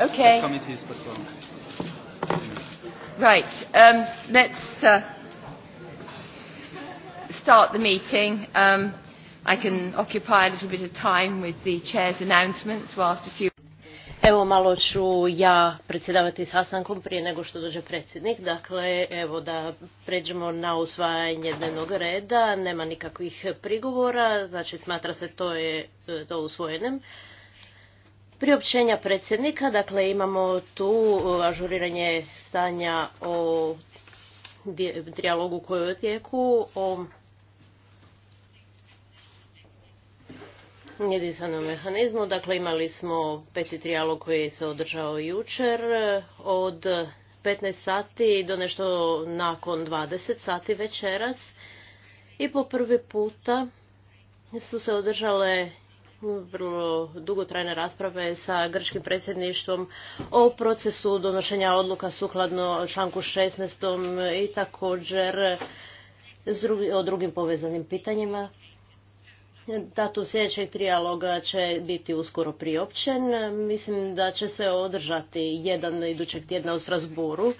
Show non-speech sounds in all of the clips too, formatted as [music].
Okay. The committee is postponed. Right. Um, let's uh, start the meeting. Um, I can occupy a little bit of time with the chair's announcements whilst a few... Evo malo ću ja predsjedavati sastankom prije nego što dođe predsjednik. Dakle, evo da pređemo na usvajanje dnevnog reda. Nema nikakvih prigovora, znači smatra se to je e, to usvojenim. Priopćenja predsjednika, dakle imamo tu uh, ažuriranje stanja o dijalogu koji je u tijeku, o jedinstvenom mehanizmu. Dakle, imali smo peti trijalog koji se održao jučer od 15 sati do nešto nakon 20 sati večeras. I po prvi puta su se održale vrlo dugotrajne rasprave sa grčkim predsjedništvom o procesu donošenja odluka sukladno članku 16. i također o drugim povezanim pitanjima. Datum sljedećeg trijaloga će biti uskoro priopćen. Mislim da će se održati jedan idućeg tjedna u Strasburu.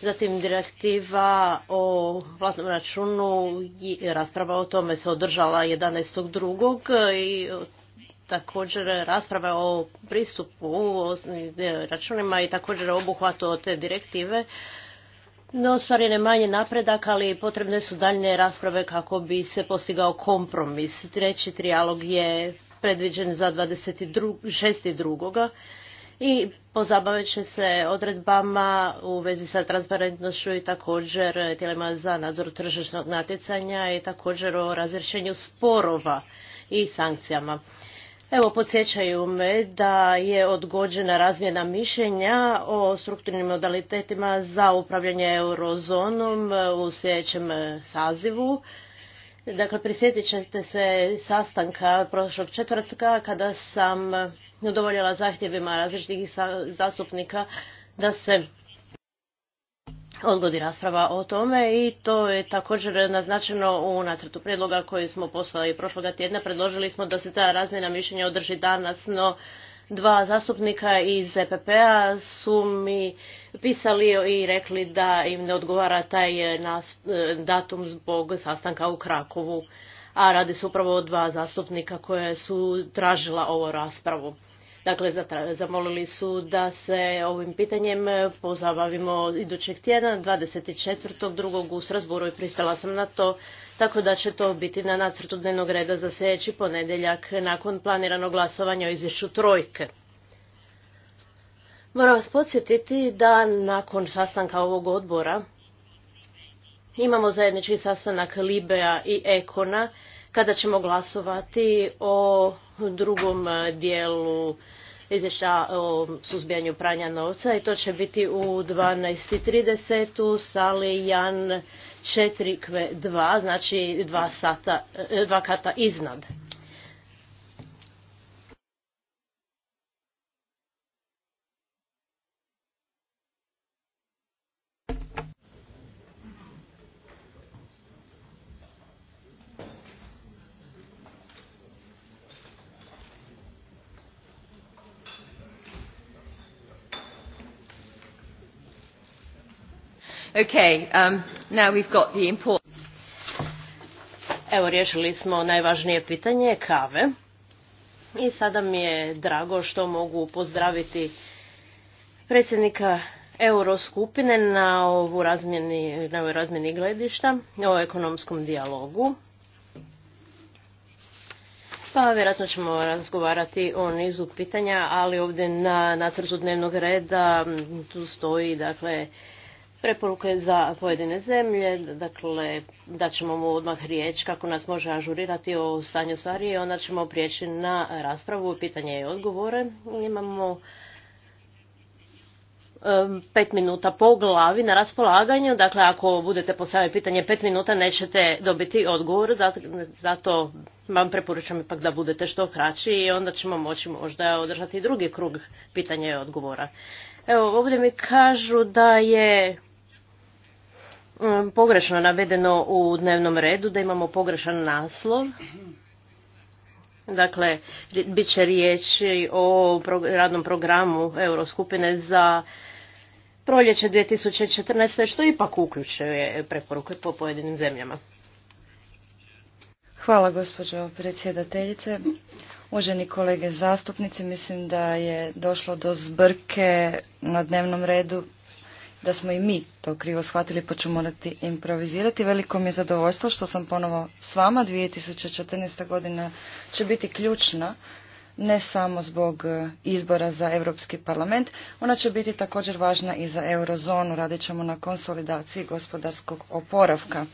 Zatim direktiva o platnom računu i rasprava o tome se održala 11.2. i također rasprave o pristupu o e, računima i također obuhvatu te direktive. No, ostvaren je manji napredak, ali potrebne su daljne rasprave kako bi se postigao kompromis. Treći trijalog je predviđen za 26.2. i pozabavit će se odredbama u vezi sa transparentnošću i također tijelima za nadzor tržišnog natjecanja i također o razrješenju sporova i sankcijama. Evo, podsjećaju me da je odgođena razmjena mišljenja o strukturnim modalitetima za upravljanje eurozonom u sljedećem sazivu. Dakle, prisjetit ćete se sastanka prošlog četvrtka kada sam udovoljila zahtjevima različitih zastupnika da se odgodi rasprava o tome i to je također naznačeno u nacrtu predloga koji smo poslali prošloga tjedna. Predložili smo da se ta razmjena mišljenja održi danas, no dva zastupnika iz EPP-a su mi pisali i rekli da im ne odgovara taj eh, eh, datum zbog sastanka u Krakovu, a radi se upravo o dva zastupnika koja su tražila ovo raspravu. Dakle, zamolili su da se ovim pitanjem pozabavimo idućeg tjedna, 24.2. u srazboru i pristala sam na to, tako da će to biti na nacrtu dnevnog reda za sljedeći ponedjeljak nakon planiranog glasovanja o izvješću trojke. Moram vas podsjetiti da nakon sastanka ovog odbora imamo zajednički sastanak Libea i Ekona kada ćemo glasovati o drugom dijelu izvješća o suzbijanju pranja novca i to će biti u 12.30 u sali Jan 4Q2, znači dva, sata, e, dva kata iznad. Okay, um, Evo, riješili smo najvažnije pitanje, kave. I sada mi je drago što mogu pozdraviti predsjednika Euroskupine na ovu razmjeni, na ovoj razmjeni gledišta, o ekonomskom dijalogu. Pa vjerojatno ćemo razgovarati o nizu pitanja, ali ovdje na nacrtu dnevnog reda tu stoji dakle preporuke za pojedine zemlje, dakle da ćemo mu odmah riječ kako nas može ažurirati o stanju stvari i onda ćemo prijeći na raspravu, pitanje i odgovore. Imamo pet minuta po glavi na raspolaganju. Dakle, ako budete postavili pitanje pet minuta, nećete dobiti odgovor. Zato vam preporučam ipak da budete što kraći i onda ćemo moći možda održati drugi krug pitanja i odgovora. Evo, ovdje mi kažu da je Mm, pogrešno navedeno u dnevnom redu, da imamo pogrešan naslov. Dakle, bit će riječi o radnom programu Euroskupine za proljeće 2014. što ipak uključuje preporuke po pojedinim zemljama. Hvala gospođo predsjedateljice. Uvaženi kolege zastupnici, mislim da je došlo do zbrke na dnevnom redu da smo i mi to krivo shvatili pa ću morati improvizirati. Veliko mi je zadovoljstvo što sam ponovo s vama. 2014. godina će biti ključna ne samo zbog e, izbora za Europski parlament, ona će biti također važna i za eurozonu. Radit ćemo na konsolidaciji gospodarskog oporavka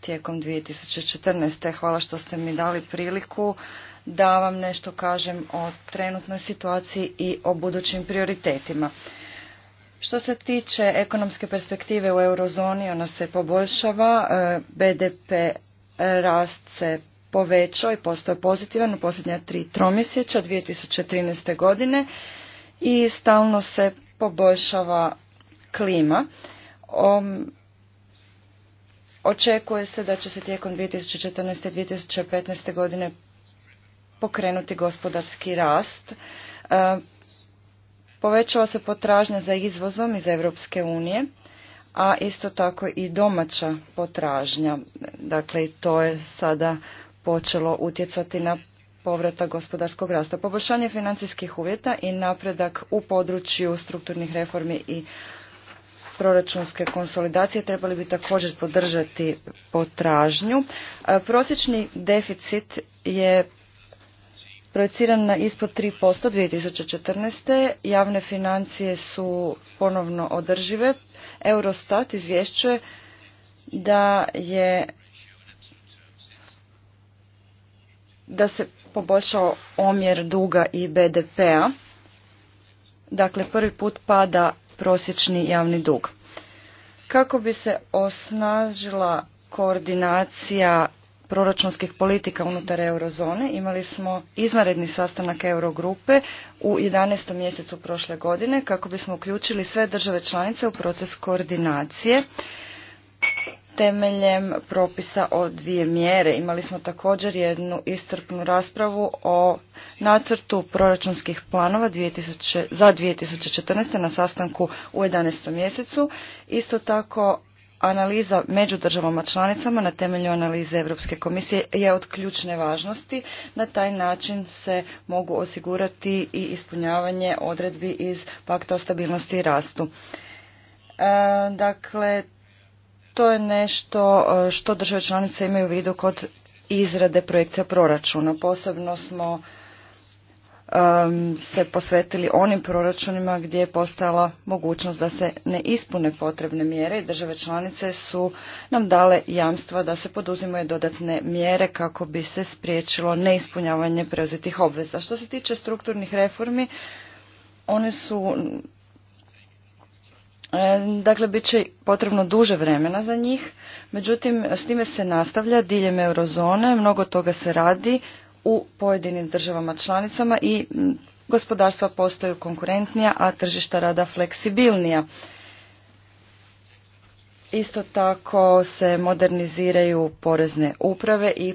tijekom 2014. Hvala što ste mi dali priliku da vam nešto kažem o trenutnoj situaciji i o budućim prioritetima. Što se tiče ekonomske perspektive u eurozoni, ona se poboljšava, e, BDP rast se povećao i postao pozitivan u posljednja tri tromjeseća 2013. godine i stalno se poboljšava klima. očekuje se da će se tijekom 2014. i 2015. godine pokrenuti gospodarski rast. E, Povećala se potražnja za izvozom iz Europske unije, a isto tako i domaća potražnja. Dakle, to je sada počelo utjecati na povrata gospodarskog rasta. Poboljšanje financijskih uvjeta i napredak u području strukturnih reformi i proračunske konsolidacije trebali bi također podržati potražnju. E, prosječni deficit je projeciran na ispod 3% 2014. Javne financije su ponovno održive. Eurostat izvješćuje da je da se poboljšao omjer duga i BDP-a. Dakle, prvi put pada prosječni javni dug. Kako bi se osnažila koordinacija proračunskih politika unutar eurozone. Imali smo izvanredni sastanak Eurogrupe u 11. mjesecu prošle godine kako bismo uključili sve države članice u proces koordinacije temeljem propisa o dvije mjere. Imali smo također jednu iscrpnu raspravu o nacrtu proračunskih planova 2000, za 2014. na sastanku u 11. mjesecu. Isto tako analiza među državama članicama na temelju analize Europske komisije je od ključne važnosti. Na taj način se mogu osigurati i ispunjavanje odredbi iz pakta o stabilnosti i rastu. E, dakle, to je nešto e, što države članice imaju u vidu kod izrade projekcija proračuna. Posebno smo Um, se posvetili onim proračunima gdje je postojala mogućnost da se ne ispune potrebne mjere i države članice su nam dale jamstva da se poduzimaju dodatne mjere kako bi se spriječilo neispunjavanje preuzetih obveza. Što se tiče strukturnih reformi, one su eh, Dakle, bit će potrebno duže vremena za njih, međutim, s time se nastavlja diljem eurozone, mnogo toga se radi, u pojedinim državama članicama i gospodarstva postaju konkurentnija, a tržišta rada fleksibilnija. Isto tako se moderniziraju porezne uprave i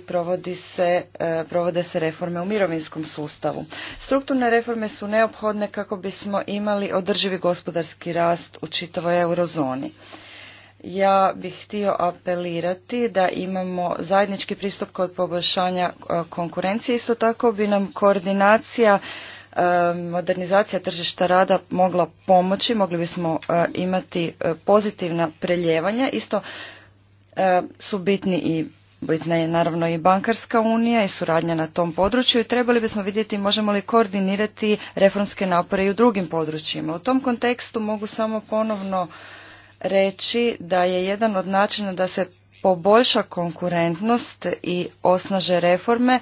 se, e, provode se reforme u mirovinskom sustavu. Strukturne reforme su neophodne kako bismo imali održivi gospodarski rast u čitavoj eurozoni ja bih htio apelirati da imamo zajednički pristup kod poboljšanja e, konkurencije. Isto tako bi nam koordinacija, e, modernizacija tržišta rada mogla pomoći, mogli bismo e, imati pozitivna preljevanja. Isto su bitni i bitna je naravno i bankarska unija i suradnja na tom području i trebali bismo vidjeti možemo li koordinirati reformske napore i u drugim područjima. U tom kontekstu mogu samo ponovno reći da je jedan od načina da se poboljša konkurentnost i osnaže reforme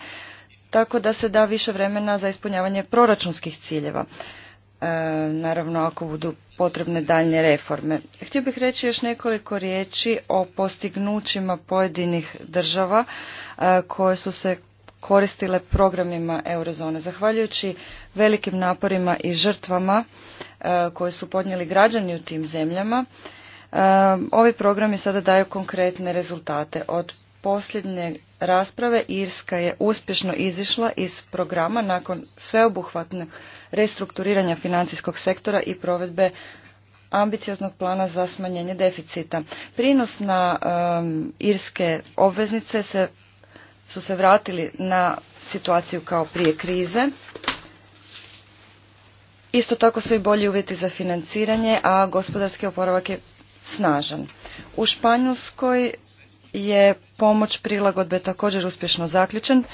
tako da se da više vremena za ispunjavanje proračunskih ciljeva. E, naravno ako budu potrebne daljnje reforme. Htio bih reći još nekoliko riječi o postignućima pojedinih država e, koje su se koristile programima Eurozone. Zahvaljujući velikim naporima i žrtvama e, koje su podnijeli građani u tim zemljama, Ovi programi sada daju konkretne rezultate. Od posljednje rasprave Irska je uspješno izišla iz programa nakon sveobuhvatnog restrukturiranja financijskog sektora i provedbe ambicioznog plana za smanjenje deficita. Prinos na irske obveznice su se vratili na situaciju kao prije krize. Isto tako su i bolji uvjeti za financiranje, a gospodarski oporavak je snažan. U Španjolskoj je pomoć prilagodbe također uspješno zaključen. E,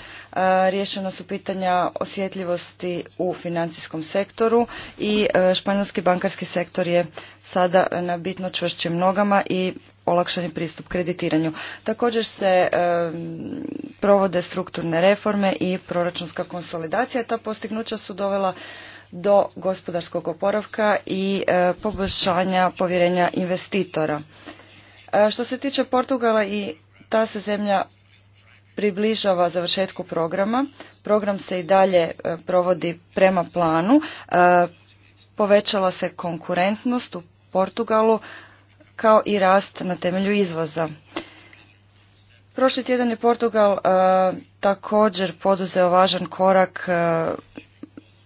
riješena su pitanja osjetljivosti u financijskom sektoru i e, španjolski bankarski sektor je sada na bitno čvršćim nogama i olakšan je pristup kreditiranju. Također se e, provode strukturne reforme i proračunska konsolidacija. Ta postignuća su dovela do gospodarskog oporavka i e, poboljšanja povjerenja investitora. E, što se tiče Portugala i ta se zemlja približava završetku programa. Program se i dalje e, provodi prema planu. Povećala se konkurentnost u Portugalu kao i rast na temelju izvoza. Prošli tjedan je Portugal također poduzeo važan korak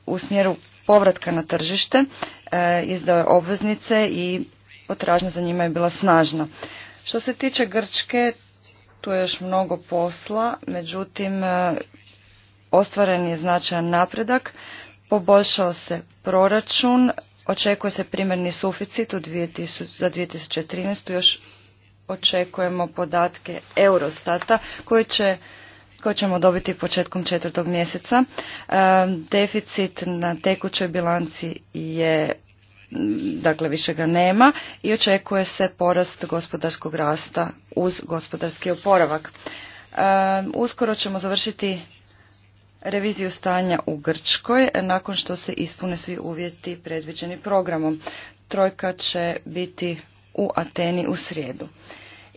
u smjeru povratka na tržište, e, izdao je obveznice i potražnja za njima je bila snažna. Što se tiče Grčke, tu je još mnogo posla, međutim e, ostvaren je značajan napredak, poboljšao se proračun, očekuje se primjerni suficit u 2000, za 2013. još očekujemo podatke Eurostata koji će koje ćemo dobiti početkom četvrtog mjeseca. E, deficit na tekućoj bilanci je dakle više ga nema i očekuje se porast gospodarskog rasta uz gospodarski oporavak. E, uskoro ćemo završiti reviziju stanja u Grčkoj nakon što se ispune svi uvjeti predviđeni programom. Trojka će biti u Ateni u srijedu.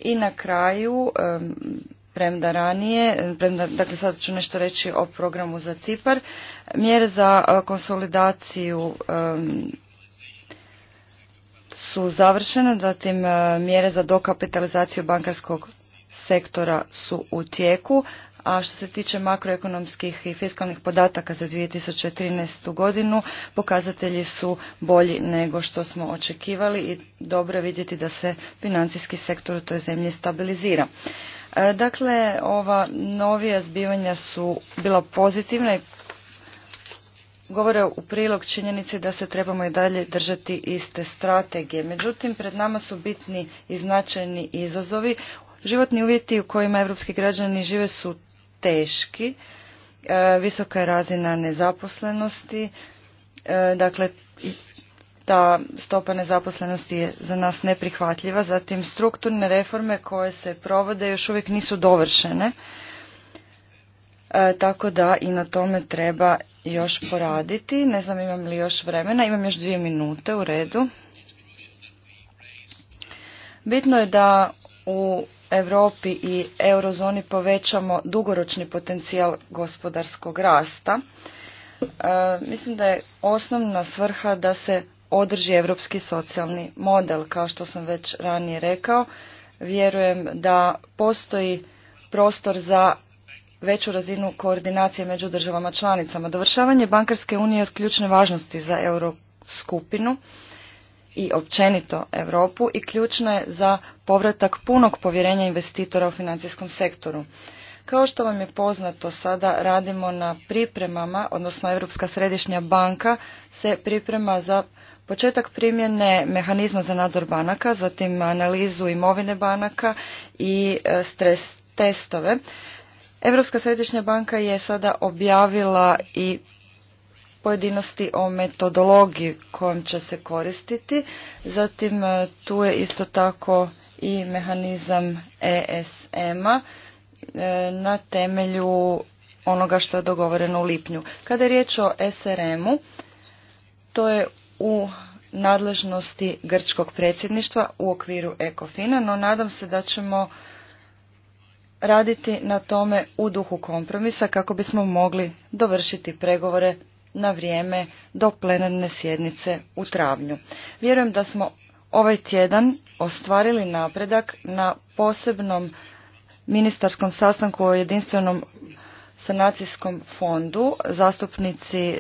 I na kraju premda ranije, premda, dakle sad ću nešto reći o programu za Cipar, mjere za e, konsolidaciju su završene, zatim e, mjere za dokapitalizaciju bankarskog sektora su u tijeku, a što se tiče makroekonomskih i fiskalnih podataka za 2013. godinu, pokazatelji su bolji nego što smo očekivali i dobro vidjeti da se financijski sektor u toj zemlji stabilizira. E, dakle, ova novija zbivanja su bila pozitivna i govore u prilog činjenici da se trebamo i dalje držati iste strategije. Međutim, pred nama su bitni i značajni izazovi. Životni uvjeti u kojima evropski građani žive su teški, e, visoka je razina nezaposlenosti, e, dakle ta stopa nezaposlenosti je za nas neprihvatljiva, zatim strukturne reforme koje se provode još uvijek nisu dovršene, e, tako da i na tome treba još poraditi. Ne znam imam li još vremena, imam još dvije minute u redu. Bitno je da u Europi i eurozoni povećamo dugoročni potencijal gospodarskog rasta. E, mislim da je osnovna svrha da se održi europski socijalni model. Kao što sam već ranije rekao, vjerujem da postoji prostor za veću razinu koordinacije među državama članicama. Dovršavanje bankarske unije je od ključne važnosti za euroskupinu i općenito Europu i ključno je za povratak punog povjerenja investitora u financijskom sektoru. Kao što vam je poznato, sada radimo na pripremama, odnosno Europska središnja banka se priprema za Početak primjene mehanizma za nadzor banaka, zatim analizu imovine banaka i e, stres testove. Europska središnja banka je sada objavila i pojedinosti o metodologiji kojom će se koristiti. Zatim e, tu je isto tako i mehanizam ESM-a e, na temelju onoga što je dogovoreno u lipnju. Kada je riječ o SRM-u, to je u nadležnosti grčkog predsjedništva u okviru ECOFINA, no nadam se da ćemo raditi na tome u duhu kompromisa kako bismo mogli dovršiti pregovore na vrijeme do plenarne sjednice u travnju. Vjerujem da smo ovaj tjedan ostvarili napredak na posebnom ministarskom sastanku o jedinstvenom sanacijskom fondu. Zastupnici e,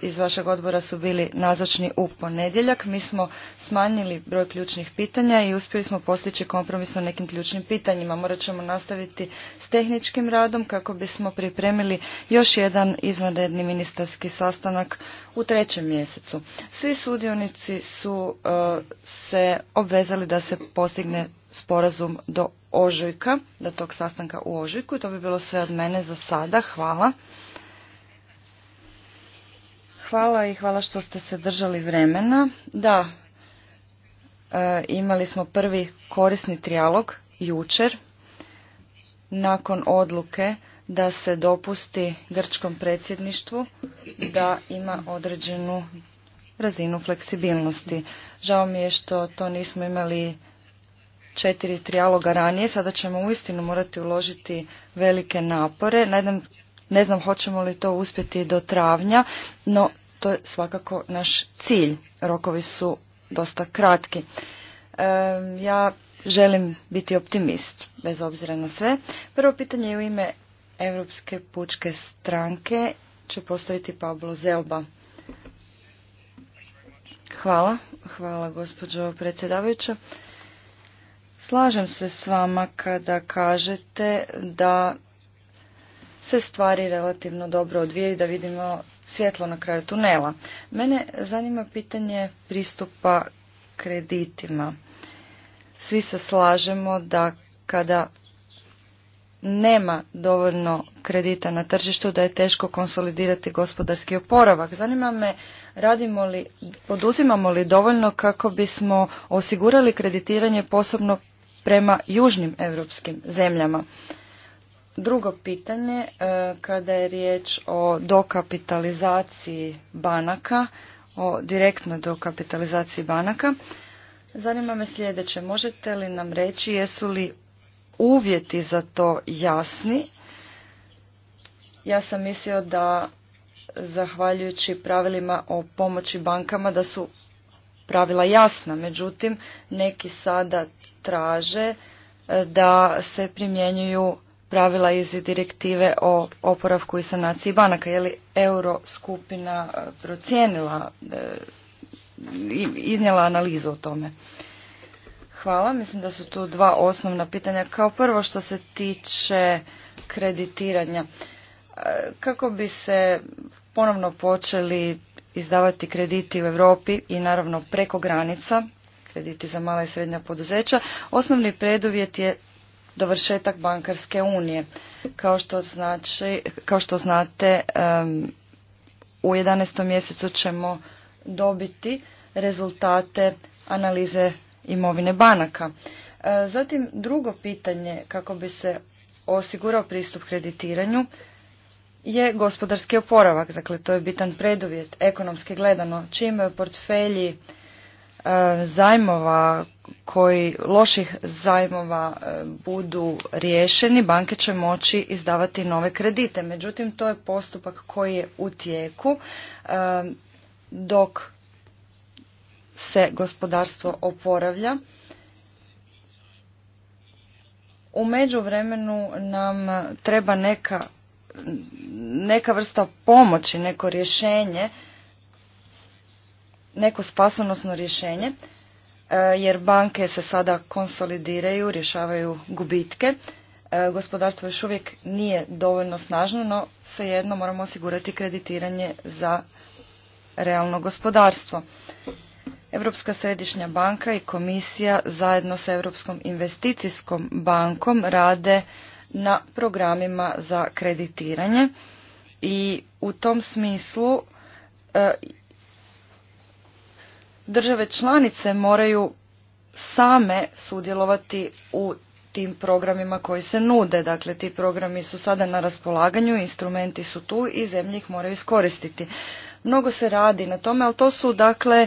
iz vašeg odbora su bili nazočni u ponedjeljak. Mi smo smanjili broj ključnih pitanja i uspjeli smo postići kompromis o nekim ključnim pitanjima. Morat ćemo nastaviti s tehničkim radom kako bismo pripremili još jedan izvanredni ministarski sastanak u trećem mjesecu. Svi sudionici su e, se obvezali da se postigne sporazum do ožujka, do tog sastanka u ožujku. to bi bilo sve od mene za sada. Hvala. Hvala i hvala što ste se držali vremena. Da, e, imali smo prvi korisni trijalog jučer nakon odluke da se dopusti grčkom predsjedništvu da ima određenu razinu fleksibilnosti. Žao mi je što to nismo imali četiri trijaloga ranije. Sada ćemo uistinu morati uložiti velike napore. Ne ne znam hoćemo li to uspjeti do travnja, no to je svakako naš cilj. Rokovi su dosta kratki. ja želim biti optimist, bez obzira na sve. Prvo pitanje je u ime Europske pučke stranke će postaviti Pablo Zelba. Hvala. Hvala gospođo predsjedavajuća. Slažem se s vama kada kažete da se stvari relativno dobro odvijaju da vidimo svjetlo na kraju tunela. Mene zanima pitanje pristupa kreditima. Svi se slažemo da kada nema dovoljno kredita na tržištu da je teško konsolidirati gospodarski oporavak. Zanima me radimo li, poduzimamo li dovoljno kako bismo osigurali kreditiranje posebno prema južnim europskim zemljama. Drugo pitanje, e, kada je riječ o dokapitalizaciji banaka, o direktnoj dokapitalizaciji banaka, zanima me sljedeće. Možete li nam reći jesu li uvjeti za to jasni? Ja sam mislio da zahvaljujući pravilima o pomoći bankama da su pravila jasna, međutim neki sada traže e, da se primjenjuju pravila iz direktive o oporavku i sanaciji banaka. Je li euro skupina e, procijenila e, iznijela analizu o tome? Hvala. Mislim da su tu dva osnovna pitanja. Kao prvo što se tiče kreditiranja. Kako bi se ponovno počeli izdavati krediti u Europi i naravno preko granica, krediti za mala i srednja poduzeća. Osnovni preduvjet je dovršetak bankarske unije. Kao što, znači, kao što znate, u 11. mjesecu ćemo dobiti rezultate analize imovine banaka. E, zatim drugo pitanje kako bi se osigurao pristup kreditiranju je gospodarski oporavak. Dakle, to je bitan preduvjet ekonomski gledano. čime portfelji E, zajmova koji loših zajmova e, budu riješeni, banke će moći izdavati nove kredite. Međutim, to je postupak koji je u tijeku e, dok se gospodarstvo oporavlja. U međuvremenu nam treba neka, neka vrsta pomoći, neko rješenje neko spasonosno rješenje, e, jer banke se sada konsolidiraju, rješavaju gubitke. E, gospodarstvo još uvijek nije dovoljno snažno, no svejedno moramo osigurati kreditiranje za realno gospodarstvo. Europska središnja banka i komisija zajedno sa Europskom investicijskom bankom rade na programima za kreditiranje i u tom smislu e, države članice moraju same sudjelovati u tim programima koji se nude. Dakle, ti programi su sada na raspolaganju, instrumenti su tu i zemlje ih moraju iskoristiti. Mnogo se radi na tome, ali to su dakle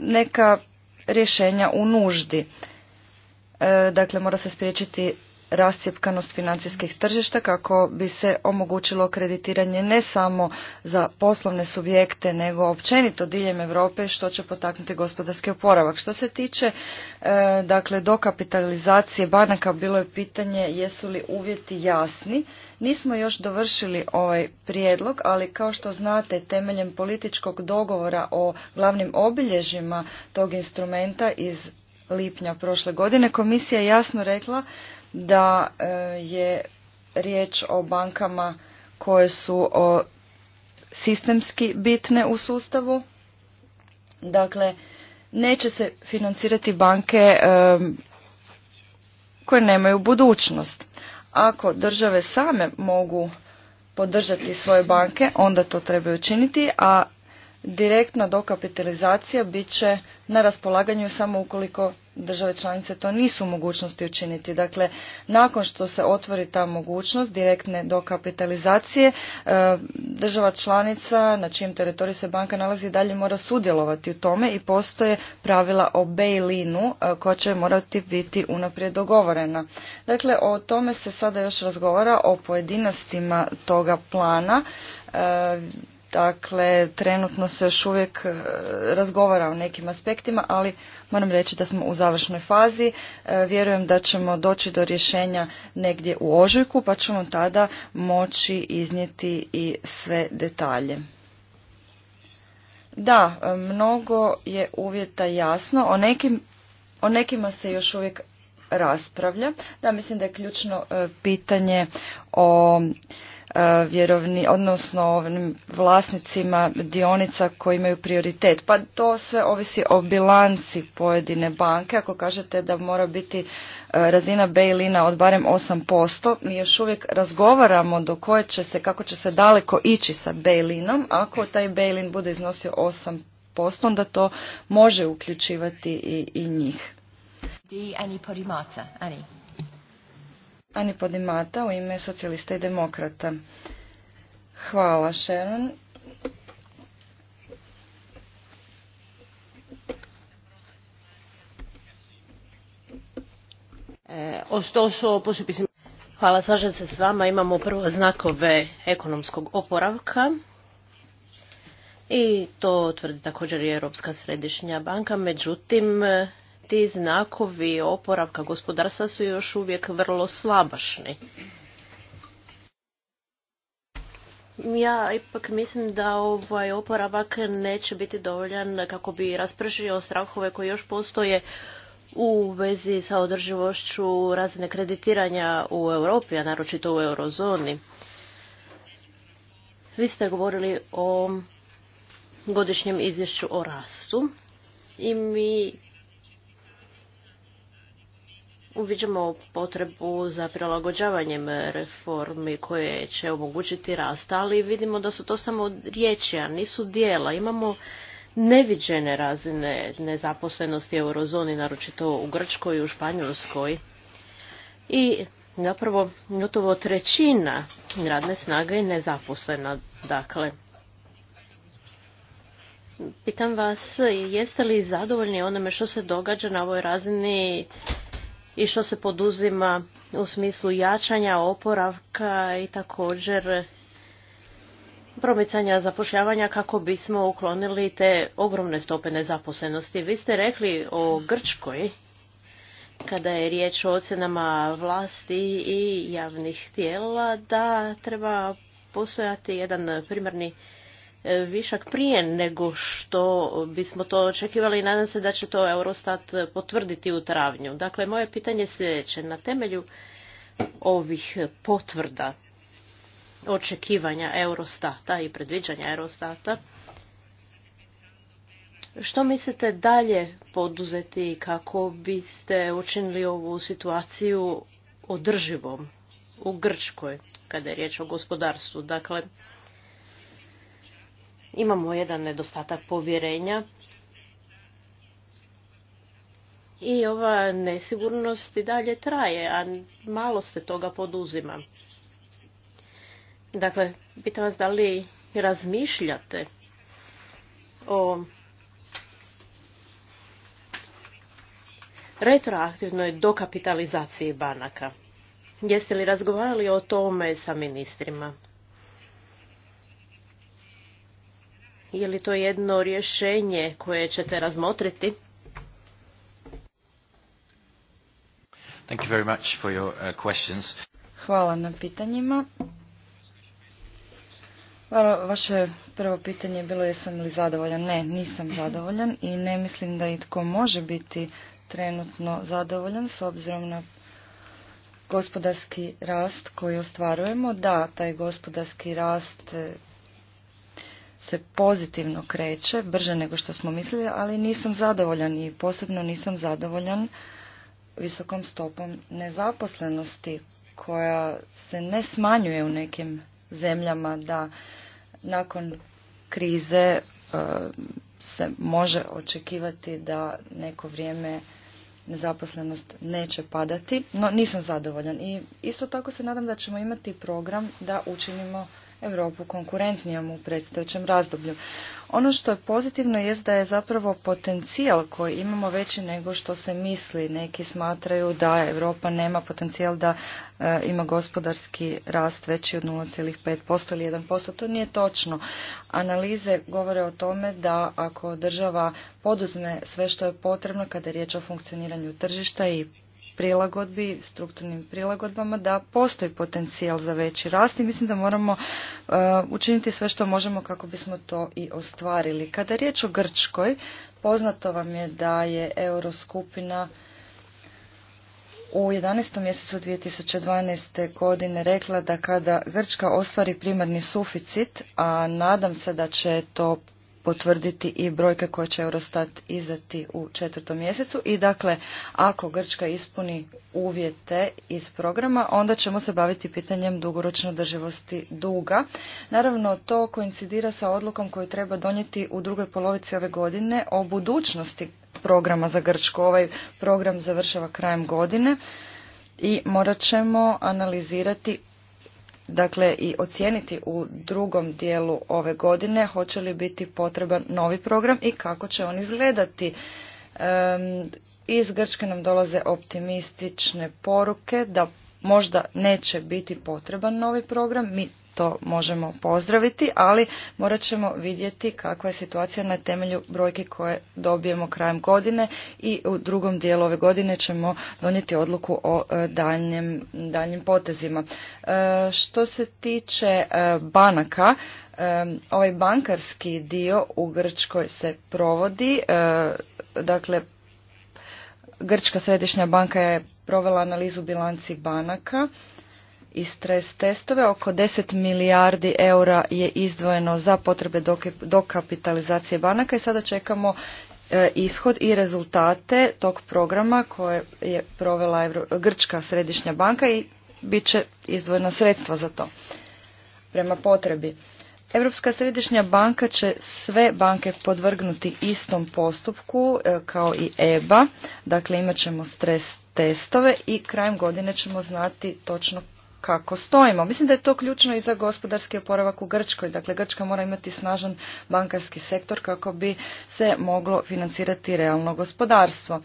neka rješenja u nuždi. E, dakle, mora se spriječiti rascjepkanost financijskih tržišta kako bi se omogućilo kreditiranje ne samo za poslovne subjekte nego općenito diljem Europe što će potaknuti gospodarski oporavak. Što se tiče e, dakle dokapitalizacije banaka bilo je pitanje jesu li uvjeti jasni. Nismo još dovršili ovaj prijedlog, ali kao što znate temeljem političkog dogovora o glavnim obilježjima tog instrumenta iz lipnja prošle godine komisija je jasno rekla da e, je riječ o bankama koje su sistemski bitne u sustavu. Dakle, neće se financirati banke e, koje nemaju budućnost. Ako države same mogu podržati svoje banke, onda to trebaju učiniti, a direktna dokapitalizacija bit će na raspolaganju samo ukoliko države članice to nisu mogućnosti učiniti. Dakle, nakon što se otvori ta mogućnost direktne dokapitalizacije, e, država članica na čijem teritoriju se banka nalazi dalje mora sudjelovati u tome i postoje pravila o bail-inu e, koja će morati biti unaprijed dogovorena. Dakle, o tome se sada još razgovara o pojedinostima toga plana e, Dakle, trenutno se još uvijek e, razgovara o nekim aspektima, ali moram reći da smo u završnoj fazi. E, vjerujem da ćemo doći do rješenja negdje u ožujku, pa ćemo tada moći iznijeti i sve detalje. Da, e, mnogo je uvjeta jasno. O, nekim, o nekima se još uvijek raspravlja. Da, mislim da je ključno pitanje o vjerovni, odnosno vlasnicima dionica koji imaju prioritet. Pa to sve ovisi o bilanci pojedine banke. Ako kažete da mora biti e, razina bailina od barem 8%, mi još uvijek razgovaramo do koje će se, kako će se daleko ići sa bailinom. Ako taj Bejlin bude iznosio 8%, onda to može uključivati i, njih. Di Ani Podimata u ime socijalista i demokrata. Hvala, Sharon. Eh, Hvala, slažem se s vama. Imamo prvo znakove ekonomskog oporavka i to tvrdi također i Europska središnja banka. Međutim, ti znakovi oporavka gospodarstva su još uvijek vrlo slabašni. Ja ipak mislim da ovaj oporavak neće biti dovoljan kako bi raspršio strahove koji još postoje u vezi sa održivošću razine kreditiranja u Europi, a naročito u eurozoni. Vi ste govorili o godišnjem izvješću o rastu i mi uviđamo potrebu za prilagođavanjem reformi koje će omogućiti rast, ali vidimo da su to samo riječi, a nisu dijela. Imamo neviđene razine nezaposlenosti eurozoni, naročito u Grčkoj i u Španjolskoj. I zapravo gotovo trećina radne snage je nezaposlena. Dakle, pitam vas, jeste li zadovoljni onome što se događa na ovoj razini i što se poduzima u smislu jačanja oporavka i također promicanja zapošljavanja kako bismo uklonili te ogromne stope nezaposlenosti. Vi ste rekli o Grčkoj kada je riječ o ocjenama vlasti i javnih tijela da treba postojati jedan primarni višak prije nego što bismo to očekivali i nadam se da će to Eurostat potvrditi u travnju. Dakle, moje pitanje je sljedeće. Na temelju ovih potvrda očekivanja Eurostata i predviđanja Eurostata, što mislite dalje poduzeti kako biste učinili ovu situaciju održivom u Grčkoj kada je riječ o gospodarstvu? Dakle, imamo jedan nedostatak povjerenja i ova nesigurnost i dalje traje, a malo se toga poduzima. Dakle, pitam vas da li razmišljate o retroaktivnoj dokapitalizaciji banaka. Jeste li razgovarali o tome sa ministrima? Je li to jedno rješenje koje ćete razmotriti? Thank uh, Hvala na pitanjima. Vaše prvo pitanje je bilo jesam li zadovoljan. Ne, nisam zadovoljan i ne mislim da itko može biti trenutno zadovoljan s obzirom na gospodarski rast koji ostvarujemo. Da, taj gospodarski rast se pozitivno kreće, brže nego što smo mislili, ali nisam zadovoljan i posebno nisam zadovoljan visokom stopom nezaposlenosti koja se ne smanjuje u nekim zemljama da nakon krize e, se može očekivati da neko vrijeme nezaposlenost neće padati, no nisam zadovoljan. I isto tako se nadam da ćemo imati program da učinimo Europu konkurentnijom u predstojećem razdoblju. Ono što je pozitivno je da je zapravo potencijal koji imamo veći nego što se misli. Neki smatraju da Europa nema potencijal da e, ima gospodarski rast veći od 0,5% ili 1%. To nije točno. Analize govore o tome da ako država poduzme sve što je potrebno kada je riječ o funkcioniranju tržišta i prilagodbi, strukturnim prilagodbama da postoji potencijal za veći rast i mislim da moramo e, učiniti sve što možemo kako bismo to i ostvarili. Kada je riječ o Grčkoj, poznato vam je da je Euroskupina u 11. mjesecu 2012. godine rekla da kada Grčka ostvari primarni suficit, a nadam se da će to potvrditi i brojke koje će Eurostat izdati u četvrtom mjesecu. I dakle, ako Grčka ispuni uvjete iz programa, onda ćemo se baviti pitanjem dugoročne održivosti duga. Naravno, to koincidira sa odlukom koju treba donijeti u drugoj polovici ove godine o budućnosti programa za Grčku. Ovaj program završava krajem godine i morat ćemo analizirati dakle i ocijeniti u drugom dijelu ove godine hoće li biti potreban novi program i kako će on izgledati. Iz Grčke nam dolaze optimistične poruke da možda neće biti potreban novi program, mi to možemo pozdraviti, ali morat ćemo vidjeti kakva je situacija na temelju brojke koje dobijemo krajem godine i u drugom dijelu ove godine ćemo donijeti odluku o e, daljnjem, daljnjim potezima. E, što se tiče e, banaka, ovaj bankarski dio u Grčkoj se provodi, dakle Grčka središnja banka je provela analizu bilanci banaka i stres testove. Oko 10 milijardi eura je izdvojeno za potrebe dokapitalizacije banaka i sada čekamo e, ishod i rezultate tog programa koje je provela Grčka središnja banka i bit će izdvojena sredstva za to prema potrebi. Europska središnja banka će sve banke podvrgnuti istom postupku e, kao i EBA, dakle imat ćemo stres testove i krajem godine ćemo znati točno kako stojimo. Mislim da je to ključno i za gospodarski oporavak u Grčkoj. Dakle, Grčka mora imati snažan bankarski sektor kako bi se moglo financirati realno gospodarstvo.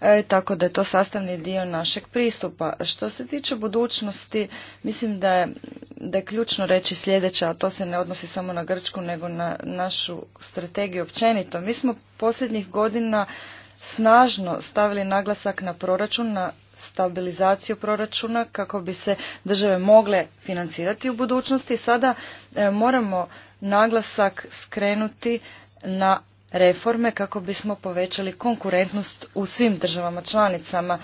E, tako da je to sastavni dio našeg pristupa. Što se tiče budućnosti, mislim da je, da je ključno reći sljedeće, a to se ne odnosi samo na Grčku, nego na našu strategiju općenito. Mi smo posljednjih godina snažno stavili naglasak na proračun, na stabilizaciju proračuna kako bi se države mogle financirati u budućnosti. Sada e, moramo naglasak skrenuti na reforme kako bismo povećali konkurentnost u svim državama članicama.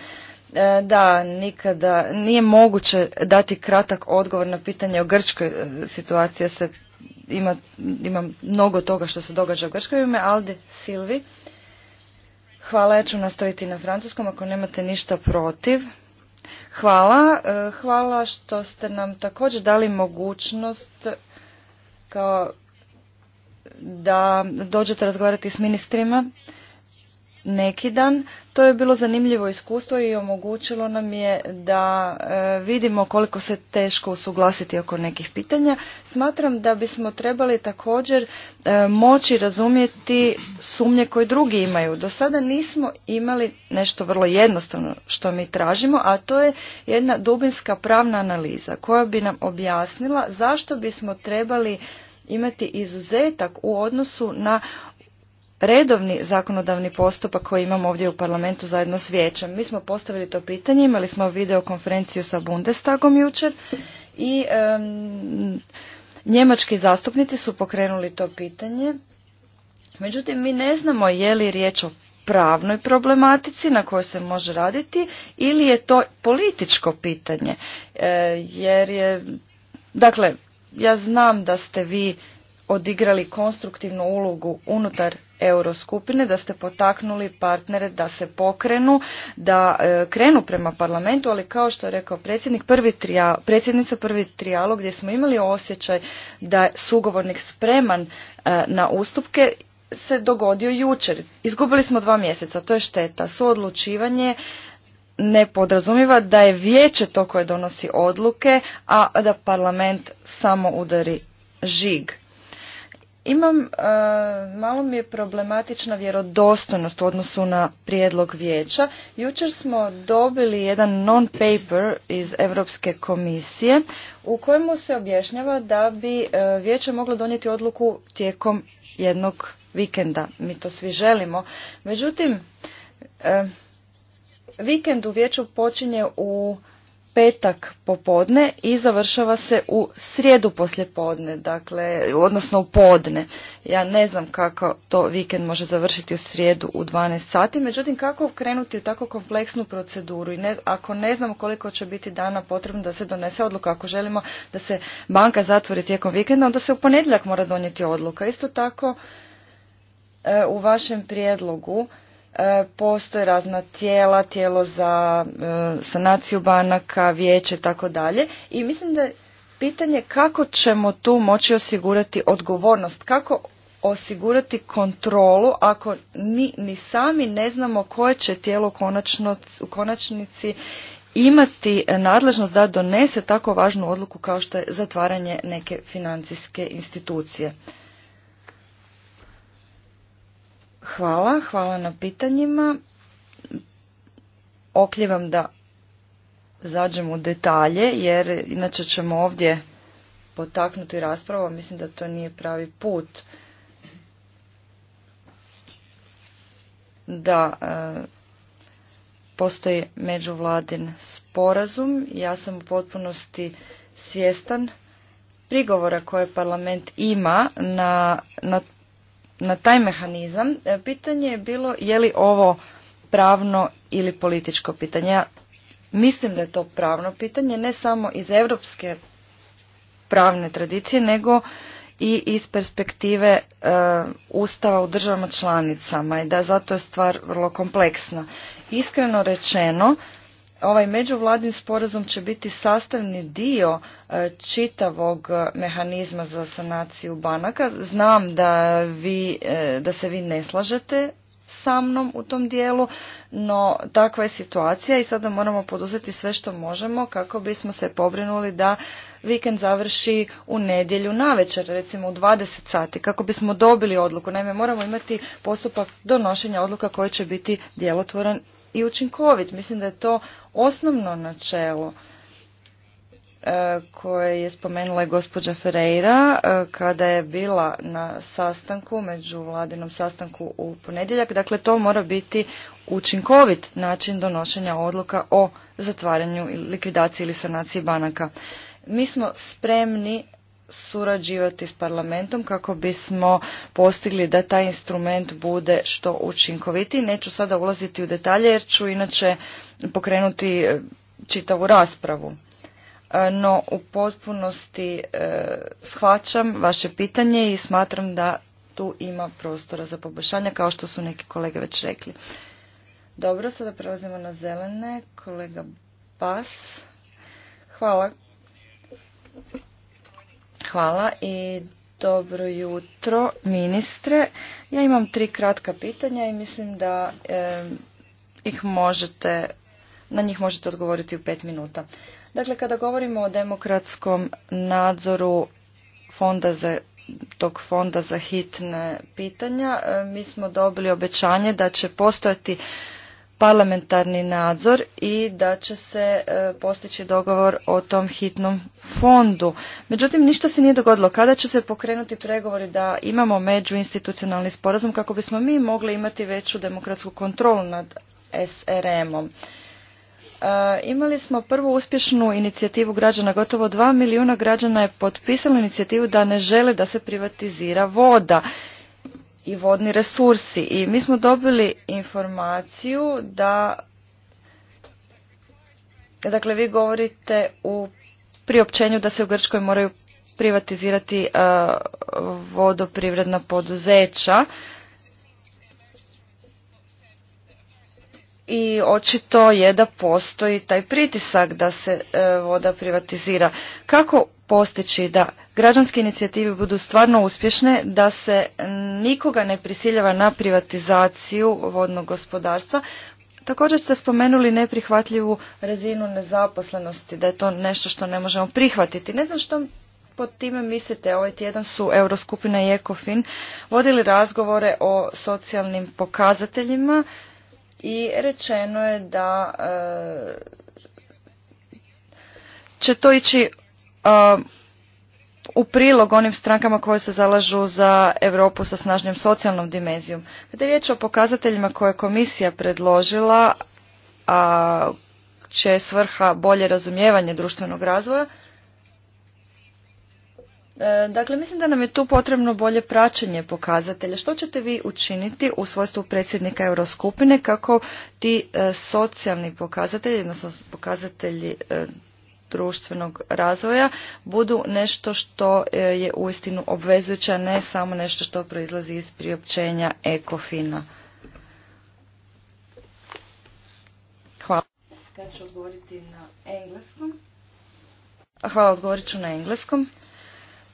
E, da, nikada nije moguće dati kratak odgovor na pitanje o Grčkoj. E, situaciji, se ima, mnogo toga što se događa u Grčkoj. Ime Alde Silvi. Hvala, ja ću nastaviti na francuskom ako nemate ništa protiv. Hvala. E, hvala što ste nam također dali mogućnost kao da dođete razgovarati s ministrima neki dan. To je bilo zanimljivo iskustvo i omogućilo nam je da e, vidimo koliko se teško usuglasiti oko nekih pitanja. Smatram da bismo trebali također e, moći razumjeti sumnje koje drugi imaju. Do sada nismo imali nešto vrlo jednostavno što mi tražimo, a to je jedna dubinska pravna analiza koja bi nam objasnila zašto bismo trebali imati izuzetak u odnosu na redovni zakonodavni postupak koji imamo ovdje u parlamentu zajedno s vijećem. Mi smo postavili to pitanje, imali smo videokonferenciju sa Bundestagom jučer i njemački zastupnici su pokrenuli to pitanje. Međutim, mi ne znamo je li riječ o pravnoj problematici na kojoj se može raditi ili je to političko pitanje. E, jer je, dakle, ja znam da ste vi odigrali konstruktivnu ulogu unutar euroskupine, da ste potaknuli partnere da se pokrenu, da e, krenu prema parlamentu, ali kao što je rekao predsjednik, prvi trija, predsjednica prvi trijalog gdje smo imali osjećaj da je sugovornik spreman e, na ustupke se dogodio jučer. Izgubili smo dva mjeseca, to je šteta. Suodlučivanje ne podrazumijeva da je vijeće to koje donosi odluke, a da parlament samo udari žig. Imam, e, malo mi je problematična vjerodostojnost u odnosu na prijedlog vijeća. Jučer smo dobili jedan non-paper iz Europske komisije u kojemu se objašnjava da bi e, vijeće moglo donijeti odluku tijekom jednog vikenda. Mi to svi želimo. Međutim, e, Vikend u vijeću počinje u petak popodne i završava se u srijedu poslijepodne, dakle, odnosno u podne. Ja ne znam kako to vikend može završiti u srijedu u 12 sati, međutim kako krenuti u tako kompleksnu proceduru i ako ne znamo koliko će biti dana potrebno da se donese odluka, ako želimo da se banka zatvori tijekom vikenda, onda se u ponedjeljak mora donijeti odluka. Isto tako e, u vašem prijedlogu E, postoje razna tijela, tijelo za e, sanaciju banaka, vijeće i tako dalje. I mislim da je pitanje kako ćemo tu moći osigurati odgovornost, kako osigurati kontrolu ako ni, ni sami ne znamo koje će tijelo konačno, u konačnici imati nadležnost da donese tako važnu odluku kao što je zatvaranje neke financijske institucije. Hvala, hvala na pitanjima. Okljevam da zađem u detalje, jer inače ćemo ovdje potaknuti raspravu, mislim da to nije pravi put. Da, e, postoji međuvladin sporazum. Ja sam u potpunosti svjestan prigovora koje parlament ima na, na na taj mehanizam, e, pitanje je bilo je li ovo pravno ili političko pitanje. Ja mislim da je to pravno pitanje, ne samo iz europske pravne tradicije, nego i iz perspektive e, Ustava u državama članicama i da zato je stvar vrlo kompleksna. Iskreno rečeno, Ovaj međuvladin sporazum će biti sastavni dio e, čitavog e, mehanizma za sanaciju banaka. Znam da, vi, e, da se vi ne slažete sa mnom u tom dijelu, no takva je situacija i sada moramo poduzeti sve što možemo kako bismo se pobrinuli da vikend završi u nedjelju navečer, recimo u 20 sati, kako bismo dobili odluku. Naime, moramo imati postupak donošenja odluka koji će biti djelotvoran i učinkovit. Mislim da je to osnovno načelo E, koje je spomenula i gospođa Ferreira e, kada je bila na sastanku, među vladinom sastanku u ponedjeljak. Dakle, to mora biti učinkovit način donošenja odluka o zatvaranju, likvidaciji ili sanaciji banaka. Mi smo spremni surađivati s parlamentom kako bismo postigli da taj instrument bude što učinkovitiji. Neću sada ulaziti u detalje jer ću inače pokrenuti e, čitavu raspravu no u potpunosti e, shvaćam vaše pitanje i smatram da tu ima prostora za poboljšanje, kao što su neki kolege već rekli. Dobro, sada prelazimo na zelene. Kolega Pas, Hvala. Hvala i dobro jutro, ministre. Ja imam tri kratka pitanja i mislim da e, ih možete, na njih možete odgovoriti u pet minuta. Dakle, kada govorimo o demokratskom nadzoru fonda za tog fonda za hitne pitanja, e, mi smo dobili obećanje da će postojati parlamentarni nadzor i da će se e, postići dogovor o tom hitnom fondu. Međutim, ništa se nije dogodilo. Kada će se pokrenuti pregovori da imamo međuinstitucionalni sporazum kako bismo mi mogli imati veću demokratsku kontrolu nad SRM-om? Eh, imali smo prvu uspješnu inicijativu građana. Gotovo dva milijuna građana je potpisalo inicijativu da ne žele da se privatizira voda i vodni resursi. I mi smo dobili informaciju da, dakle vi govorite u priopćenju da se u Grčkoj moraju privatizirati eh, vodoprivredna poduzeća i očito je da postoji taj pritisak da se e, voda privatizira. Kako postići da građanske inicijative budu stvarno uspješne, da se nikoga ne prisiljava na privatizaciju vodnog gospodarstva? Također ste spomenuli neprihvatljivu razinu nezaposlenosti, da je to nešto što ne možemo prihvatiti. Ne znam što pod time mislite, ovaj tjedan su Euroskupina i Ekofin vodili razgovore o socijalnim pokazateljima i rečeno je da e, će to ići e, u prilog onim strankama koje se zalažu za Europu sa snažnjom socijalnom dimenzijom. Kada je riječ o pokazateljima koje je komisija predložila, a će svrha bolje razumijevanje društvenog razvoja, E, dakle, mislim da nam je tu potrebno bolje praćenje pokazatelja. Što ćete vi učiniti u svojstvu predsjednika Euroskupine kako ti e, socijalni pokazatelji, odnosno pokazatelji e, društvenog razvoja budu nešto što je uistinu obvezujuće, a ne samo nešto što proizlazi iz priopćenja ekofina. Hvala. Ja ću na engleskom. Hvala, odgovorit ću na engleskom.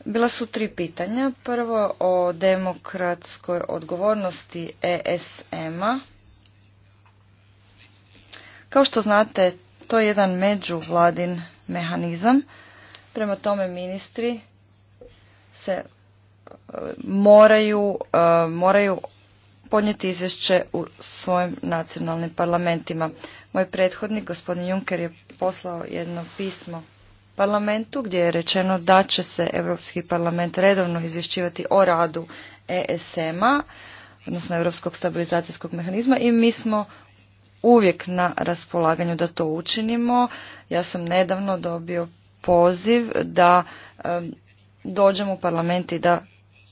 Bila su tri pitanja. Prvo o demokratskoj odgovornosti ESM-a. Kao što znate, to je jedan međuvladin mehanizam. Prema tome ministri se e, moraju, e, moraju podnijeti izvješće u svojim nacionalnim parlamentima. Moj prethodnik, gospodin Juncker, je poslao jedno pismo parlamentu gdje je rečeno da će se Europski parlament redovno izvješćivati o radu ESM-a, odnosno Europskog stabilizacijskog mehanizma i mi smo uvijek na raspolaganju da to učinimo. Ja sam nedavno dobio poziv da dođem u parlament i da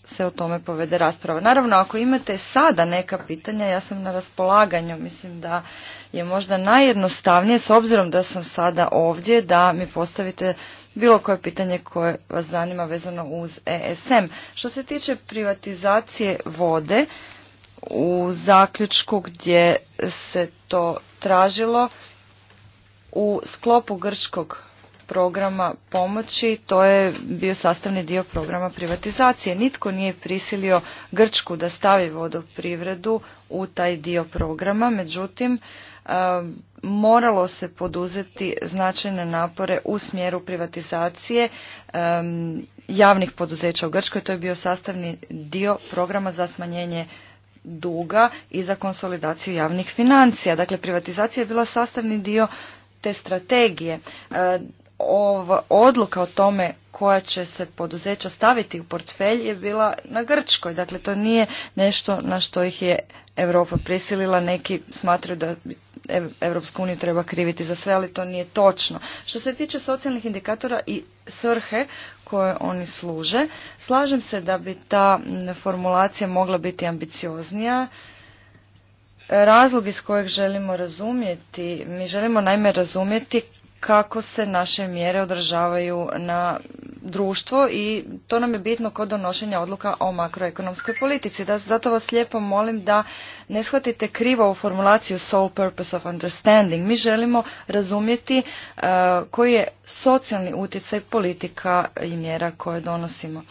se o tome povede rasprava. Naravno, ako imate sada neka pitanja, ja sam na raspolaganju. Mislim da je možda najjednostavnije, s obzirom da sam sada ovdje, da mi postavite bilo koje pitanje koje vas zanima vezano uz ESM. Što se tiče privatizacije vode, u zaključku gdje se to tražilo, u sklopu grčkog programa pomoći, to je bio sastavni dio programa privatizacije. Nitko nije prisilio Grčku da stavi vodoprivredu u taj dio programa, međutim, um, moralo se poduzeti značajne napore u smjeru privatizacije um, javnih poduzeća u Grčkoj. To je bio sastavni dio programa za smanjenje duga i za konsolidaciju javnih financija. Dakle, privatizacija je bila sastavni dio te strategije. Uh, ova odluka o tome koja će se poduzeća staviti u portfelj je bila na Grčkoj. Dakle, to nije nešto na što ih je Europa prisilila. Neki smatraju da Evropsku uniju treba kriviti za sve, ali to nije točno. Što se tiče socijalnih indikatora i svrhe koje oni služe, slažem se da bi ta formulacija mogla biti ambicioznija. Razlog iz kojeg želimo razumjeti, mi želimo naime razumjeti kako se naše mjere odražavaju na društvo i to nam je bitno kod donošenja odluka o makroekonomskoj politici. Da, zato vas lijepo molim da ne shvatite krivo u formulaciju sole purpose of understanding. Mi želimo razumjeti e, koji je socijalni utjecaj politika i mjera koje donosimo.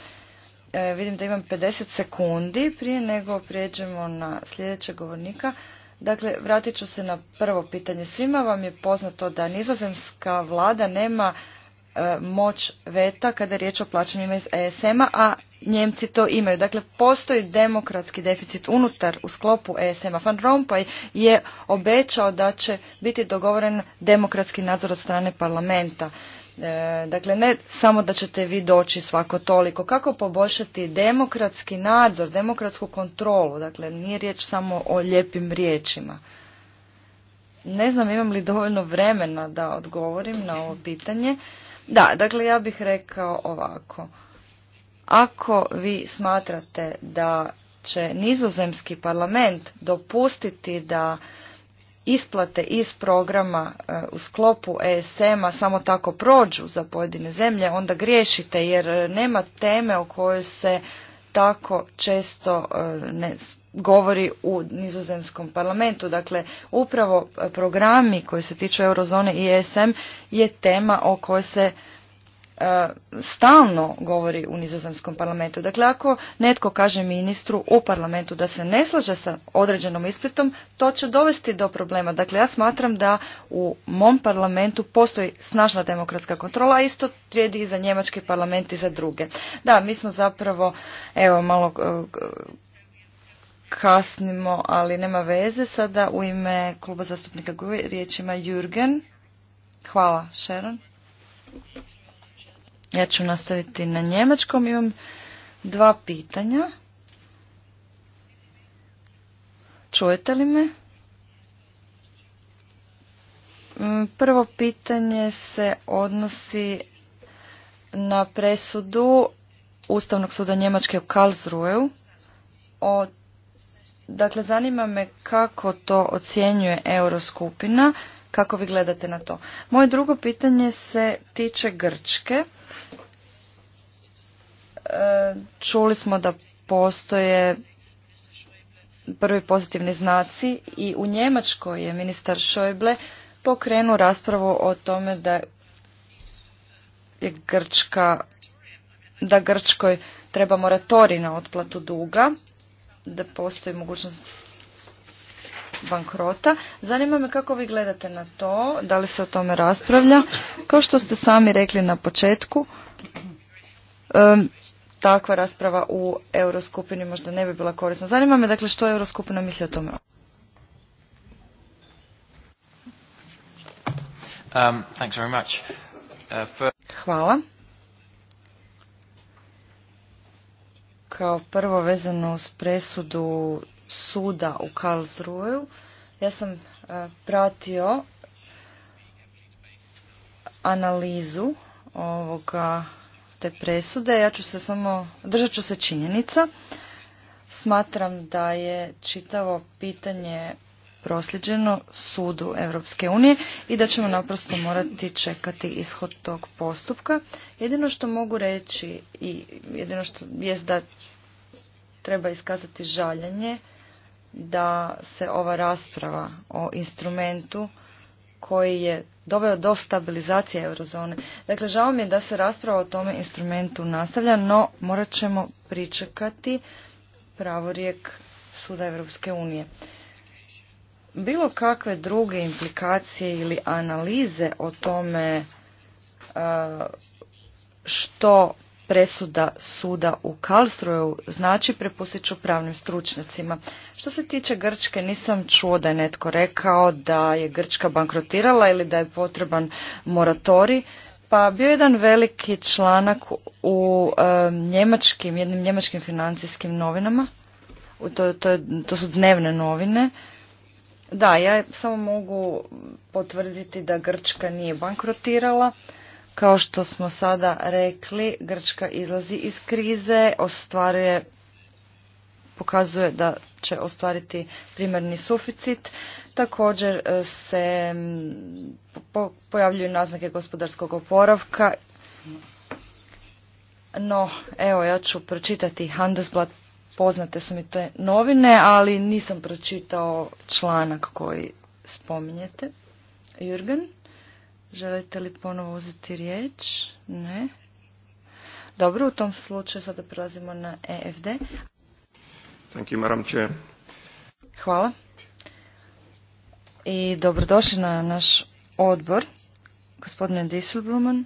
E, vidim da imam 50 sekundi prije nego prijeđemo na sljedećeg govornika. Dakle, vratit ću se na prvo pitanje. Svima vam je poznato da nizozemska vlada nema e, moć veta kada je riječ o plaćanjima iz ESM-a, a Njemci to imaju. Dakle, postoji demokratski deficit unutar u sklopu ESM-a. Van Rompuy je obećao da će biti dogovoren demokratski nadzor od strane parlamenta. E, dakle, ne samo da ćete vi doći svako toliko. Kako poboljšati demokratski nadzor, demokratsku kontrolu? Dakle, nije riječ samo o lijepim riječima. Ne znam imam li dovoljno vremena da odgovorim na ovo pitanje. Da, dakle, ja bih rekao ovako. Ako vi smatrate da će nizozemski parlament dopustiti da isplate iz programa e, u sklopu ESM-a samo tako prođu za pojedine zemlje, onda griješite jer e, nema teme o kojoj se tako često e, ne govori u nizozemskom parlamentu. Dakle, upravo programi koji se tiču eurozone i ESM je tema o kojoj se E, stalno govori u nizozemskom parlamentu. Dakle, ako netko kaže ministru u parlamentu da se ne slaže sa određenom ispitom, to će dovesti do problema. Dakle, ja smatram da u mom parlamentu postoji snažna demokratska kontrola, a isto trijedi i za njemački parlament i za druge. Da, mi smo zapravo, evo, malo e, kasnimo, ali nema veze. Sada u ime kluba zastupnika riječima riječ ima Jürgen. Hvala, Sharon. Ja ću nastaviti na njemačkom. Imam dva pitanja. Čujete li me? Mm, prvo pitanje se odnosi na presudu Ustavnog suda Njemačke u Karlsruheu. O, dakle, zanima me kako to ocjenjuje Euroskupina, kako vi gledate na to. Moje drugo pitanje se tiče Grčke čuli smo da postoje prvi pozitivni znaci i u Njemačkoj je ministar Šojble pokrenuo raspravu o tome da je Grčka da Grčkoj treba moratori na otplatu duga, da postoji mogućnost bankrota. Zanima me kako vi gledate na to, da li se o tome raspravlja. Kao što ste sami rekli na početku, takva rasprava u Euroskupini možda ne bi bila korisna. Zanima me dakle što Euroskupina misli o tome. Um, uh, Hvala. Kao prvo vezano uz presudu suda u Karlsruju, ja sam uh, pratio analizu ovoga te presude. Ja ću se samo, držat ću se činjenica. Smatram da je čitavo pitanje prosljeđeno sudu Europske unije i da ćemo naprosto morati čekati ishod tog postupka. Jedino što mogu reći i jedino što je da treba iskazati žaljenje da se ova rasprava o instrumentu koji je doveo do stabilizacije eurozone. Dakle, žao mi je da se rasprava o tome instrumentu nastavlja, no morat ćemo pričekati pravorijek Suda Europske unije. Bilo kakve druge implikacije ili analize o tome što presuda suda u Karlsruju, znači prepustit ću pravnim stručnjacima. Što se tiče Grčke, nisam čuo da je netko rekao da je Grčka bankrotirala ili da je potreban moratori, Pa bio je jedan veliki članak u e, njemačkim, jednim njemačkim financijskim novinama. To, to su dnevne novine. Da, ja samo mogu potvrditi da Grčka nije bankrotirala. Kao što smo sada rekli, Grčka izlazi iz krize, ostvaruje, pokazuje da će ostvariti primarni suficit. Također e, se pojavljuju naznake gospodarskog oporavka. No, evo ja ću pročitati Handelsblad, poznate su mi te novine, ali nisam pročitao članak koji spominjete. Jürgen. Želite li ponovo uzeti riječ? Ne. Dobro, u tom slučaju sada prelazimo na EFD. Thank you, Hvala. I dobrodošli na naš odbor, gospodine Dieselblumen.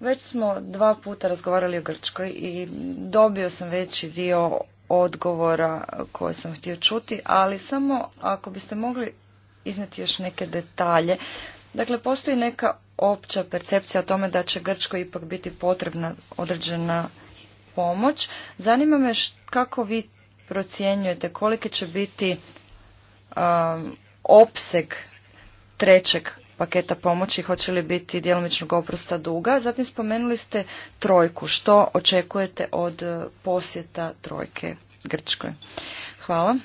Već smo dva puta razgovarali o Grčkoj i dobio sam veći dio odgovora koje sam htio čuti, ali samo ako biste mogli izneti još neke detalje Dakle, postoji neka opća percepcija o tome da će Grčkoj ipak biti potrebna određena pomoć. Zanima me kako vi procjenjujete koliki će biti um, opseg trećeg paketa pomoći, hoće li biti djelomičnog oprosta duga. Zatim spomenuli ste trojku. Što očekujete od uh, posjeta trojke Grčkoj? Hvala.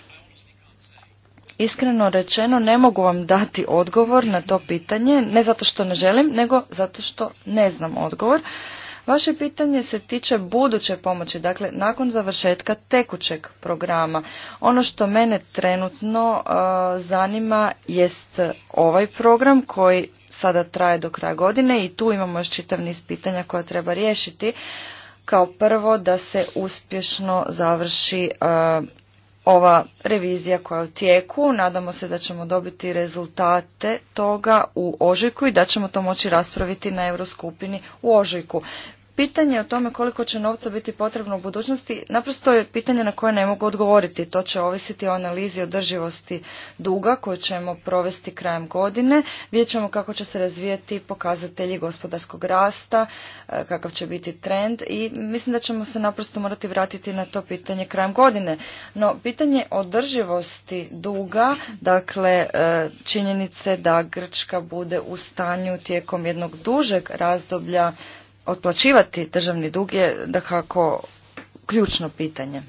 Iskreno rečeno ne mogu vam dati odgovor na to pitanje, ne zato što ne želim, nego zato što ne znam odgovor. Vaše pitanje se tiče buduće pomoći, dakle nakon završetka tekućeg programa. Ono što mene trenutno e, zanima jest ovaj program koji sada traje do kraja godine i tu imamo još čitav niz pitanja koja treba riješiti. Kao prvo da se uspješno završi e, ova revizija koja je u tijeku. Nadamo se da ćemo dobiti rezultate toga u ožujku i da ćemo to moći raspraviti na Euroskupini u ožujku. Pitanje o tome koliko će novca biti potrebno u budućnosti naprosto je pitanje na koje ne mogu odgovoriti. To će ovisiti o analizi održivosti duga koju ćemo provesti krajem godine. Vidjet ćemo kako će se razvijati pokazatelji gospodarskog rasta, e, kakav će biti trend i mislim da ćemo se naprosto morati vratiti na to pitanje krajem godine. No, pitanje održivosti duga, dakle e, činjenice da Grčka bude u stanju tijekom jednog dužeg razdoblja otplaćivati državni dug je da kako ključno pitanje.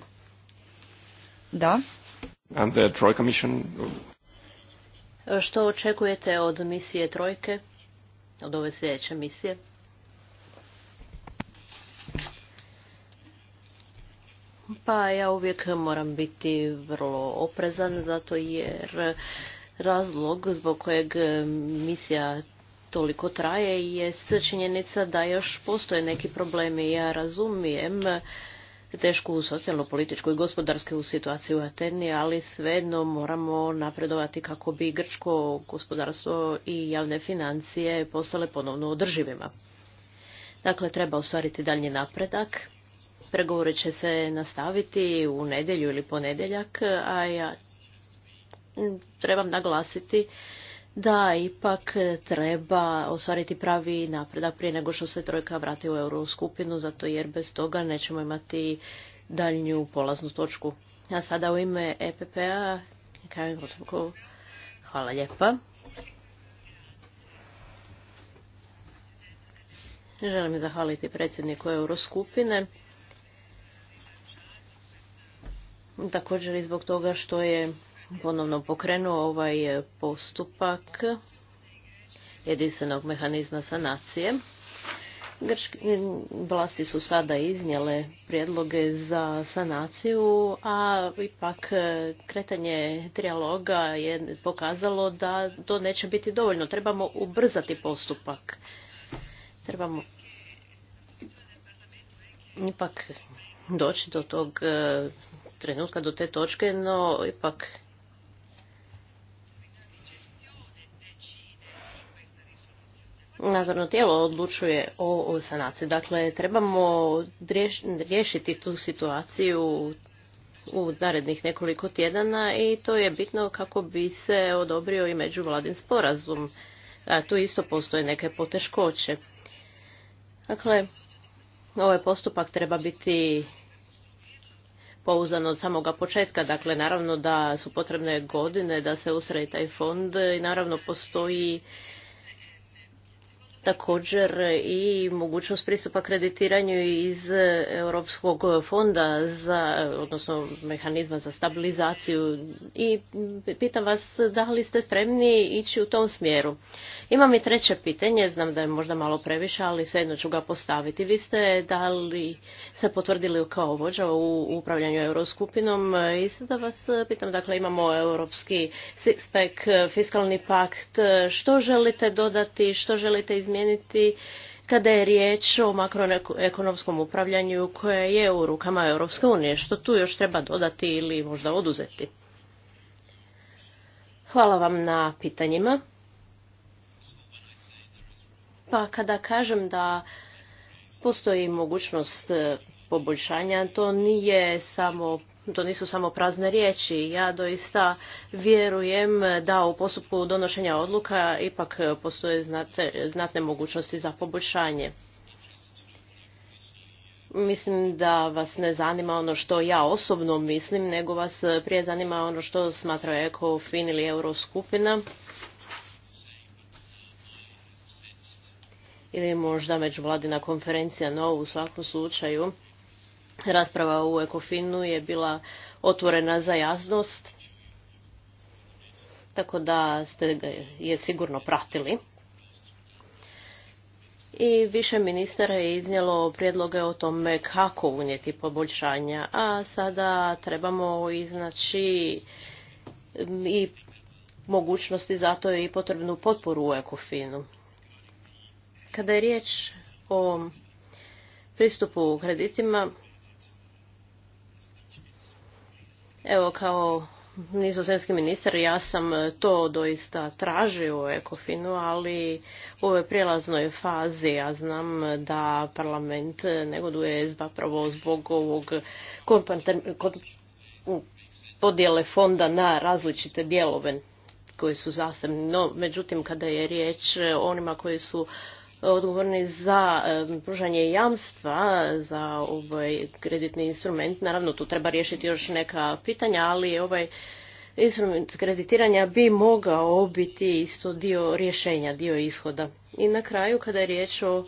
Da. And the Što očekujete od misije Trojke, od ove sljedeće misije? Pa ja uvijek moram biti vrlo oprezan zato jer razlog zbog kojeg misija toliko traje je činjenica da još postoje neki problemi. Ja razumijem tešku socijalno, političku i gospodarsku situaciju u Ateni, ali svejedno moramo napredovati kako bi grčko gospodarstvo i javne financije postale ponovno održivima. Dakle, treba ostvariti daljnji napredak. Pregovore će se nastaviti u nedjelju ili ponedjeljak, a ja trebam naglasiti da ipak treba ostvariti pravi napredak prije nego što se trojka vrati u euroskupinu, zato jer bez toga nećemo imati daljnju polaznu točku. A sada u ime EPP-a, hvala lijepa. Želim zahvaliti predsjedniku Euroskupine. Također i zbog toga što je ponovno pokrenuo ovaj e, postupak jedinstvenog mehanizma sanacije. Grčke e, vlasti su sada iznijele prijedloge za sanaciju, a ipak e, kretanje trijaloga je pokazalo da to neće biti dovoljno. Trebamo ubrzati postupak. Trebamo ipak doći do tog trenutka, do te točke, no ipak nadzorno tijelo odlučuje o sanaciji. Dakle, trebamo riješiti tu situaciju u narednih nekoliko tjedana i to je bitno kako bi se odobrio i međuvladin sporazum. tu isto postoje neke poteškoće. Dakle, ovaj postupak treba biti pouzdan od samoga početka. Dakle, naravno da su potrebne godine da se usredi taj fond i naravno postoji također i mogućnost pristupa kreditiranju iz Europskog fonda za, odnosno mehanizma za stabilizaciju i pitam vas da li ste spremni ići u tom smjeru. Imam i treće pitanje, znam da je možda malo previše, ali svejedno ću ga postaviti. Vi ste da li se potvrdili kao vođa u upravljanju euroskupinom i sada vas pitam, dakle imamo europski six fiskalni pakt, što želite dodati, što želite iznijeti izmijeniti kada je riječ o makroekonomskom upravljanju koje je u rukama Europske unije. Što tu još treba dodati ili možda oduzeti? Hvala vam na pitanjima. Pa kada kažem da postoji mogućnost poboljšanja, to nije samo to nisu samo prazne riječi. Ja doista vjerujem da u postupku donošenja odluka ipak postoje znatne mogućnosti za poboljšanje. Mislim da vas ne zanima ono što ja osobno mislim, nego vas prije zanima ono što smatra ECOFIN ili Euroskupina. Ili možda međuvladina konferencija, no u svakom slučaju Rasprava u Ekofinu je bila otvorena za jasnost, tako da ste ga je sigurno pratili. I više ministara je iznijelo prijedloge o tome kako unijeti poboljšanja, a sada trebamo iznaći i mogućnosti za to i potrebnu potporu u Ekofinu. Kada je riječ o pristupu kreditima, Evo kao nizozemski ministar ja sam e, to doista tražio u Ekofinu, ali u ovoj prijelaznoj fazi ja znam da parlament e, negoduje zapravo zbog ovog podjele fonda na različite dijelove koji su zasebni. No, međutim, kada je riječ o e, onima koji su odgovorni za pružanje jamstva za ovaj kreditni instrument. Naravno, tu treba riješiti još neka pitanja, ali ovaj instrument kreditiranja bi mogao biti isto dio rješenja, dio ishoda. I na kraju, kada je riječ o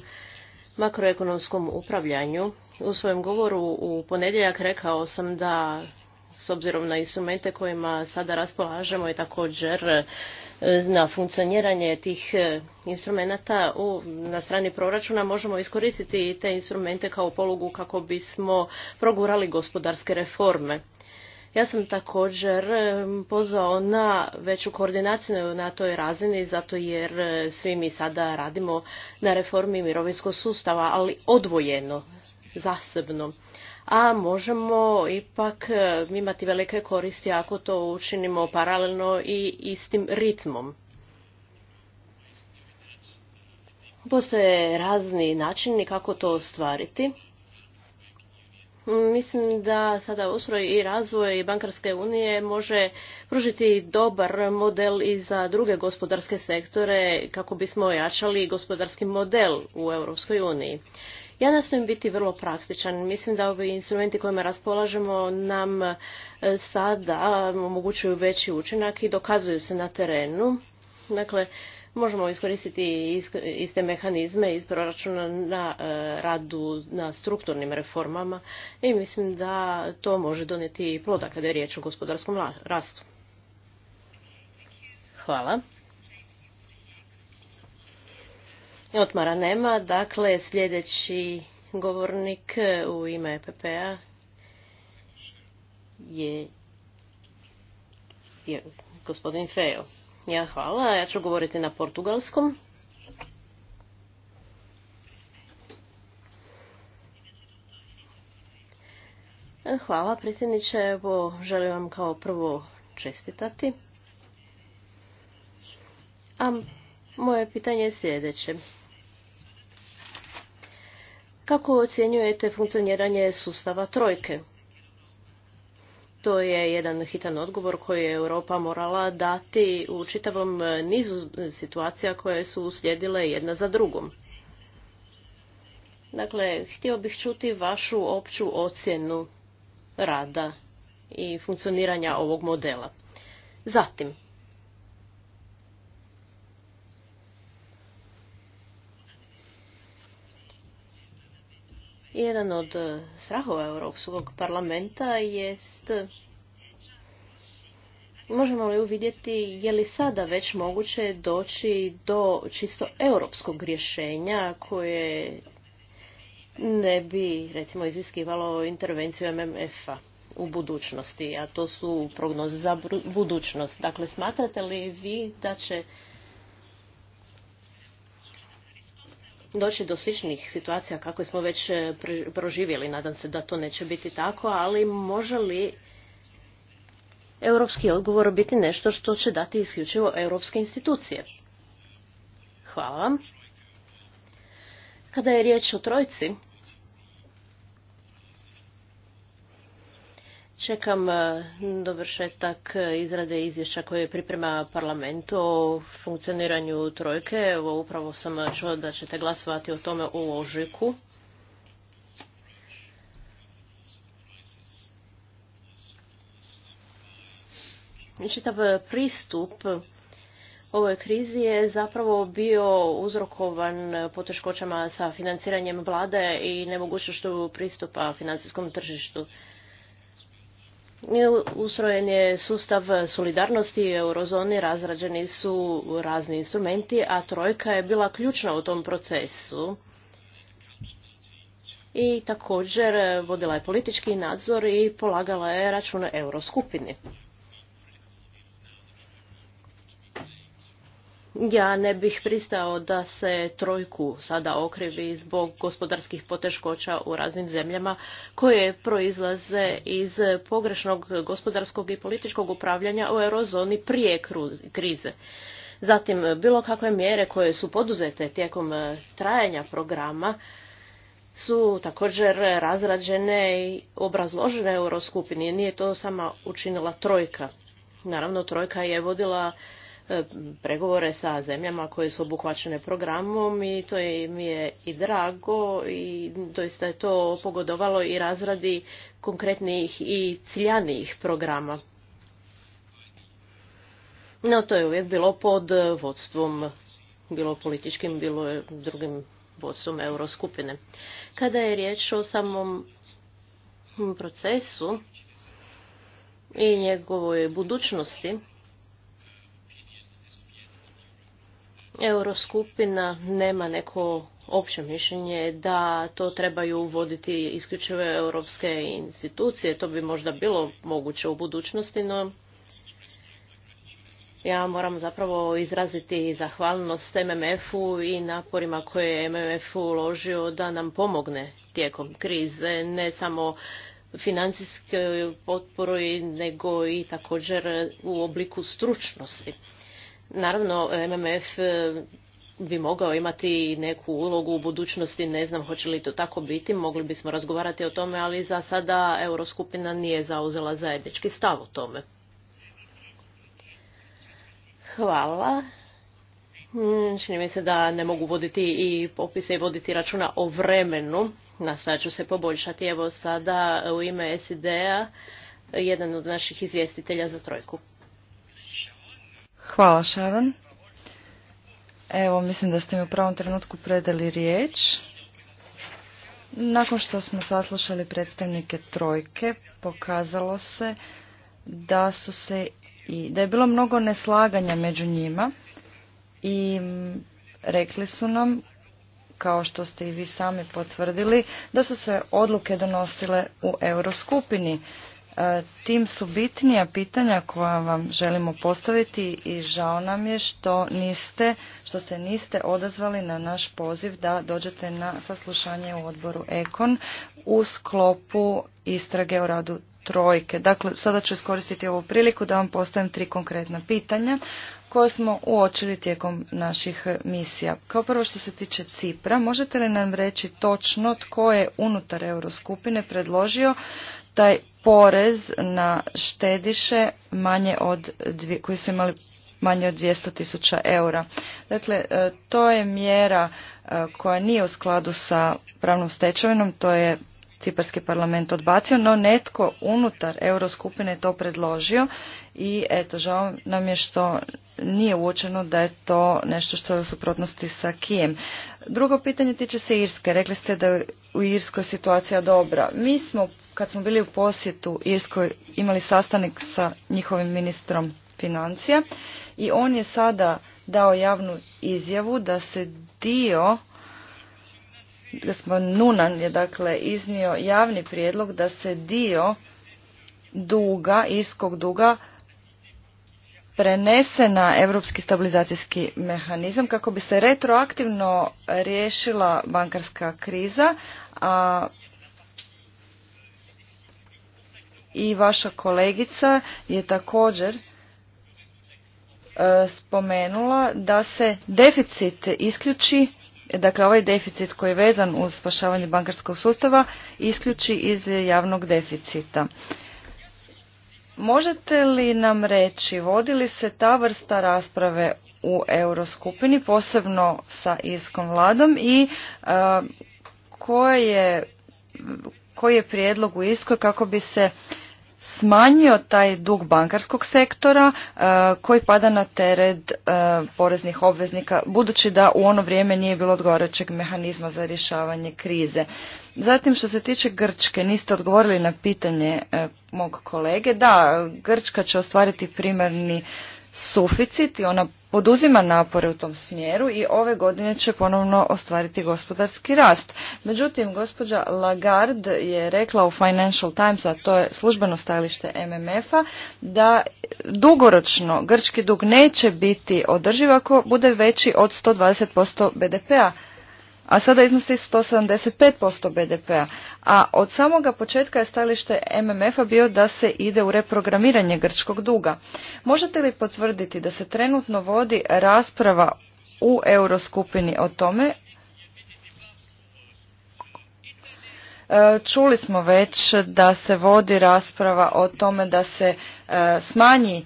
makroekonomskom upravljanju, u svojem govoru u ponedjeljak rekao sam da s obzirom na instrumente kojima sada raspolažemo i također e, na funkcioniranje tih e, instrumenata na strani proračuna možemo iskoristiti te instrumente kao polugu kako bismo progurali gospodarske reforme. Ja sam također e, pozvao na veću koordinaciju na toj razini zato jer svi mi sada radimo na reformi mirovinskog sustava, ali odvojeno, zasebno a možemo ipak e, imati velike koristi ako to učinimo paralelno i istim ritmom. Postoje razni načini kako to ostvariti. Mislim da sada ustroj i razvoj bankarske unije može pružiti dobar model i za druge gospodarske sektore kako bismo ojačali gospodarski model u Europskoj uniji. Ja nastojim biti vrlo praktičan. Mislim da ovi instrumenti kojima raspolažemo nam e, sada omogućuju veći učinak i dokazuju se na terenu. Dakle, možemo iskoristiti iste mehanizme iz proračuna na e, radu na strukturnim reformama i mislim da to može donijeti ploda kada je riječ o gospodarskom rastu. Hvala. Otmara nema, dakle sljedeći govornik u ime EPP-a je, gospodin Feo. Ja hvala, ja ću govoriti na portugalskom. Hvala predsjedniče, evo želim vam kao prvo čestitati. A moje pitanje je sljedeće. Kako ocjenjujete funkcioniranje sustava trojke? To je jedan hitan odgovor koji je Europa morala dati u čitavom nizu situacija koje su uslijedile jedna za drugom. Dakle, htio bih čuti vašu opću ocjenu rada i funkcioniranja ovog modela. Zatim, Jedan od e, strahova Europskog parlamenta jest možemo li uvidjeti je li sada već moguće doći do čisto europskog rješenja koje ne bi recimo iziskivalo intervenciju MMF-a u budućnosti, a to su prognoze za budućnost. Dakle, smatrate li vi da će doći do sličnih situacija kako smo već e, proživjeli. Nadam se da to neće biti tako, ali može li europski odgovor biti nešto što će dati isključivo europske institucije? Hvala vam. Kada je riječ o trojci, Čekam e, dovršetak e, izrade izvješća koje priprema parlament o funkcioniranju trojke. Evo, upravo sam čuo da ćete glasovati o tome u ožujku. Čitav pristup ovoj krizi je zapravo bio uzrokovan poteškoćama sa financiranjem vlade i nemogućnošću pristupa financijskom tržištu. Ustrojen je sustav solidarnosti u eurozoni, razrađeni su razni instrumenti, a trojka je bila ključna u tom procesu. I također vodila je politički nadzor i polagala je račun euroskupini. Ja ne bih pristao da se trojku sada okrivi zbog gospodarskih poteškoća u raznim zemljama koje proizlaze iz pogrešnog gospodarskog i političkog upravljanja u eurozoni prije krize. Zatim, bilo kakve mjere koje su poduzete tijekom e, trajanja programa su također razrađene i obrazložene euroskupini. Nije to sama učinila trojka. Naravno, trojka je vodila E, pregovore sa zemljama koje su obuhvaćene programom i to je, mi je i drago i doista je to pogodovalo i razradi konkretnih i ciljanijih programa. No, to je uvijek bilo pod vodstvom, bilo političkim, bilo drugim vodstvom euroskupine. Kada je riječ o samom procesu i njegovoj budućnosti, Euroskupina nema neko opće mišljenje da to trebaju uvoditi isključivo europske institucije. To bi možda bilo moguće u budućnosti, no ja moram zapravo izraziti zahvalnost MMF-u i naporima koje je MMF uložio da nam pomogne tijekom krize, ne samo financijske potporu, nego i također u obliku stručnosti. Naravno, MMF e, bi mogao imati neku ulogu u budućnosti, ne znam hoće li to tako biti, mogli bismo razgovarati o tome, ali za sada Euroskupina nije zauzela zajednički stav o tome. Hvala. Mm, čini mi se da ne mogu voditi i popise i voditi računa o vremenu. Nastavit ću se poboljšati. Evo sada u ime SID-a jedan od naših izvjestitelja za trojku. Hvala Sharon. Evo, mislim da ste mi u pravom trenutku predali riječ. Nakon što smo saslušali predstavnike trojke, pokazalo se da su se i da je bilo mnogo neslaganja među njima i rekli su nam kao što ste i vi sami potvrdili da su se odluke donosile u euroskupini E, tim su bitnija pitanja koja vam želimo postaviti i žao nam je što niste, što se niste odazvali na naš poziv da dođete na saslušanje u odboru Ekon u sklopu istrage o radu trojke. Dakle, sada ću iskoristiti ovu priliku da vam postavim tri konkretna pitanja koje smo uočili tijekom naših misija. Kao prvo što se tiče Cipra, možete li nam reći točno tko je unutar Euroskupine predložio taj porez na štediše manje od, koji su imali manje od 200 tisuća eura. Dakle, e, to je mjera e, koja nije u skladu sa pravnom stečevinom, to je Ciparski parlament odbacio, no netko unutar Euroskupine je to predložio i eto, žao nam je što nije uočeno da je to nešto što je u suprotnosti sa Kijem. Drugo pitanje tiče se Irske. Rekli ste da je u Irskoj situacija dobra. Mi smo kad smo bili u posjetu Irskoj imali sastanak sa njihovim ministrom financija i on je sada dao javnu izjavu da se dio smo Nunan je dakle iznio javni prijedlog da se dio duga, irskog duga prenese na europski stabilizacijski mehanizam kako bi se retroaktivno riješila bankarska kriza, a i vaša kolegica je također e, spomenula da se deficit isključi, dakle ovaj deficit koji je vezan uz spašavanje bankarskog sustava isključi iz javnog deficita. Možete li nam reći, vodi li se ta vrsta rasprave u Euroskupini, posebno sa iskom vladom i e, koji je, koji je prijedlog u iskoj kako bi se smanjio taj dug bankarskog sektora e, koji pada na teret e, poreznih obveznika budući da u ono vrijeme nije bilo odgovarajućeg mehanizma za rješavanje krize. Zatim što se tiče Grčke, niste odgovorili na pitanje e, mog kolege. Da, Grčka će ostvariti primarni suficit i ona poduzima napore u tom smjeru i ove godine će ponovno ostvariti gospodarski rast. Međutim, gospođa Lagarde je rekla u Financial Times, a to je službeno stajalište MMF-a, da dugoročno grčki dug neće biti održiv ako bude veći od 120% BDP-a a sada iznosi 175% BDP-a, a od samoga početka je stajalište MMF-a bio da se ide u reprogramiranje grčkog duga. Možete li potvrditi da se trenutno vodi rasprava u euroskupini o tome? E, čuli smo već da se vodi rasprava o tome da se e, smanji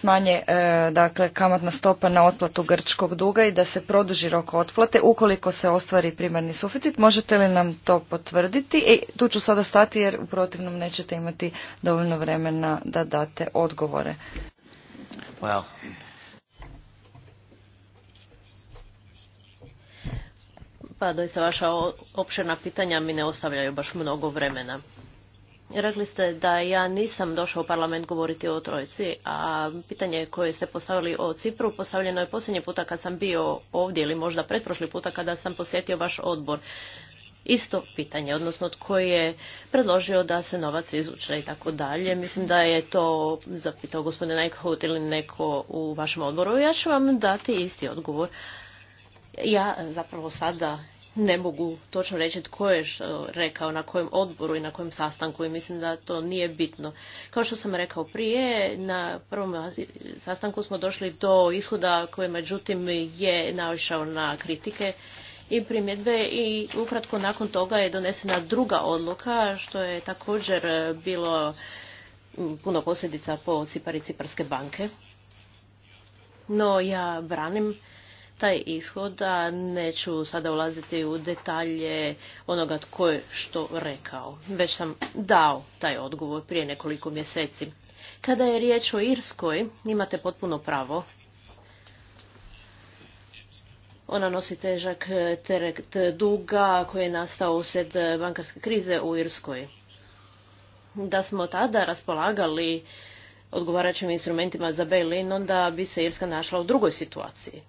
smanje e, dakle kamatna stopa na otplatu grčkog duga i da se produži rok otplate ukoliko se ostvari primarni suficit. Možete li nam to potvrditi? I e, tu ću sada stati jer u protivnom nećete imati dovoljno vremena da date odgovore. Pa doista vaša opšena pitanja mi ne ostavljaju baš mnogo vremena. Rekli ste da ja nisam došao u parlament govoriti o trojci, a pitanje koje ste postavili o Cipru postavljeno je posljednji puta kad sam bio ovdje ili možda pretprošli puta kada sam posjetio vaš odbor. Isto pitanje, odnosno tko je predložio da se novac izvuče i tako dalje. Mislim da je to zapitao gospodin Eichhout ili neko u vašem odboru. Ja ću vam dati isti odgovor. Ja zapravo sada ne mogu točno reći tko je što rekao, na kojem odboru i na kojem sastanku i mislim da to nije bitno. Kao što sam rekao prije, na prvom sastanku smo došli do ishoda koji međutim je naišao na kritike i primjedbe i ukratko nakon toga je donesena druga odluka što je također bilo puno posljedica po Cipari Ciparske banke. No ja branim taj ishod, a neću sada ulaziti u detalje onoga tko je što rekao. Već sam dao taj odgovor prije nekoliko mjeseci. Kada je riječ o Irskoj, imate potpuno pravo. Ona nosi težak teret duga koji je nastao usred bankarske krize u Irskoj. Da smo tada raspolagali odgovarajućim instrumentima za bail-in, onda bi se Irska našla u drugoj situaciji.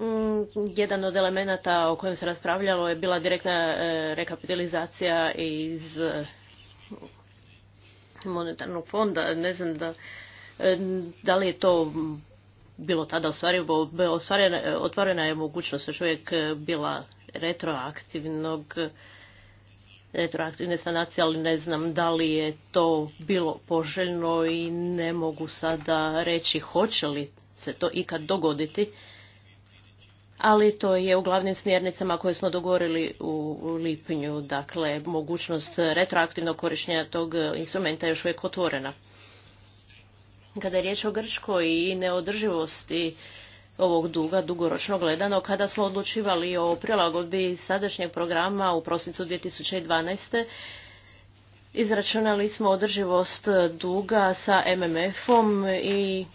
Mm, jedan od elemenata o kojem se raspravljalo je bila direktna e, rekapitalizacija iz e, monetarnog fonda. Ne znam da, e, da li je to bilo tada ostvarivo. Otvorena je mogućnost još uvijek bila retroaktivnog retroaktivne sanacije, ali ne znam da li je to bilo poželjno i ne mogu sada reći hoće li se to ikad dogoditi ali to je u glavnim smjernicama koje smo dogovorili u lipnju. Dakle, mogućnost retroaktivnog korištenja tog e, instrumenta je još uvijek otvorena. Kada je riječ o Grčkoj i neodrživosti ovog duga, dugoročno gledano, kada smo odlučivali o prilagodbi sadašnjeg programa u prosincu 2012. Izračunali smo održivost duga sa MMF-om i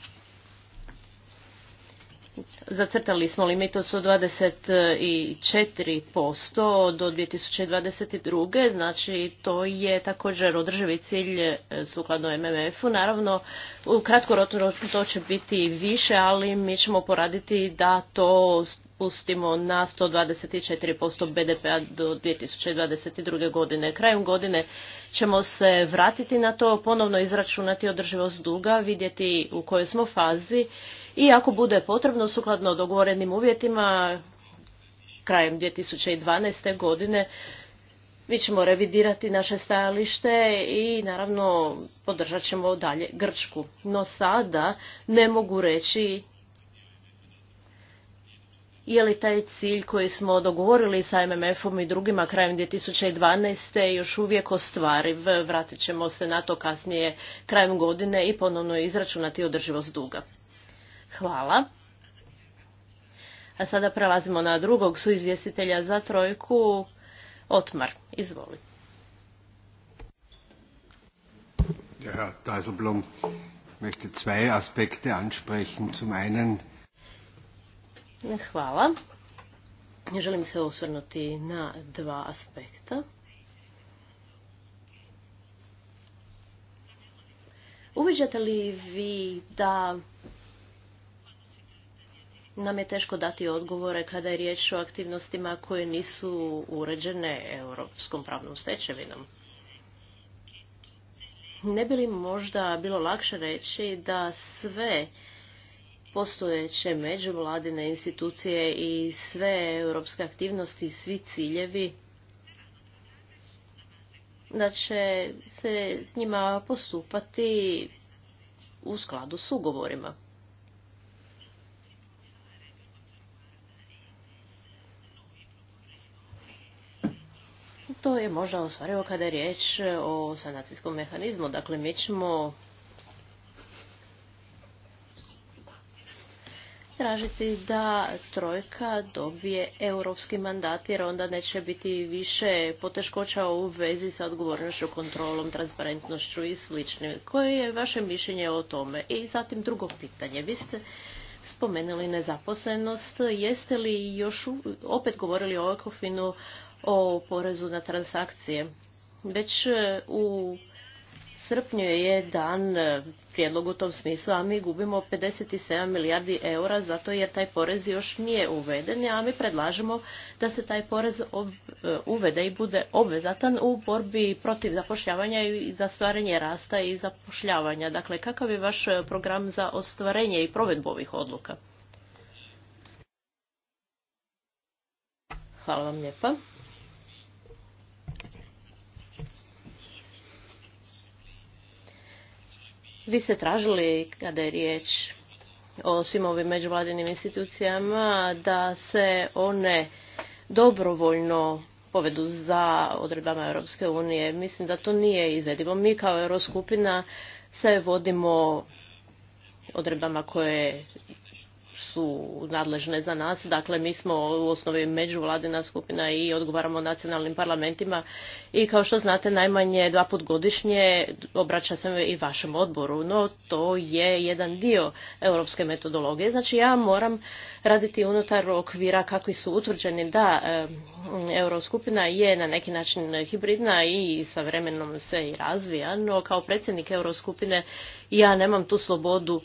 zacrtali smo limit od 124% do 2022. Znači, to je također održivi cilj e, sukladno MMF-u. Naravno, u rotu to će biti više, ali mi ćemo poraditi da to spustimo na 124% BDP-a do 2022. godine. Krajem godine ćemo se vratiti na to, ponovno izračunati održivost duga, vidjeti u kojoj smo fazi i ako bude potrebno sukladno dogovorenim uvjetima krajem 2012. godine mi ćemo revidirati naše stajalište i naravno podržat ćemo dalje Grčku. No sada ne mogu reći je li taj cilj koji smo dogovorili sa MMF-om i drugima krajem 2012. još uvijek ostvariv. Vratit ćemo se na to kasnije krajem godine i ponovno izračunati održivost duga. Hvala. A sada prelazimo na drugog suizvjestitelja za trojku, Otmar. Izvoli. Ja, Aspekte ansprechen. Zum einen... Hvala. Želim se osvrnuti na dva aspekta. Uviđate li vi da nam je teško dati odgovore kada je riječ o aktivnostima koje nisu uređene europskom pravnom stečevinom. Ne bi li možda bilo lakše reći da sve postojeće međuvladine institucije i sve europske aktivnosti, svi ciljevi, da će se s njima postupati u skladu s ugovorima. to je možda ostvarivo kada je riječ e, o sanacijskom mehanizmu. Dakle, mi ćemo tražiti da trojka dobije europski mandat jer onda neće biti više poteškoća u vezi sa odgovornošću, kontrolom, transparentnošću i sl. Koje je vaše mišljenje o tome? I zatim drugo pitanje. Vi ste spomenuli nezaposlenost. Jeste li još opet govorili o Ekofinu o porezu na transakcije. Već e, u srpnju je dan e, prijedlog u tom smislu, a mi gubimo 57 milijardi eura zato jer taj porez još nije uveden, a mi predlažemo da se taj porez e, uvede i bude obvezatan u borbi protiv zapošljavanja i za stvaranje rasta i zapošljavanja. Dakle, kakav je vaš program za ostvarenje i provedbu ovih odluka? Hvala vam lijepa. Vi ste tražili, kada je riječ o svim ovim međuvladinim institucijama, da se one dobrovoljno povedu za odredbama Europske unije. Mislim da to nije izvedivo. Mi kao Euroskupina se vodimo odredbama koje su nadležne za nas. Dakle, mi smo u osnovi međuvladina skupina i odgovaramo nacionalnim parlamentima i kao što znate najmanje dva put godišnje obraća se i vašem odboru, no to je jedan dio europske metodologije. Znači ja moram raditi unutar okvira kakvi su utvrđeni da euroskupina je na neki način hibridna i sa vremenom se i razvija, no kao predsjednik euroskupine ja nemam tu slobodu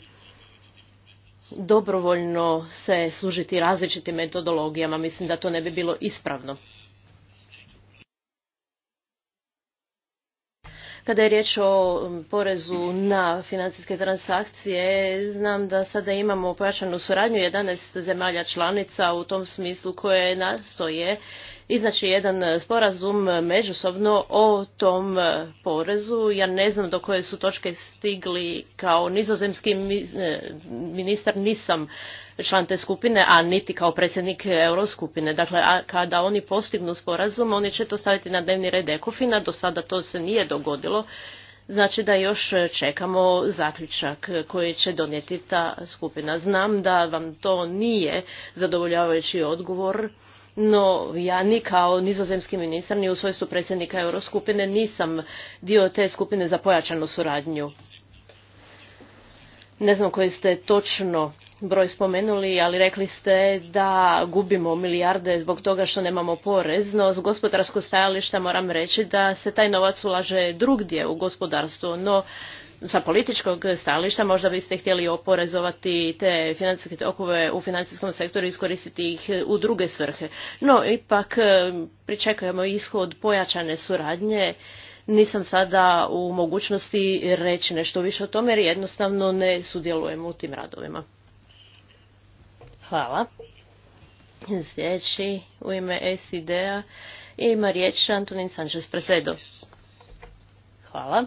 dobrovoljno se služiti različitim metodologijama. Mislim da to ne bi bilo ispravno. Kada je riječ o um, porezu na financijske transakcije, znam da sada imamo pojačanu suradnju 11 zemalja članica u tom smislu koje nastoje iznaći jedan e, sporazum e, međusobno o tom e, porezu. Ja ne znam do koje su točke stigli kao nizozemski ministar, nisam član te skupine, a niti kao predsjednik Euroskupine. Dakle, a kada oni postignu sporazum, oni će to staviti na dnevni red Ekofina, do sada to se nije dogodilo. Znači da još čekamo zaključak koji će donijeti ta skupina. Znam da vam to nije zadovoljavajući odgovor no, ja ni kao nizozemski ministar, ni u svojstvu predsjednika Euroskupine nisam dio te skupine za pojačanu suradnju. Ne znam koji ste točno broj spomenuli, ali rekli ste da gubimo milijarde zbog toga što nemamo porez, no s gospodarskog stajališta moram reći da se taj novac ulaže drugdje u gospodarstvo, no sa političkog stajališta možda biste htjeli oporezovati te financijske tokove u financijskom sektoru i iskoristiti ih u druge svrhe. No, ipak e, pričekujemo ishod pojačane suradnje. Nisam sada u mogućnosti reći nešto više o tome jer jednostavno ne sudjelujem u tim radovima. Hvala. Sljedeći u ime SID-a ima riječ Antonin Sanchez Presedo. Hvala.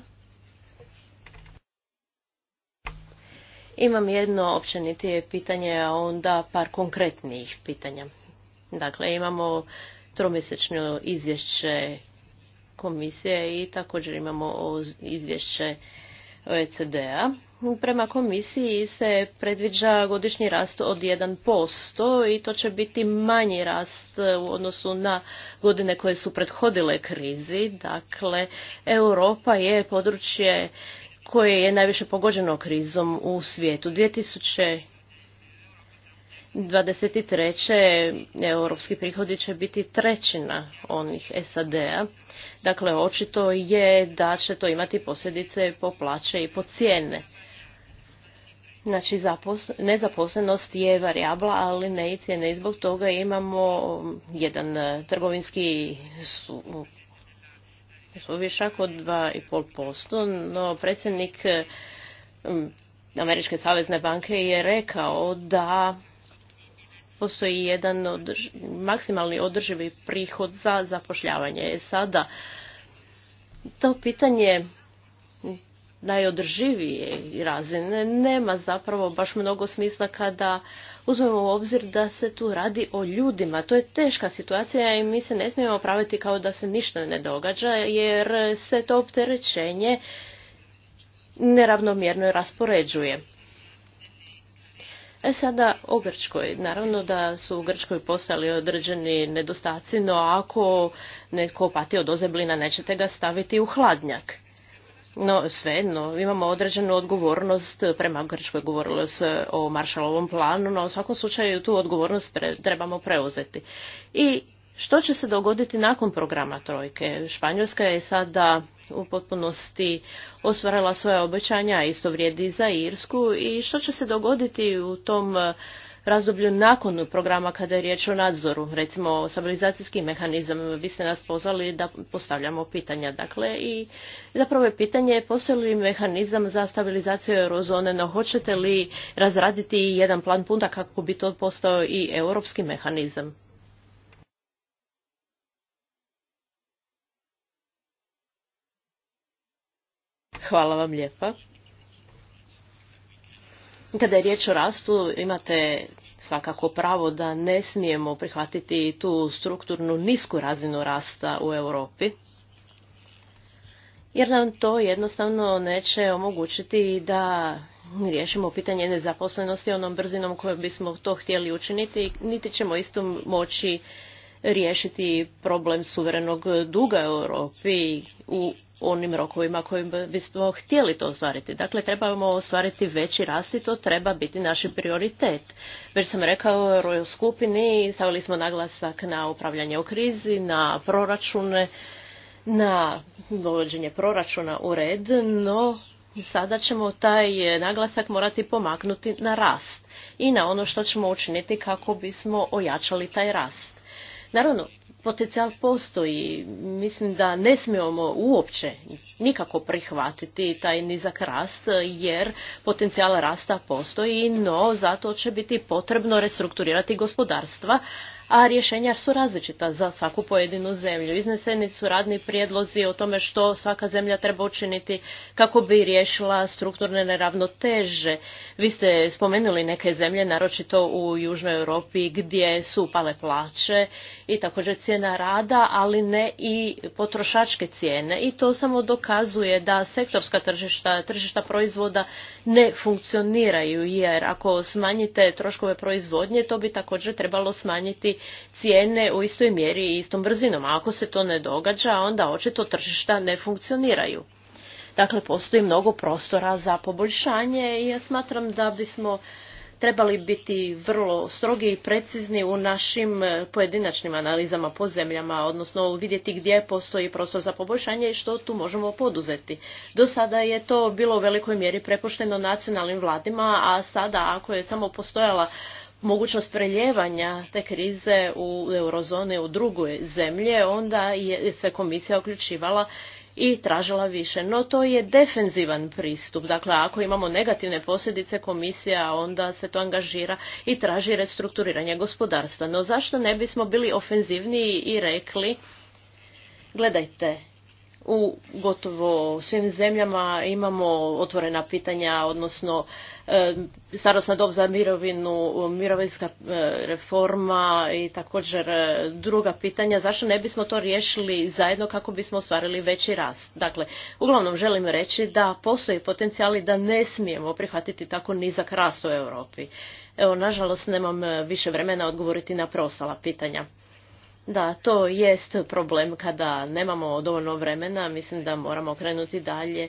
Imam jedno općenitije pitanje, a onda par konkretnijih pitanja. Dakle, imamo tromjesečno izvješće komisije i također imamo izvješće OECD-a. Prema komisiji se predviđa godišnji rast od 1% i to će biti manji rast u odnosu na godine koje su prethodile krizi. Dakle, Europa je područje koje je najviše pogođeno krizom u svijetu. 2023. europski prihodi će biti trećina onih SAD-a. Dakle, očito je da će to imati posljedice po plaće i po cijene. Znači, nezaposlenost je varijabla, ali ne i cijene. I zbog toga imamo jedan trgovinski višak od 2,5%, no predsjednik mm, Američke savezne banke je rekao da postoji jedan maksimalni održivi prihod za zapošljavanje. E sada, to pitanje najodrživije razine nema zapravo baš mnogo smisla kada uzmemo u obzir da se tu radi o ljudima. To je teška situacija i mi se ne smijemo praviti kao da se ništa ne događa jer se to opterećenje neravnomjerno raspoređuje. E sada o Grčkoj. Naravno da su u Grčkoj postali određeni nedostaci, no ako netko pati od ozeblina nećete ga staviti u hladnjak. No, svejedno, imamo određenu odgovornost prema Grčkoj, govorilo se o Maršalovom planu, no u svakom slučaju tu odgovornost trebamo preuzeti. I što će se dogoditi nakon programa Trojke? Španjolska je sada u potpunosti ostvarila svoja obećanja, isto vrijedi za Irsku i što će se dogoditi u tom razdoblju nakon programa kada je riječ o nadzoru, recimo stabilizacijski mehanizam, vi ste nas pozvali da postavljamo pitanja. Dakle, i zapravo je pitanje postoji li mehanizam za stabilizaciju eurozone, no hoćete li razraditi jedan plan punta kako bi to postao i europski mehanizam? Hvala vam lijepa. Kada je riječ o rastu, imate svakako pravo da ne smijemo prihvatiti tu strukturnu nisku razinu rasta u Europi, jer nam to jednostavno neće omogućiti da riješimo pitanje nezaposlenosti onom brzinom kojom bismo to htjeli učiniti, niti ćemo isto moći riješiti problem suverenog duga Europi u onim rokovima kojim bismo htjeli to ostvariti. Dakle, trebamo ostvariti veći rast i to treba biti naš prioritet. Već sam rekao u skupini, stavili smo naglasak na upravljanje u krizi, na proračune, na dovođenje proračuna u red, no sada ćemo taj naglasak morati pomaknuti na rast i na ono što ćemo učiniti kako bismo ojačali taj rast. Naravno, potencijal postoji. Mislim da ne smijemo uopće nikako prihvatiti taj nizak rast jer potencijal rasta postoji, no zato će biti potrebno restrukturirati gospodarstva a rješenja su različita za svaku pojedinu zemlju. Izneseni su radni prijedlozi o tome što svaka zemlja treba učiniti kako bi riješila strukturne neravnoteže. Vi ste spomenuli neke zemlje, naročito u Južnoj Europi, gdje su pale plaće i također cijena rada, ali ne i potrošačke cijene. I to samo dokazuje da sektorska tržišta, tržišta proizvoda ne funkcioniraju, jer ako smanjite troškove proizvodnje, to bi također trebalo smanjiti cijene u istoj mjeri i istom brzinom. A ako se to ne događa, onda očito tržišta ne funkcioniraju. Dakle, postoji mnogo prostora za poboljšanje i ja smatram da bismo trebali biti vrlo strogi i precizni u našim e, pojedinačnim analizama po zemljama, odnosno vidjeti gdje postoji prostor za poboljšanje i što tu možemo poduzeti. Do sada je to bilo u velikoj mjeri prepušteno nacionalnim vladima, a sada ako je samo postojala mogućnost preljevanja te krize u eurozone u druge zemlje, onda je se komisija uključivala i tražila više. No to je defenzivan pristup. Dakle, ako imamo negativne posljedice komisija, onda se to angažira i traži restrukturiranje gospodarstva. No zašto ne bismo bili ofenzivniji i rekli, gledajte, u gotovo svim zemljama imamo otvorena pitanja, odnosno E, starosna dob za mirovinu, mirovinska e, reforma i također e, druga pitanja, zašto ne bismo to riješili zajedno kako bismo ostvarili veći rast. Dakle, uglavnom želim reći da postoji potencijali da ne smijemo prihvatiti tako nizak rast u Europi. Evo, nažalost, nemam više vremena odgovoriti na preostala pitanja. Da, to jest problem kada nemamo dovoljno vremena, mislim da moramo krenuti dalje.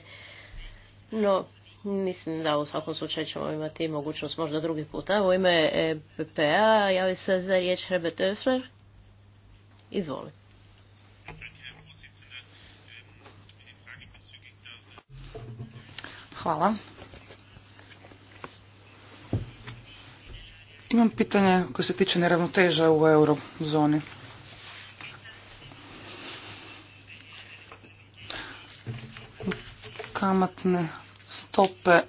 No, Mislim da u svakom slučaju ćemo imati mogućnost možda drugi puta. U ime e PPA javi se za riječ Herbert Öfler. Izvoli. Hvala. Imam pitanje koje se tiče neravnoteža u eurozoni. Kamatne Stope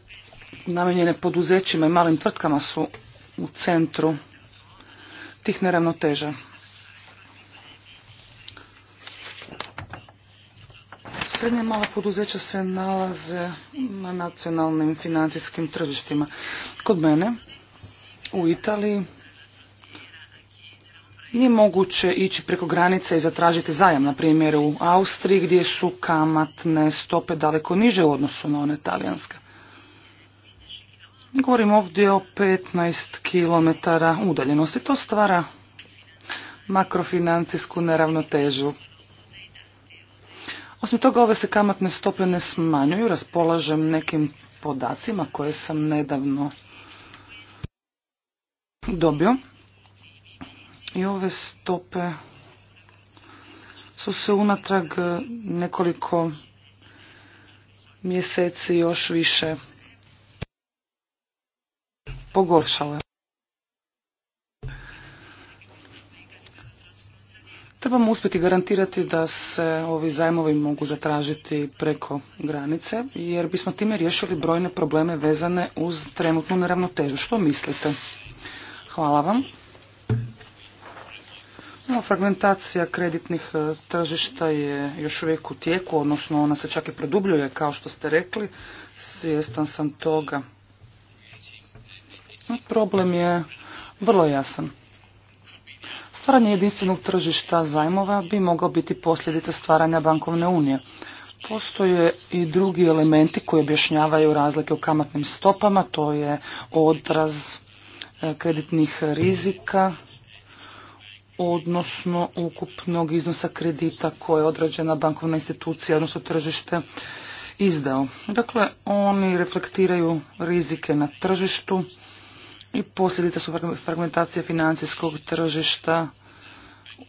namijenjene poduzećima i malim tvrtkama su u centru tih neravnoteža. Srednje mala poduzeća se nalaze na nacionalnim financijskim tržištima. Kod mene u Italiji nije moguće ići preko granice i zatražiti zajam, na primjer u Austriji gdje su kamatne stope daleko niže u odnosu na one talijanske. Govorim ovdje o 15 km udaljenosti. To stvara makrofinancijsku neravnotežu. Osim toga, ove se kamatne stope ne smanjuju. Raspolažem nekim podacima koje sam nedavno dobio. I ove stope su se unatrag nekoliko mjeseci još više pogoršale. Trebamo uspjeti garantirati da se ovi zajmovi mogu zatražiti preko granice, jer bismo time riješili brojne probleme vezane uz trenutnu neravnotežu. Što mislite? Hvala vam. Fragmentacija kreditnih e, tržišta je još uvijek u tijeku, odnosno ona se čak i produbljuje, kao što ste rekli. Svjestan sam toga. Problem je vrlo jasan. Stvaranje jedinstvenog tržišta zajmova bi mogao biti posljedica stvaranja bankovne unije. Postoje i drugi elementi koji objašnjavaju razlike u kamatnim stopama, to je odraz e, kreditnih rizika, odnosno ukupnog iznosa kredita koje je određena bankovna institucija, odnosno tržište, izdao. Dakle, oni reflektiraju rizike na tržištu i posljedica su fragmentacije financijskog tržišta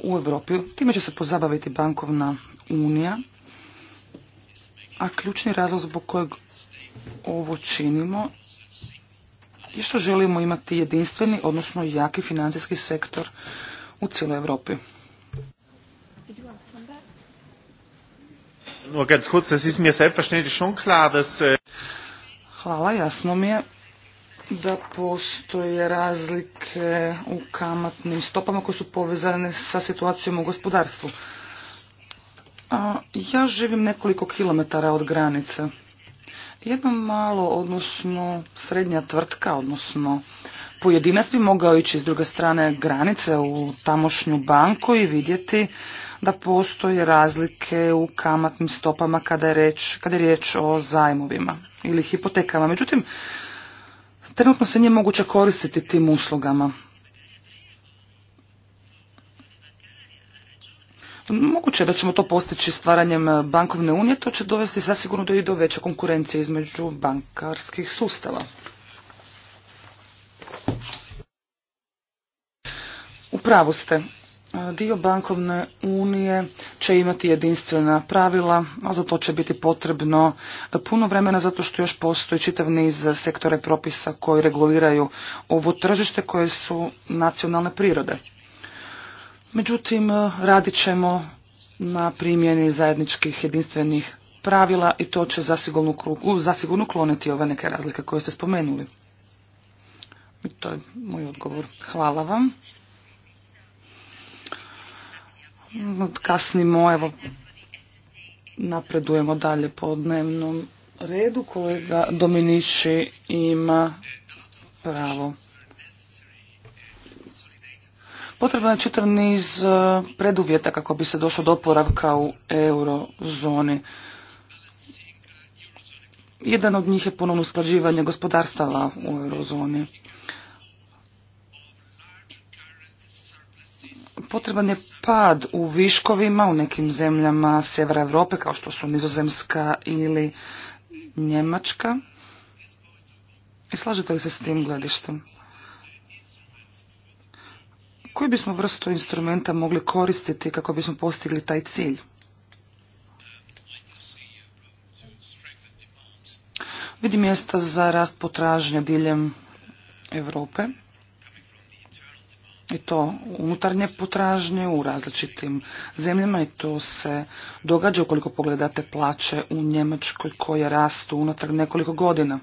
u Europi. Time će se pozabaviti bankovna unija, a ključni razlog zbog kojeg ovo činimo je što želimo imati jedinstveni, odnosno jaki financijski sektor u cijeloj Europi. Äh, Hvala, jasno mi je da postoje razlike u kamatnim stopama koje su povezane sa situacijom u gospodarstvu. Ja živim nekoliko kilometara od granice jedno malo, odnosno srednja tvrtka, odnosno pojedinac bi mogao ići s druge strane granice u tamošnju banku i vidjeti da postoje razlike u kamatnim stopama kada je, reč, kada je riječ o zajmovima ili hipotekama. Međutim, trenutno se nije moguće koristiti tim uslugama. Moguće je da ćemo to postići stvaranjem e, bankovne unije, to će dovesti zasigurno do i do veće konkurencije između bankarskih sustava. U pravu ste. E, dio bankovne unije će imati jedinstvena pravila, a za to će biti potrebno puno vremena zato što još postoji čitav niz sektore propisa koji reguliraju ovo tržište koje su nacionalne prirode. Međutim, eh, radit ćemo na primjeni zajedničkih jedinstvenih pravila i to će zasigurno, kloniti ove neke razlike koje ste spomenuli. I to je moj odgovor. Hvala vam. Kasnimo, evo, napredujemo dalje po dnevnom redu. Kolega Dominiši ima pravo Potrebno je čitav niz e, preduvjeta kako bi se došlo do oporavka u eurozoni. Jedan od njih je ponovno usklađivanje gospodarstava u eurozoni. Potreban je pad u viškovima u nekim zemljama sjevera Europe kao što su Nizozemska ili Njemačka. I slažete li se s tim gledištem? Koju bismo vrstu instrumenta mogli koristiti kako bismo postigli taj cilj? Vidim mjesta za rast potražnje diljem Europe i to unutarnje potražnje u različitim zemljama i to se događa ukoliko pogledate plaće u Njemačkoj koje rastu unatrag nekoliko godina.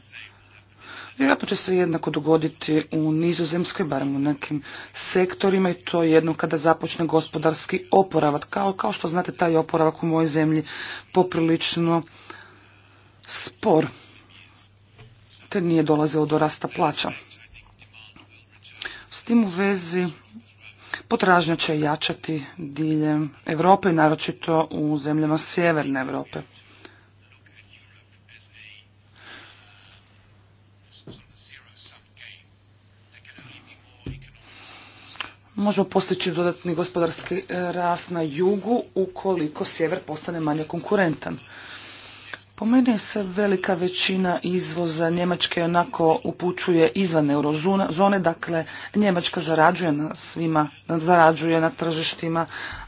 Vjerojatno će se jednako dogoditi u nizozemskoj, barem u nekim sektorima i to jedno kada započne gospodarski oporavak. Kao, kao što znate, taj oporavak u mojoj zemlji poprilično spor, te nije dolazeo do rasta plaća. S tim u vezi potražnja će jačati diljem Europe i naročito u zemljama sjeverne Europe. možemo postići dodatni gospodarski e, rast na jugu ukoliko sjever postane manje konkurentan. Po meni se velika većina izvoza Njemačke onako upućuje izvan eurozone, dakle Njemačka zarađuje na svima, zarađuje na tržištima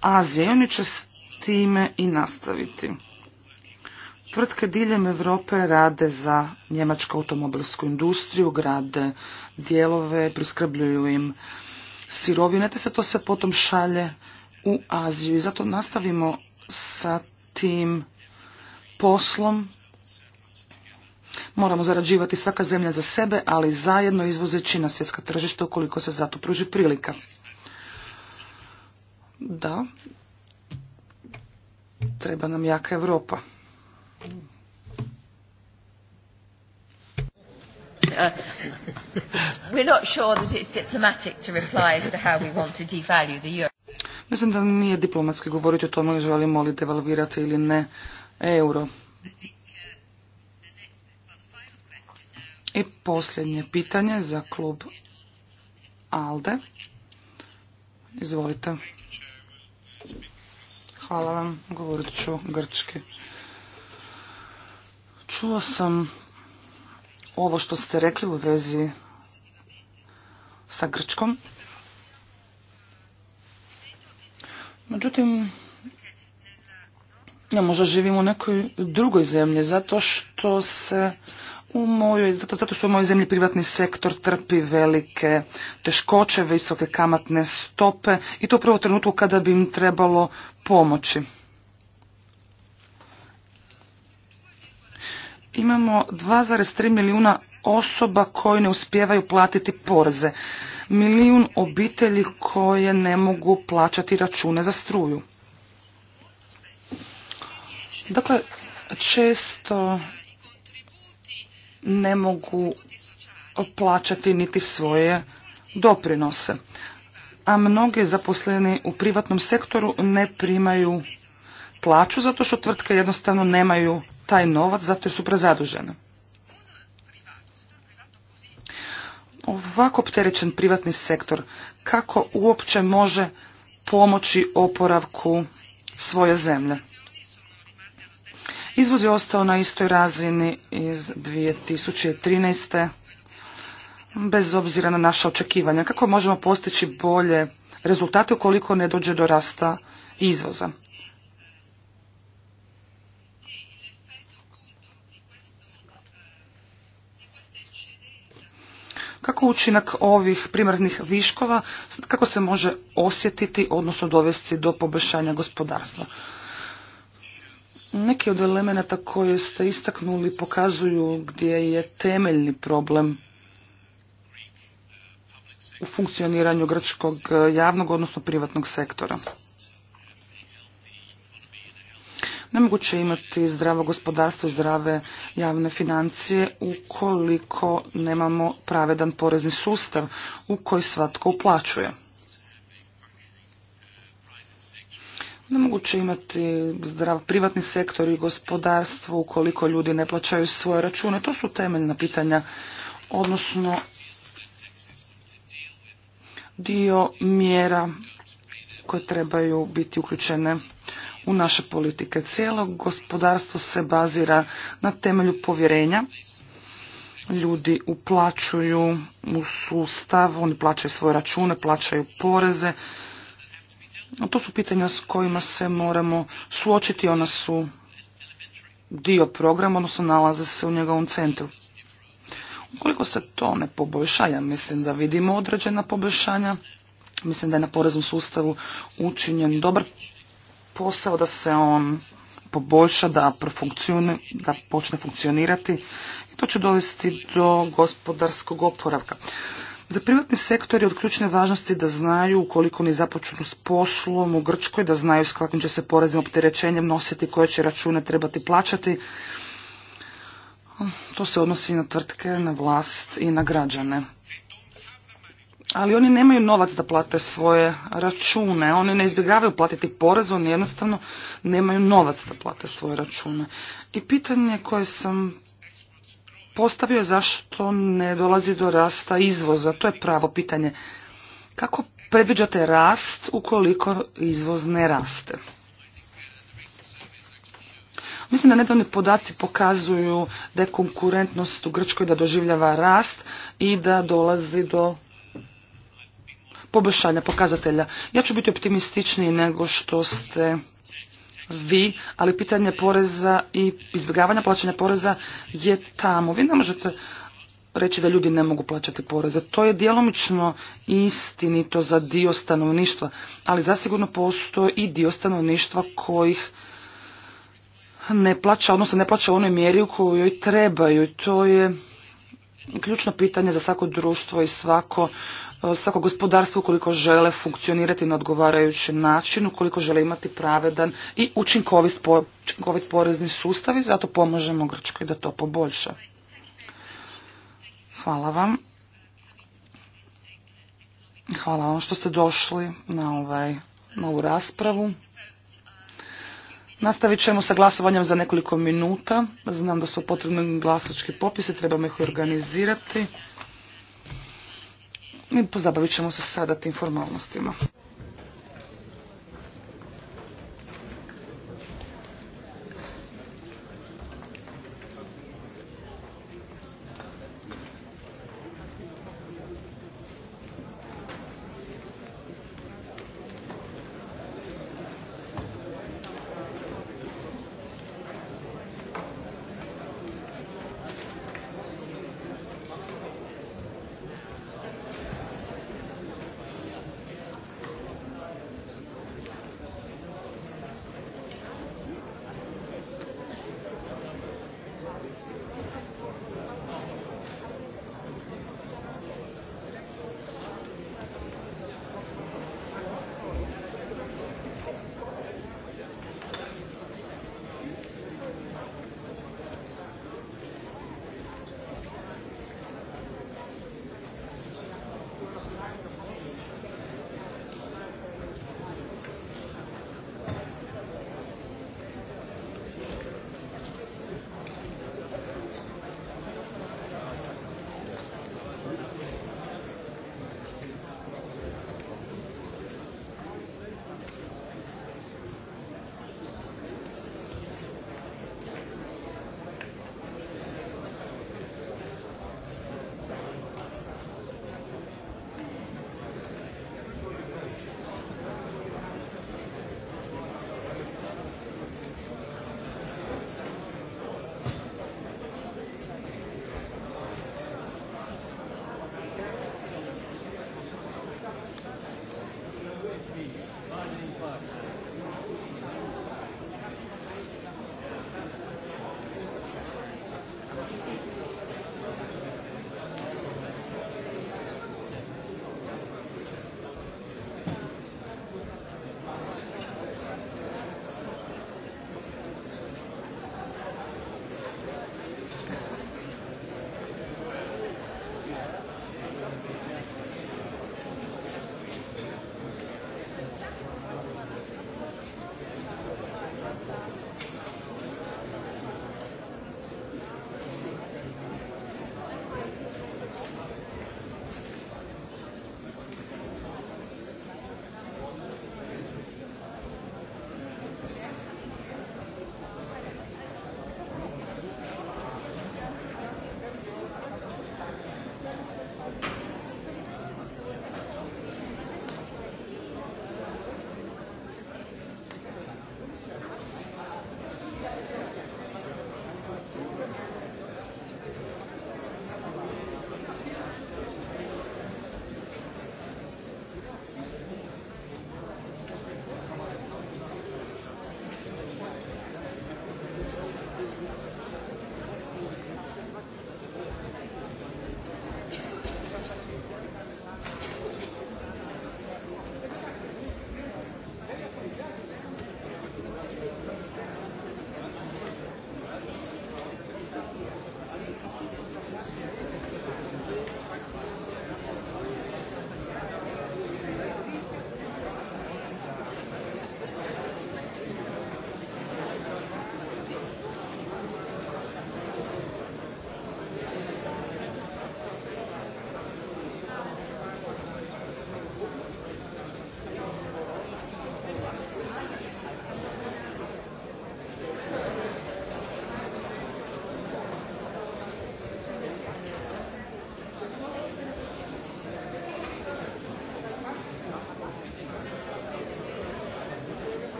Azije i oni će s time i nastaviti. Tvrtke diljem Europe rade za njemačku automobilsku industriju, grade dijelove, priskrbljuju im sirovine, te se to se potom šalje u Aziju. I zato nastavimo sa tim poslom. Moramo zarađivati svaka zemlja za sebe, ali zajedno izvozeći na svjetska tržišta ukoliko se zato pruži prilika. Da, treba nam jaka Europa. uh, we're not sure that it's diplomatic to reply to how we want to devalue the euro. Mislim da nije diplomatski govoriti o tome želimo li devalvirati ili ne euro. I posljednje pitanje za klub ALDE. Izvolite. Hvala vam, govorit ću grčki. Čuo sam ovo što ste rekli u vezi sa Grčkom. Međutim, ja možda živim u nekoj drugoj zemlji, zato što se u mojoj, zato, zato što u mojoj zemlji privatni sektor trpi velike teškoće, visoke kamatne stope i to prvo trenutku kada bi im trebalo pomoći. imamo 2,3 milijuna osoba koji ne uspijevaju platiti poreze, milijun obitelji koje ne mogu plaćati račune za struju. Dakle, često ne mogu plaćati niti svoje doprinose. A mnogi zaposleni u privatnom sektoru ne primaju plaću zato što tvrtke jednostavno nemaju taj novac zato jer su prezadužene. Ovako opterećen privatni sektor kako uopće može pomoći oporavku svoje zemlje? Izvoz je ostao na istoj razini iz 2013. bez obzira na naše očekivanja. Kako možemo postići bolje rezultate ukoliko ne dođe do rasta izvoza? kako učinak ovih primarnih viškova, kako se može osjetiti, odnosno dovesti do poboljšanja gospodarstva. Neki od elemenata koje ste istaknuli pokazuju gdje je temeljni problem u funkcioniranju grčkog javnog, odnosno privatnog sektora. Nemoguće imati zdravo gospodarstvo i zdrave javne financije ukoliko nemamo pravedan porezni sustav u koji svatko uplaćuje. Nemoguće imati zdrav privatni sektor i gospodarstvo ukoliko ljudi ne plaćaju svoje račune. To su temeljna pitanja, odnosno dio mjera koje trebaju biti uključene u naše politike. Cijelo gospodarstvo se bazira na temelju povjerenja. Ljudi uplaćuju u sustav, oni plaćaju svoje račune, plaćaju poreze. To su pitanja s kojima se moramo suočiti, ona su dio programa, odnosno nalaze se u njegovom centru. Ukoliko se to ne poboljša, ja mislim da vidimo određena poboljšanja, mislim da je na poreznom sustavu učinjen dobar posao, da se on poboljša, da, da počne funkcionirati i to će dovesti do gospodarskog oporavka. Za privatni sektor je od ključne važnosti da znaju ukoliko ne započnu s poslom u Grčkoj, da znaju s kakvim će se poreznim opterećenjem nositi, koje će račune trebati plaćati. To se odnosi na tvrtke, na vlast i na građane ali oni nemaju novac da plate svoje račune. Oni ne izbjegavaju platiti porez, oni jednostavno nemaju novac da plate svoje račune. I pitanje koje sam postavio je zašto ne dolazi do rasta izvoza. To je pravo pitanje. Kako predviđate rast ukoliko izvoz ne raste? Mislim da nedavni podaci pokazuju da je konkurentnost u Grčkoj da doživljava rast i da dolazi do poboljšanja pokazatelja. Ja ću biti optimističniji nego što ste vi, ali pitanje poreza i izbjegavanja plaćanja poreza je tamo. Vi ne možete reći da ljudi ne mogu plaćati poreze. To je djelomično istinito za dio stanovništva, ali zasigurno postoji i dio stanovništva kojih ne plaća, odnosno ne plaća u onoj mjeri u kojoj trebaju. To je ključno pitanje za svako društvo i svako, e, svako gospodarstvo ukoliko žele funkcionirati na odgovarajući način, ukoliko žele imati pravedan i učinkovit, porezni sustav i zato pomažemo Grčkoj da to poboljša. Hvala vam. Hvala vam što ste došli na, ovaj, na ovu raspravu. Nastavit ćemo sa glasovanjem za nekoliko minuta. Znam da su potrebni glasački popisi, trebamo ih organizirati. i pozabavit ćemo se sada tim formalnostima.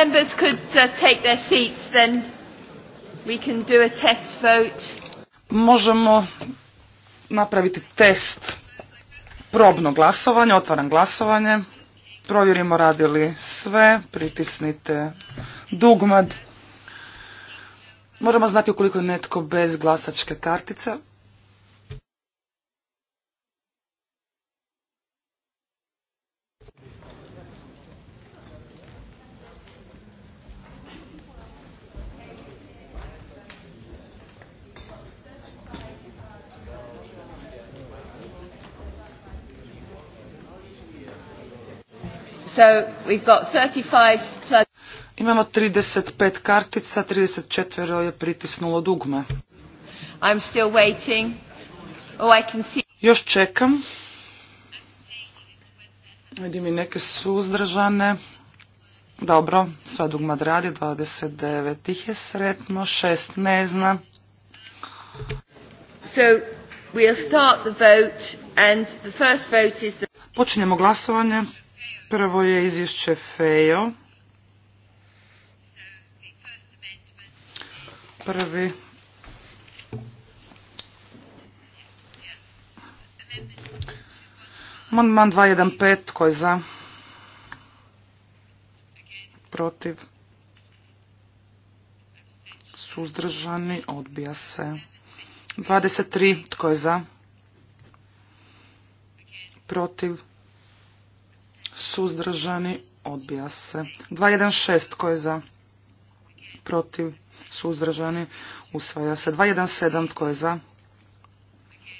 members could uh, take their seats, then we can do a test vote. Možemo napraviti test probno glasovanje, otvaram glasovanje. Provjerimo radi li sve, pritisnite dugmad. Moramo znati ukoliko je netko bez glasačke kartice. So we've got 35 Imamo 35 kartica, 34 je pritisnulo dugme. I'm still waiting. Oh, Još čekam. Vidi mi neke suzdržane. Dobro, sva dugma radi, 29 ih je sretno, 6 ne zna. So, we'll start the vote and the first vote is the... Počinjemo glasovanje. Prvo je izvješće feo. Prvi Amandman 215, tko je za? Protiv? Suzdržani, odbija se. 23, tko je za? Protiv? suzdržani, odbija se. 216 tko je za, protiv, suzdržani, usvaja se. 217 tko je za,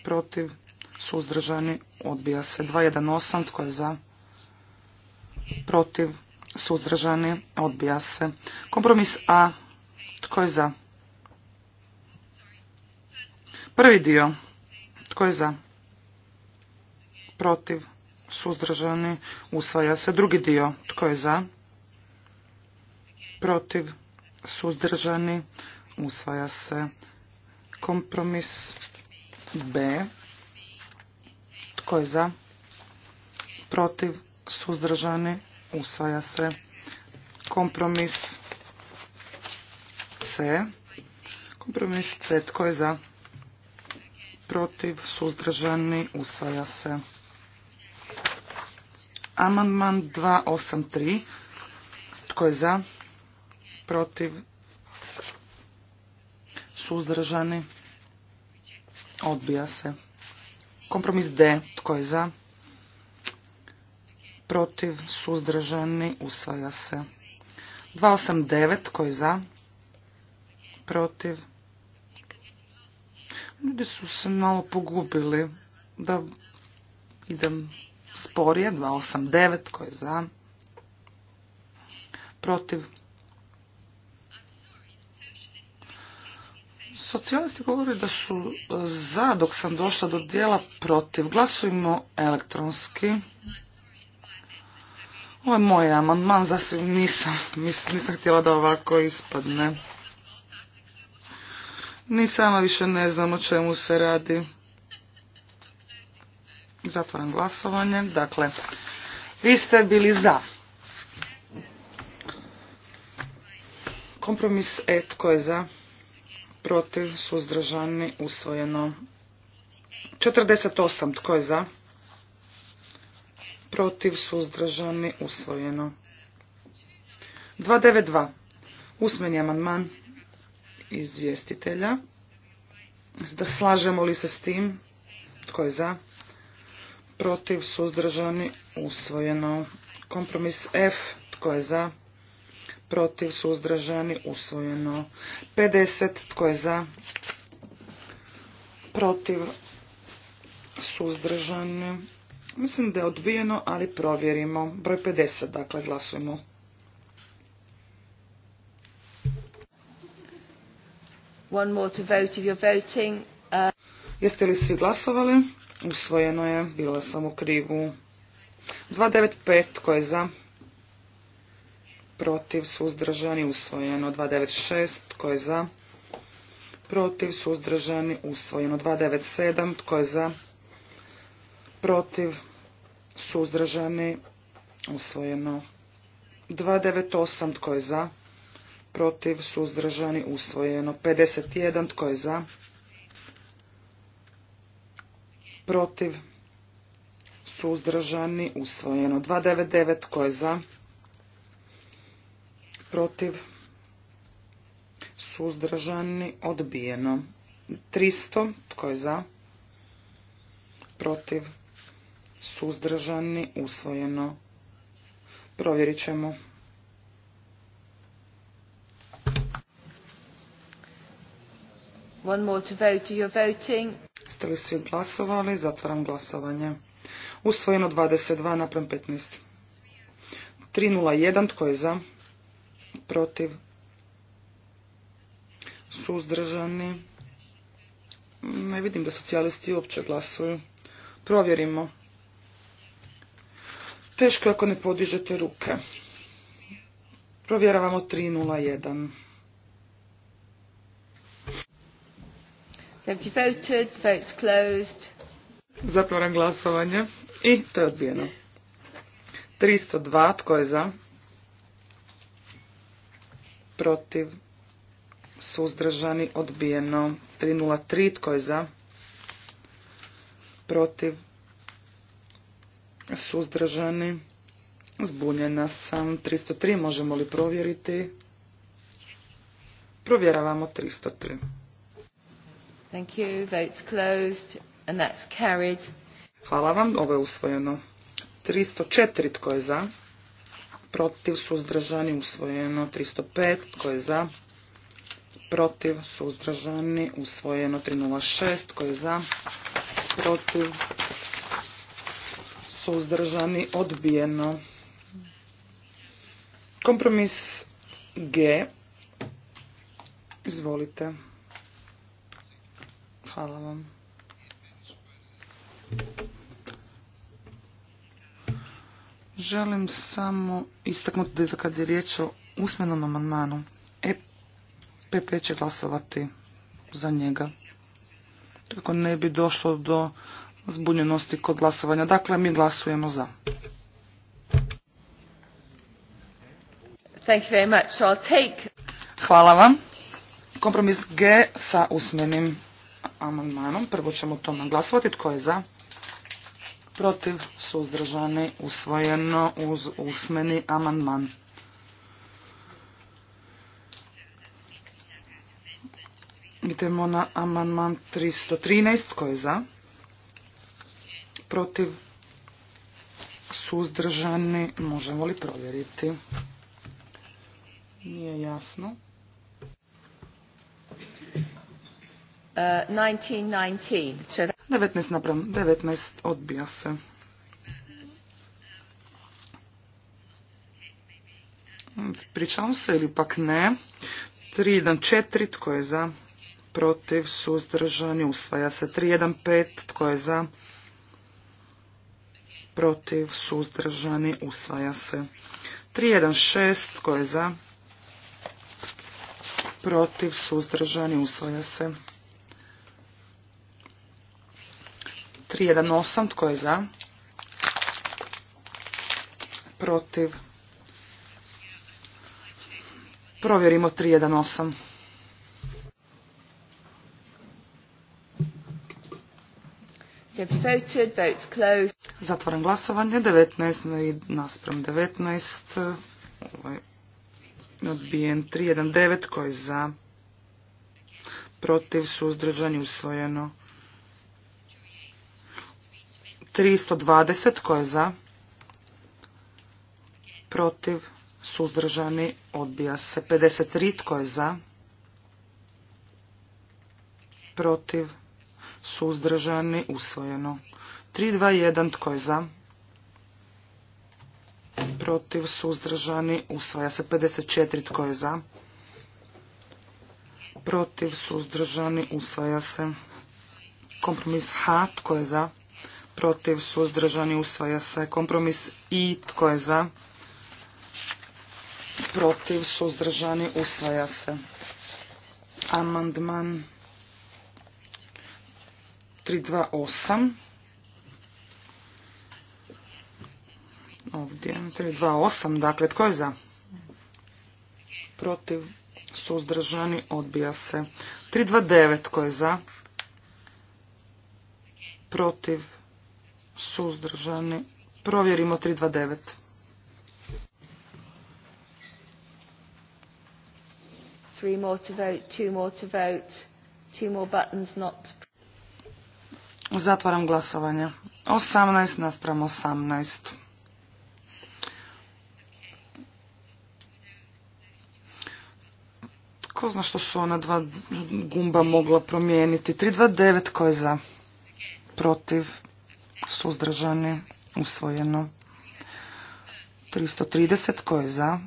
protiv, suzdržani, odbija se. 218 tko je za, protiv, suzdržani, odbija se. Kompromis A, tko je za? Prvi dio, tko je za? Protiv, suzdržani, usvaja se. Drugi dio, tko je za? Protiv, suzdržani, usvaja se. Kompromis B, tko je za? Protiv, suzdržani, usvaja se. Kompromis C, kompromis C, tko je za? Protiv, suzdržani, usvaja se. Amandman 283. Tko je za? Protiv? Suzdržani? Odbija se. Kompromis D. Tko je za? Protiv? Suzdržani? Usvaja se. 289. Tko je za? Protiv? Ljudi su se malo pogubili. Da idem sporije, 289, tko je za, protiv. Socijalisti govore da su za, dok sam došla do dijela protiv. Glasujmo elektronski. Ovo je moj amandman, nisam, nisam, nisam htjela da ovako ispadne. Ni sama više ne znam o čemu se radi. Zatvoram glasovanje. Dakle, vi ste bili za. Kompromis E tko je za? Protiv, suzdržani, usvojeno. 48 tko je za? Protiv, suzdržani, usvojeno. 292. Usmeni amandman izvjestitelja. Da slažemo li se s tim? Tko je za? protiv, suzdržani, usvojeno. Kompromis F, tko je za, protiv, suzdržani, usvojeno. 50, tko je za, protiv, suzdržani, mislim da je odbijeno, ali provjerimo. Broj 50, dakle, glasujemo. Uh, Jeste li svi glasovali? Usvojeno je, bilo sam u krivu. 295, tko je za? Protiv, suzdržani, usvojeno. 296, tko je za? Protiv, suzdržani, usvojeno. 297, tko je za? Protiv, suzdržani, usvojeno. 298, tko je za? Protiv, suzdržani, usvojeno. 51, tko je za? protiv, suzdržani, usvojeno. 299 tko je za, protiv, suzdržani, odbijeno. 300 tko je za, protiv, suzdržani, usvojeno. Provjerit ćemo. One more to vote. voting. Ste li svi glasovali? Zatvaram glasovanje. Usvojeno 22 naprem 15. 301. Tko je za? Protiv? Suzdržani? Ne vidim da socijalisti uopće glasuju. Provjerimo. Teško je ako ne podižete ruke. Provjeravamo 301. Zatvoram glasovanje i to je odbijeno. 302, tko je za? Protiv, suzdržani, odbijeno. 303, tko je za? Protiv, suzdržani, zbunjena sam. 303, možemo li provjeriti? Provjeravamo 303. Thank you. Hvala vam. Ovo je usvojeno. 304. Tko je za? Protiv. Suzdržani. Usvojeno. 305. Tko je za? Protiv. Suzdržani. Usvojeno. 306. Tko je za? Protiv. Suzdržani. Odbijeno. Kompromis G. Izvolite. Hvala vam. Želim samo istaknuti da kad je riječ o usmenom amandmanu, EPP će glasovati za njega. Tako ne bi došlo do zbunjenosti kod glasovanja. Dakle, mi glasujemo za. take... Hvala vam. Kompromis G sa usmenim amandmanom. Prvo ćemo to naglasovati. Tko je za? Protiv suzdržani usvojeno uz usmeni amandman. Idemo na amandman 313. Tko je za? Protiv suzdržani možemo li provjeriti? Nije jasno. 19 naprav 19 odbija se. Pričam se ili pak ne. 3-1-4, tko je za? Protiv, suzdržan, usvaja se. 3-1-5, tko je za? Protiv, suzdržani, usvaja se. 3-1-6, tko je za? Protiv, suzdržani, usvaja se. 318. Tko je za? Protiv. Provjerimo 318. Zatvoren glasovanje 19 i naspram 19. Ovaj odbijen 319 koji je za protiv suzdržani usvojeno 320 tko je za? Protiv? Suzdržani? Odbija se. 53 tko je za? Protiv? Suzdržani? Usvojeno. 321 tko je za? Protiv? Suzdržani? Usvaja se. 54 tko je za? Protiv? Suzdržani? Usvaja se. Kompromis H tko je za? protiv, suzdržani, usvaja se. Kompromis i tko je za, protiv, suzdržani, usvaja se. Amandman 328. Ovdje 328, dakle tko je za? Protiv, suzdržani, odbija se. 329, tko je za? Protiv, suzdržani. Provjerimo 329. Three more to vote, two more to vote, two more buttons not... Zatvaram glasovanje. 18 naspram 18. Tko zna što su ona dva gumba mogla promijeniti? 329 ko je za? Protiv? suzdržani, usvojeno. 330 tko je za,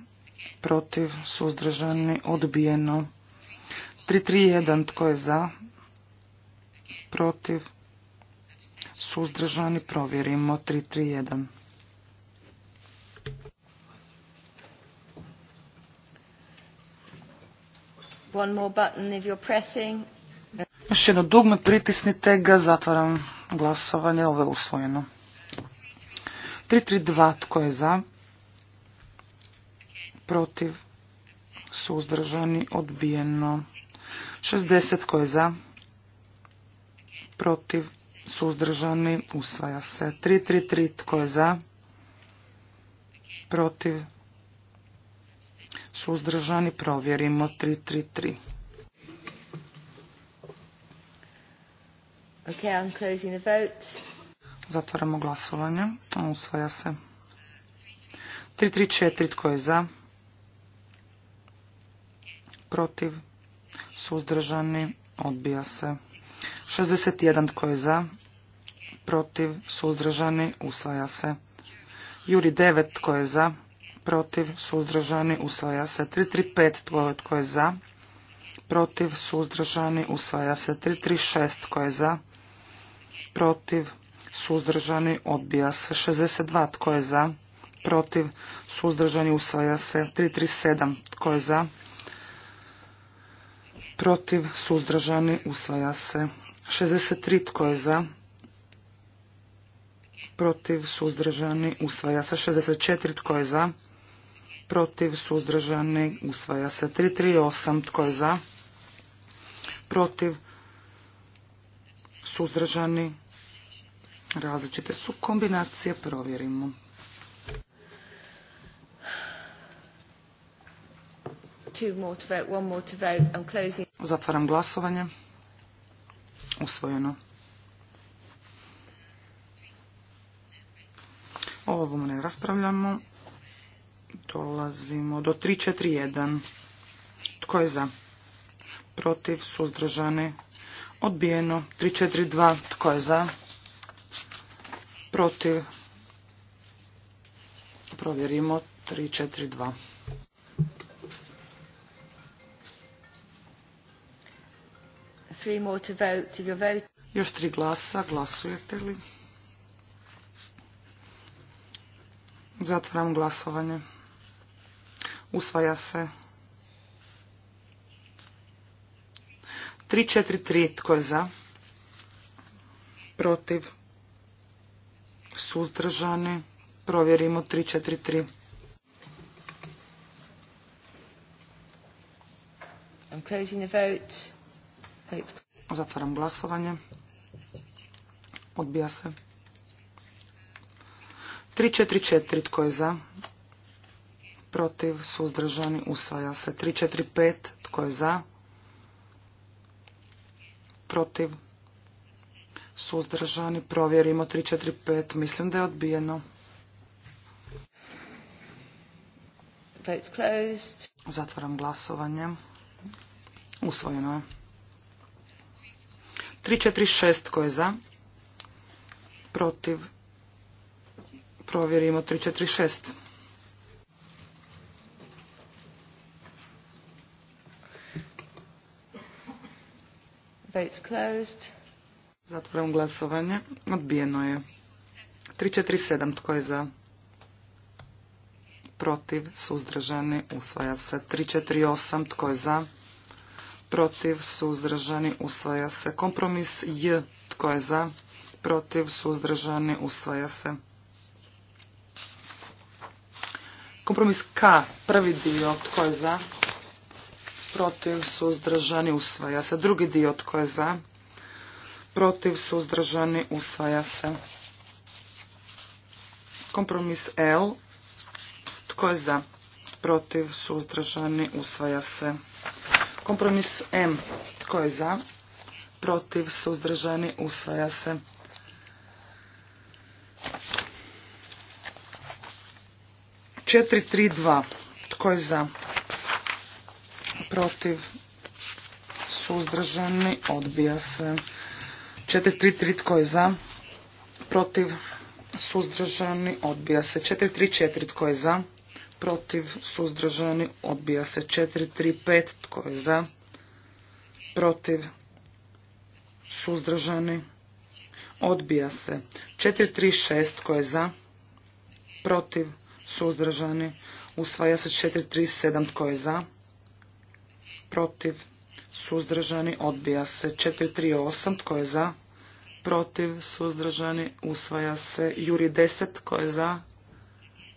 protiv, suzdržani, odbijeno. 331 tko je za, protiv, suzdržani, provjerimo. 331. One more button if you're pressing. Još jedno dugme, pritisnite ga, zatvaram. Glasovanje ovo je usvojeno. 332 tko je za? Protiv? Suzdržani? Odbijeno. 60 tko je za? Protiv? Suzdržani? Usvaja se. 333 tko je za? Protiv? Suzdržani? Provjerimo. 333. Okay, I'm closing the vote. Zatvaramo glasovanje. Usvaja se. 3 334. Tko je za? Protiv? Suzdržani? Odbija se. 61. Tko je za? Protiv? Suzdržani? Usvaja se. Juri 9. Tko je za? Protiv? Suzdržani? Usvaja se. 335. Tko je, tko je za? Protiv? Suzdržani? Usvaja se. 336. Tko je za? protiv, suzdržani, odbija se. 62 tko je za, protiv, suzdržani, usvaja se. 337 tko je za, protiv, suzdržani, usvaja se. 63 tko je za, protiv, suzdržani, usvaja se. 64 tko je za, protiv, suzdržani, usvaja se. 338 tko je za, protiv, suzdržani, različite su kombinacije, provjerimo. Zatvaram glasovanje. Usvojeno. O ovom ne raspravljamo. Dolazimo do 3-4-1. Tko je za? Protiv, suzdržani, Odbijeno. 3, 4, 2. Tko je za? Protiv? Provjerimo. 3, 4, 2. Još tri glasa. Glasujete li? Zatvorimo glasovanje. Usvaja se. Zatvorimo glasovanje. 3-4-3 tko je za, protiv, Suzdržane? provjerimo, 3-4-3. Zatvaram glasovanje. Odbija se. 3-4-4 tko je za, protiv, suzdržani, usvaja se. 3-4-5 tko je za. Protiv, protiv, suzdržani, provjerimo 3, 4, 5, mislim da je odbijeno. Zatvaram glasovanje. Usvojeno je. 3, 6, ko je za? Protiv. Provjerimo 3, 4, protiv, Vote's Zatvaram glasovanje. Odbijeno je. 347. Tko je za? Protiv. Suzdržani. Usvaja se. 348. Tko je za? Protiv. Suzdržani. Usvaja se. Kompromis J. Tko je za? Protiv. Suzdržani. Usvaja se. Kompromis K. Prvi dio. Tko je za? protiv, suzdržani, usvaja se. Drugi dio tko je za, protiv, suzdržani, usvaja se. Kompromis L, tko je za, protiv, suzdržani, usvaja se. Kompromis M, tko je za, protiv, suzdržani, usvaja se. Četiri, tri, Tko je za? protiv, suzdržani, odbija se. 433 tko je za, protiv, suzdržani, odbija se. 4 tko je za, protiv, suzdržani, odbija se. 4-5, tko je za, protiv, suzdržani, odbija se. 436 tko je za, protiv, suzdržani, usvaja se. 437 tko je za, protiv, suzdržani, odbija se. 438, tko je za, protiv, suzdržani, usvaja se. Juri 10, tko je za,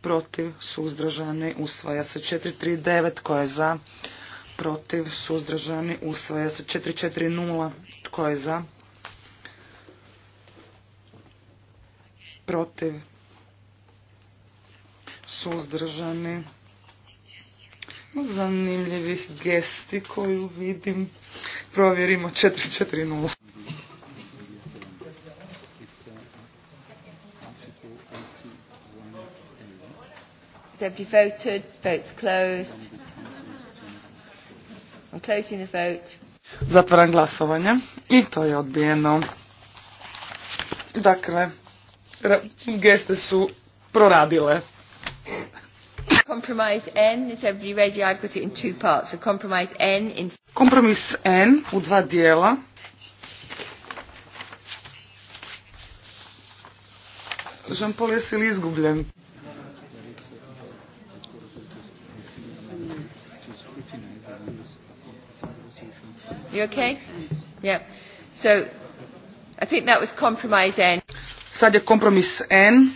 protiv, suzdržani, usvaja se. 439, tko je za, protiv, suzdržani, usvaja se. 440, tko je za, protiv, suzdržani, zanimljivih gesti koju vidim. Provjerimo 440. be voted, votes closed. I'm closing the vote. Zatvaram glasovanje i to je odbijeno. Dakle, geste su proradile. Compromise N, is everybody ready? I've got it in two parts. So compromise N in... Kompromis N u dva dijela. Jean-Paul, jesi li izgubljen? You okay? Yeah. So, I think that was compromise N. Sad je kompromis N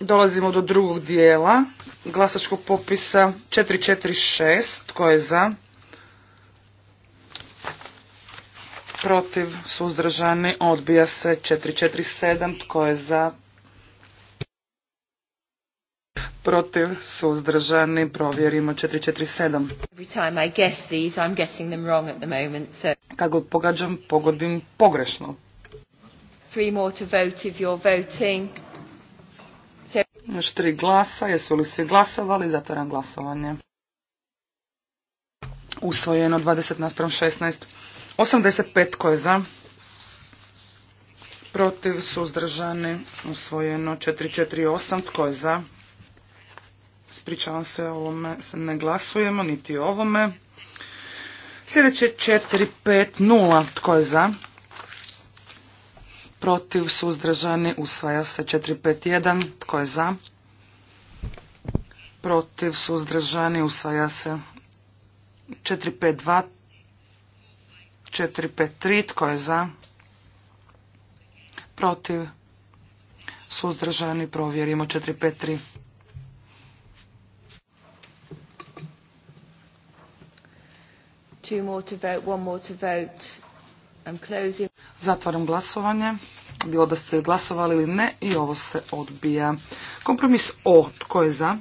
Dolazimo do drugog dijela glasačkog popisa 446. Tko je za? Protiv, suzdržani, odbija se 447. Tko je za? Protiv, suzdržani, provjerimo 447. Kako pogađam, pogodim pogrešno. Three more to vote još tri glasa. Jesu li svi glasovali? Zatvoram glasovanje. Usvojeno 20 naspram 16. 85 koje je za? Protiv suzdržani. Usvojeno 448. Tko je za? Spričavam se, ovome ne glasujemo, niti ovome. Sljedeće 450. Tko je za? protiv, suzdržani, usvaja se 451. Tko je za? Protiv, suzdržani, usvaja se 452. 453. Tko je za? Protiv, suzdržani, provjerimo 453. Two more to vote, one more to vote. I'm closing. Zatvaram glasovanje bilo da ste glasovali ili ne i ovo se odbija. Kompromis O, tko je za?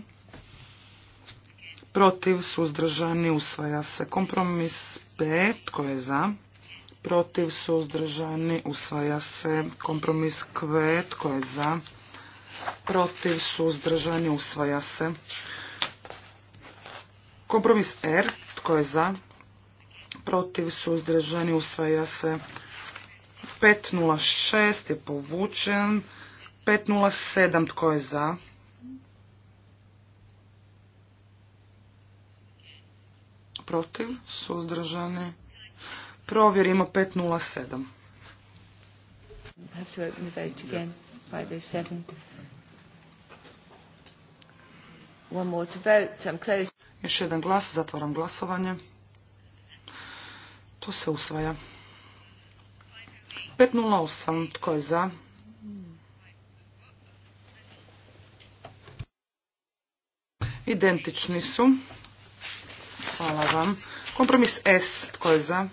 Protiv, suzdržani, usvaja se. Kompromis B, tko je za? Protiv, suzdržani, usvaja se. Kompromis Q, tko je za? Protiv, suzdržani, usvaja se. Kompromis R, tko je za? Protiv, suzdržani, usvaja se. 506 je povučen. 507 tko je za? Protiv? Suzdržani? Provjerimo 507. Have 507. Još jedan glas, zatvaram glasovanje. To se usvaja. 508. Tko je za? Identični su. Hvala vam. Kompromis S. Tko je za?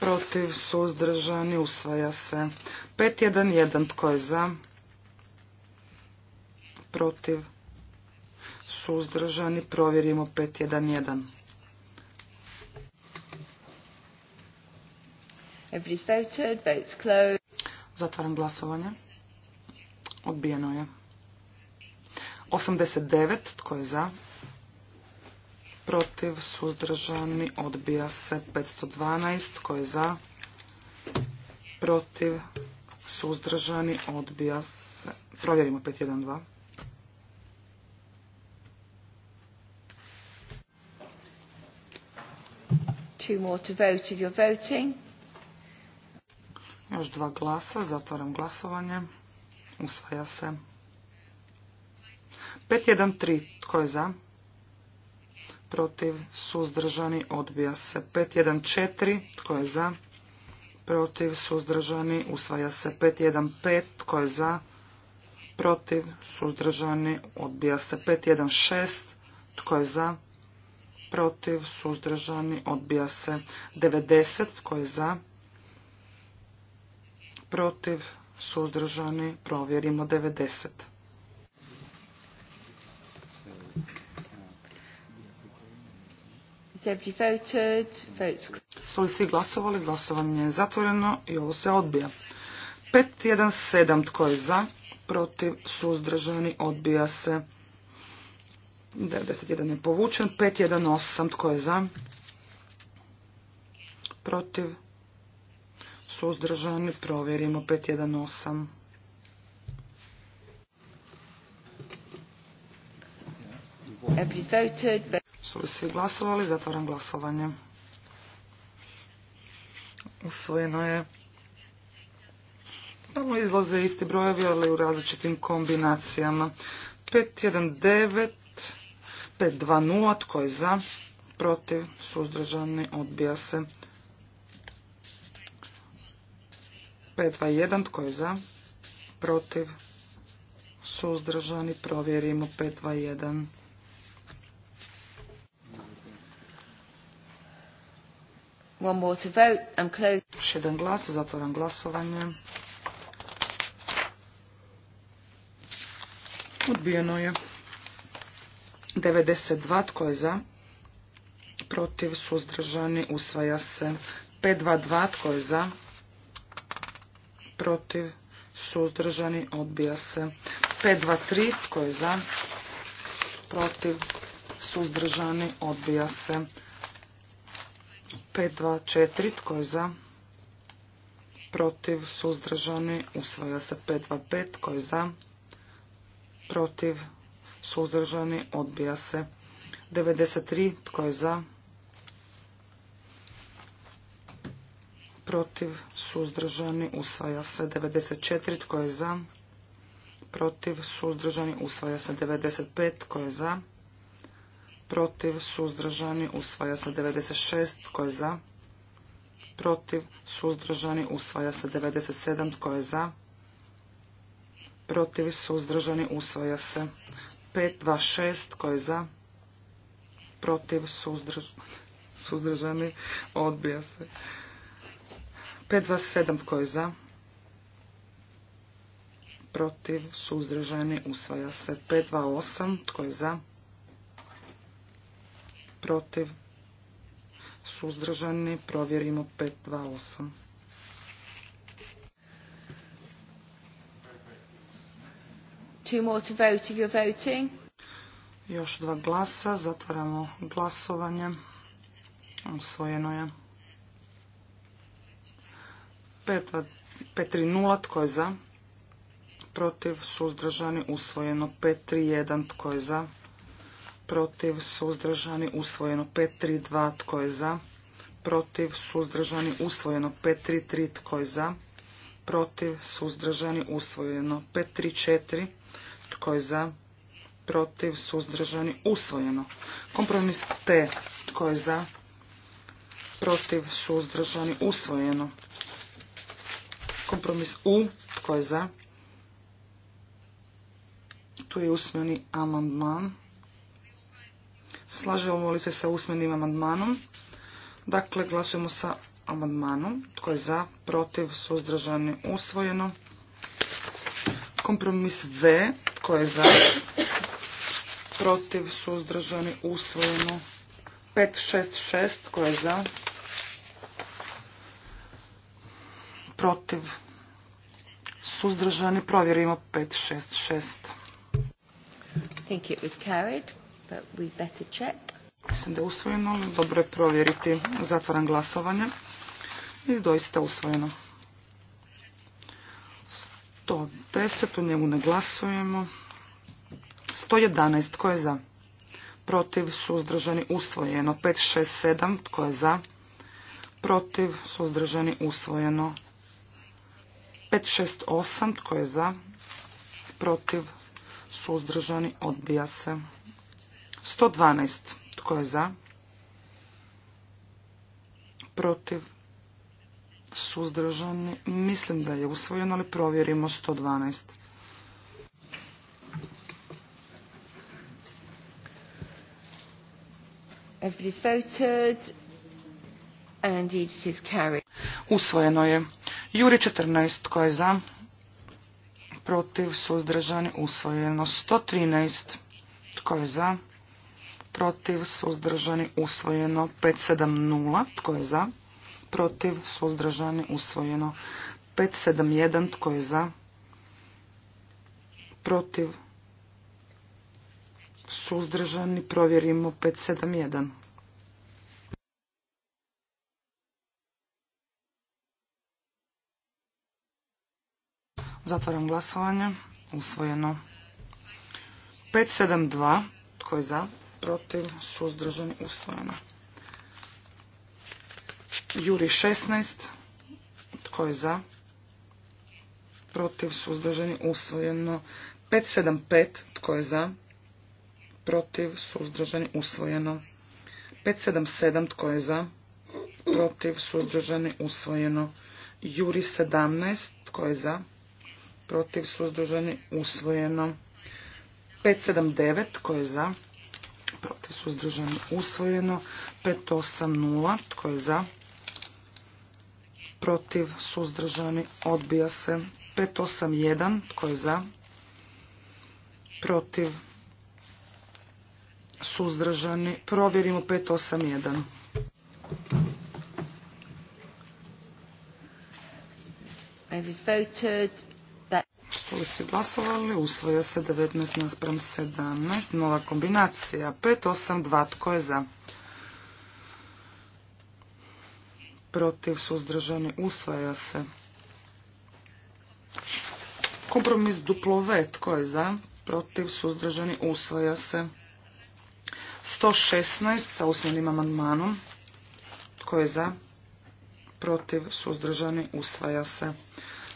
Protiv, suzdržani, usvaja se. 511. Tko je za? Protiv, suzdržani, provjerimo 511. Everybody's voted, votes closed. Zatvaram glasovanje. Odbijeno je. 89, tko je za? Protiv, suzdržani, odbija se. 512, tko je za? Protiv, suzdržani, odbija se. Provjerimo 512. Two more to vote if you're voting. Još dva glasa, zatvaram glasovanje. Usvaja se. 513, tko je za? Protiv, suzdržani, odbija se. 514, tko je za? Protiv, suzdržani, usvaja se. 515, tko je za? Protiv, suzdržani, odbija se. 516, tko je za? Protiv, suzdržani, odbija se. 90, tko je za? protiv, suzdržani, provjerimo 90. Su li svi glasovali? Glasovanje je zatvoreno i ovo se odbija. 517 tko je za, protiv, suzdržani, odbija se. 91 je povučen. 518 tko je za, protiv, suzdržani, provjerimo 518. Su li svi glasovali? Zatvaram glasovanje. Usvojeno je. Tamo izlaze isti brojevi, ali u različitim kombinacijama. 519, 520, tko je za, protiv, suzdržani, odbija se. 521 tko je za? Protiv? Suzdržani? Provjerimo 521. One more to vote. I'm closed. Još jedan glas, zatvoram glasovanje. Odbijeno je. 92, tko je za? Protiv, suzdržani, usvaja se. 522, tko je za? protiv, suzdržani, odbija se. 523, tko je za, protiv, suzdržani, odbija se. 524, tko je za, protiv, suzdržani, usvaja se. 525, tko je za, protiv, suzdržani, odbija se. 93, tko je za, protiv, protiv, suzdržani, usvaja se 94, tko je za, protiv, suzdržani, usvaja se 95, tko je za, protiv, suzdržani, usvaja se 96, tko je za, protiv, suzdržani, usvaja se 97, tko je za, protiv, suzdržani, usvaja se 526, tko je za, protiv, suzdržani, odbija se 527 tko je za? Protiv, suzdržani, usvaja se. 528 tko je za? Protiv, suzdržani, provjerimo 528. Two more to vote if you're voting. Još dva glasa, zatvaramo glasovanje. Usvojeno je. 530 tko je za? Protiv suzdržani usvojeno 531 tko je za? Protiv suzdržani usvojeno 532 tko je za? Protiv suzdržani usvojeno 3, tko je za? Protiv suzdržani usvojeno 534 tko je za? Protiv suzdržani usvojeno. Kompromis T tko je za? Protiv suzdržani usvojeno. Kompromis U, tko je za? Tu je usmjeni amandman. Slažemo li se sa usmjenim amandmanom? Dakle, glasujemo sa amandmanom. Tko je za, protiv, suzdržani, usvojeno. Kompromis V. Tko je za, protiv, suzdržani, usvojeno. 566. Tko je za, protiv, suzdržani, provjerimo 5, 6, 6. Mislim da je usvojeno, dobro je provjeriti. Zatvaram glasovanje. I doista usvojeno. 110, u njemu ne glasujemo. 111, tko je za? Protiv, suzdržani, usvojeno. 5, 6, 7. tko je za? Protiv, suzdržani, usvojeno. 568. Tko je za? Protiv? Suzdržani? Odbija se. 112. Tko je za? Protiv? Suzdržani? Mislim da je usvojeno, ali provjerimo 112. Usvojeno je. Juri 14. Tko je za? Protiv. Suzdržani. Usvojeno. 113. Tko je za? Protiv. Suzdržani. Usvojeno. 570. Tko je za? Protiv. Suzdržani. Usvojeno. 571. Tko je za? Protiv. Suzdržani. Provjerimo. 571. Zatvaram glasovanje. Usvojeno. 572. Tko je za? Protiv. Suzdržan. Usvojeno. Juri 16. Tko je za? Protiv. Suzdržani. Usvojeno. 575. Tko je za? Protiv. Suzdržani. Usvojeno. 577. Tko je za? Protiv. Suzdržani. Usvojeno. Juri 17. Tko je za? protiv, suzdržani, usvojeno. 579, tko je za, protiv, suzdržani, usvojeno. 580, tko je za, protiv, suzdržani, odbija se. 581, tko je za, protiv, suzdržani, provjerimo 581. was voted li su glasovali? Usvaja se 19 naspram 17. Nova kombinacija. 5-8-2 Tko je za? Protiv suzdržani. Usvaja se. Kompromis duplo V. Tko je za? Protiv suzdržani. Usvaja se. 116 sa usmjenim amandmanom. Tko je za? Protiv suzdržani. Usvaja se.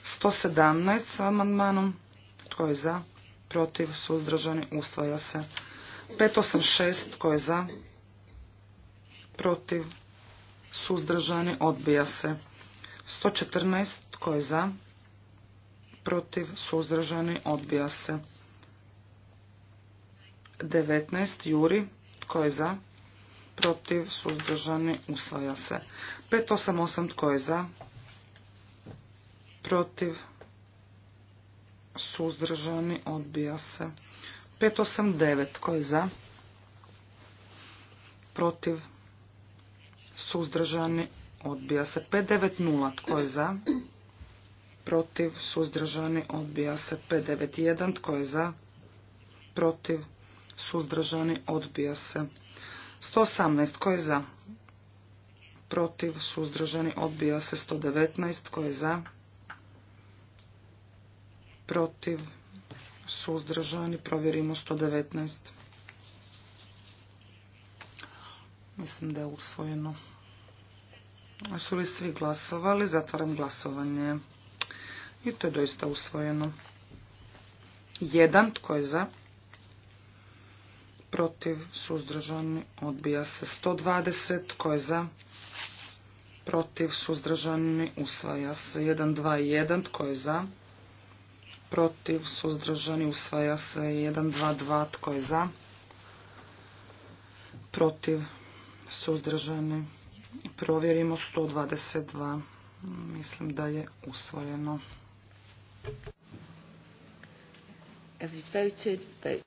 117 sa amandmanom. Tko je za? Protiv? Suzdržani? Usvaja se. 586. Tko je za? Protiv? Suzdržani? Odbija se. 114. Tko je za? Protiv? Suzdržani? Odbija se. 19. Juri. Tko je za? Protiv? Suzdržani? Usvaja se. 588. Tko je za? protiv, suzdržani, odbija se. 589, tko je za, protiv, suzdržani, odbija se. 590, tko je za, protiv, suzdržani, odbija se. 591, tko je za, protiv, suzdržani, odbija se. 118, tko je za, protiv, suzdržani, odbija se. 119, tko je za, protiv, suzdržani, provjerimo 119. Mislim da je usvojeno. Su li svi glasovali? Zatvaram glasovanje. I to je doista usvojeno. Jedan, tko je za? Protiv, suzdržani, odbija se 120, tko je za? Protiv, suzdržani, usvaja se 1, 2, 1, tko je za? protiv, suzdržani, usvaja se 122, tko je za, protiv, suzdržani, provjerimo 122, mislim da je usvojeno.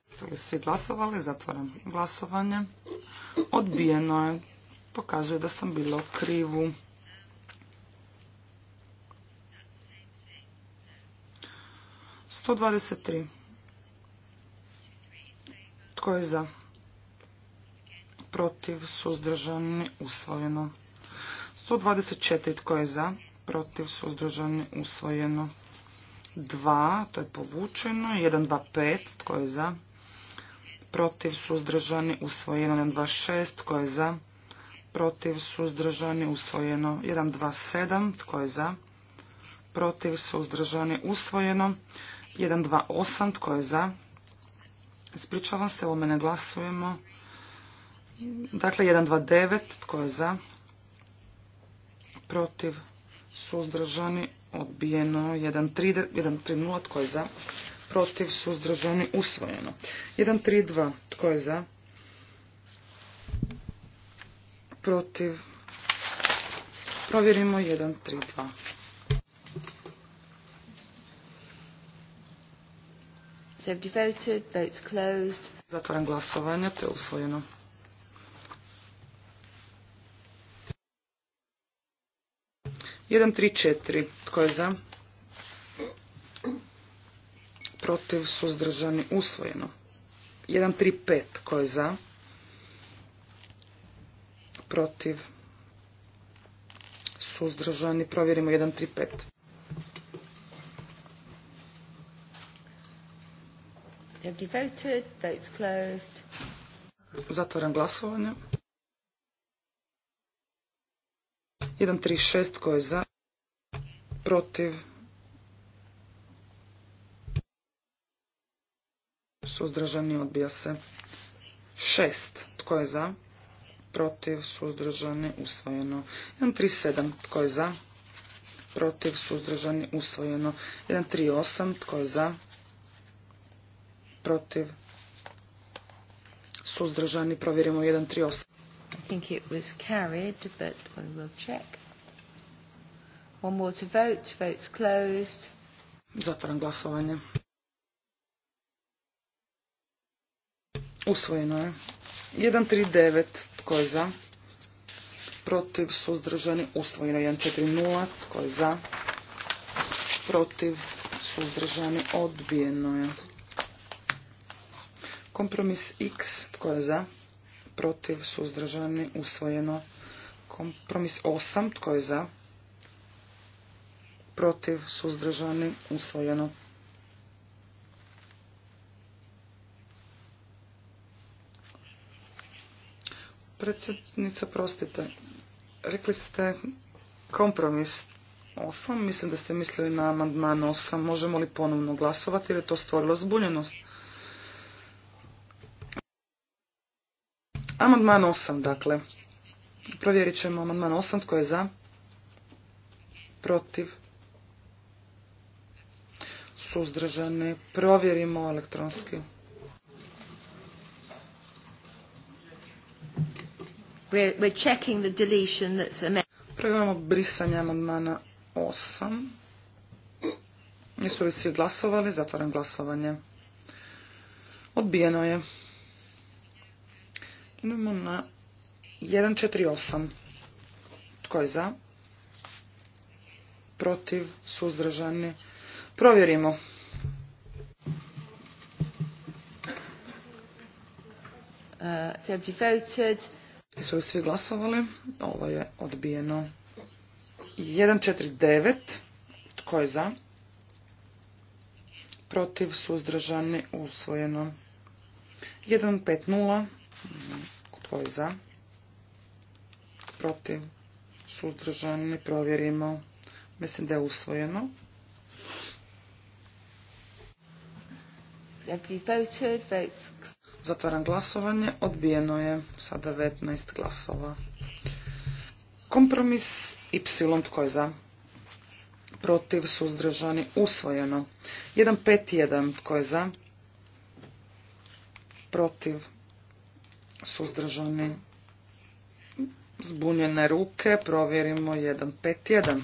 Su li svi glasovali? Zatvaram glasovanje. Odbijeno je. Pokazuje da sam bilo krivu. 123. Tko je za? Protiv, suzdržani, usvojeno. 124. Tko je za? Protiv, suzdržani, usvojeno. 2. To je povučeno. 1, 2, 5. Tko je za? Protiv, suzdržani, usvojeno. 1, 2, 6. Tko je za? Protiv, suzdržani, usvojeno. 1, 2, 7. Tko je za? Protiv, suzdržani, usvojeno. 128, tko je za? Ispričavam se, ovome ne glasujemo. Dakle, 129, tko je za? Protiv, suzdržani, odbijeno. 130, tko je za? Protiv, suzdržani, usvojeno. 132, tko je za? Protiv, provjerimo 132. voted, Zatvaram glasovanje, to je usvojeno. Jedan, tri, četiri. Tko je za? Protiv, suzdržani, usvojeno. Jedan, tri, pet. Tko je za? Protiv, suzdržani, provjerimo jedan, tri, pet. Zatvaram glasovanje. 136 tko je za, protiv, suzdržani odbija se. 6 tko je za, protiv, suzdržani usvojeno. 137 tko je za, protiv, suzdržani usvojeno. 138 tko je za, protiv, suzdržani, provjerimo 138. I think it was carried, but we will check. One more to vote, vote's closed. Zatvaram glasovanje. Usvojeno je. 139, tko je za? Protiv, suzdržani, usvojeno 140, tko je za? Protiv, suzdržani, odbijeno je. Kompromis X, tko je za? Protiv, suzdržani, usvojeno. Kompromis 8, tko je za? Protiv, suzdržani, usvojeno. Predsjednica, prostite, rekli ste kompromis 8, mislim da ste mislili na amandman 8, možemo li ponovno glasovati ili je to stvorilo zbunjenost? Amandman 8, dakle. Provjerit ćemo amandman 8, tko je za? Protiv? suzdržane Provjerimo elektronski. Provjerimo brisanje amandmana 8. Nisu li svi glasovali? Zatvaram glasovanje. Odbijeno je. Idemo na 148. Tko je za? Protiv, suzdržani. Provjerimo. Uh, Su svi glasovali? Ovo je odbijeno. 149. Tko je za? Protiv, suzdržani, usvojeno. 150. Tko je za? Protiv? Suzdržani? Provjerimo. Mislim da je usvojeno. Zatvaram glasovanje. Odbijeno je sa 19 glasova. Kompromis Y. Tko je za? Protiv? Suzdržani? Usvojeno. 151. Tko je za? Protiv? suzdržani zbunjene ruke. Provjerimo 1-5-1.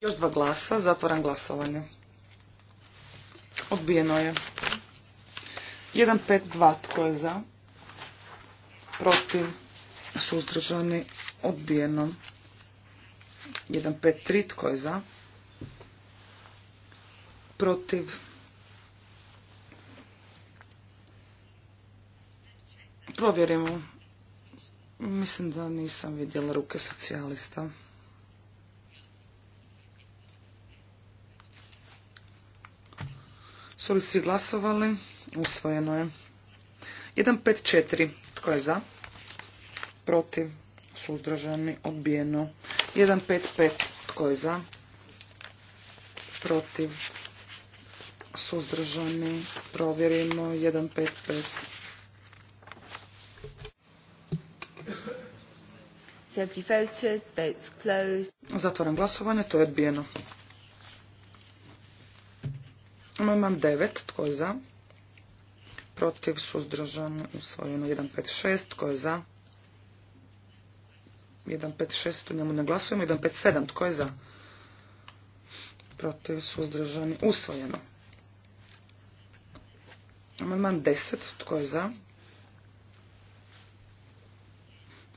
Još dva glasa, Zatvoran glasovanje. Odbijeno je. 1-5-2, tko je za? Protiv, suzdržani, odbijeno. 1-5-3, tko je za? Protiv protiv. Provjerimo. Mislim da nisam vidjela ruke socijalista. Su li svi glasovali? Usvojeno je. 154. Tko je za? Protiv. Suzdržani. Odbijeno. 155. Tko je za? Protiv suzdržani, provjerimo 155. Zatvoram glasovanje, to je odbijeno. Imam 9, tko je za? Protiv, suzdržan, usvojeno 156, tko je za? 156, tu njemu ne glasujemo, 157, tko je za? Protiv, suzdržani, usvojeno. Amandman 10. Tko je za?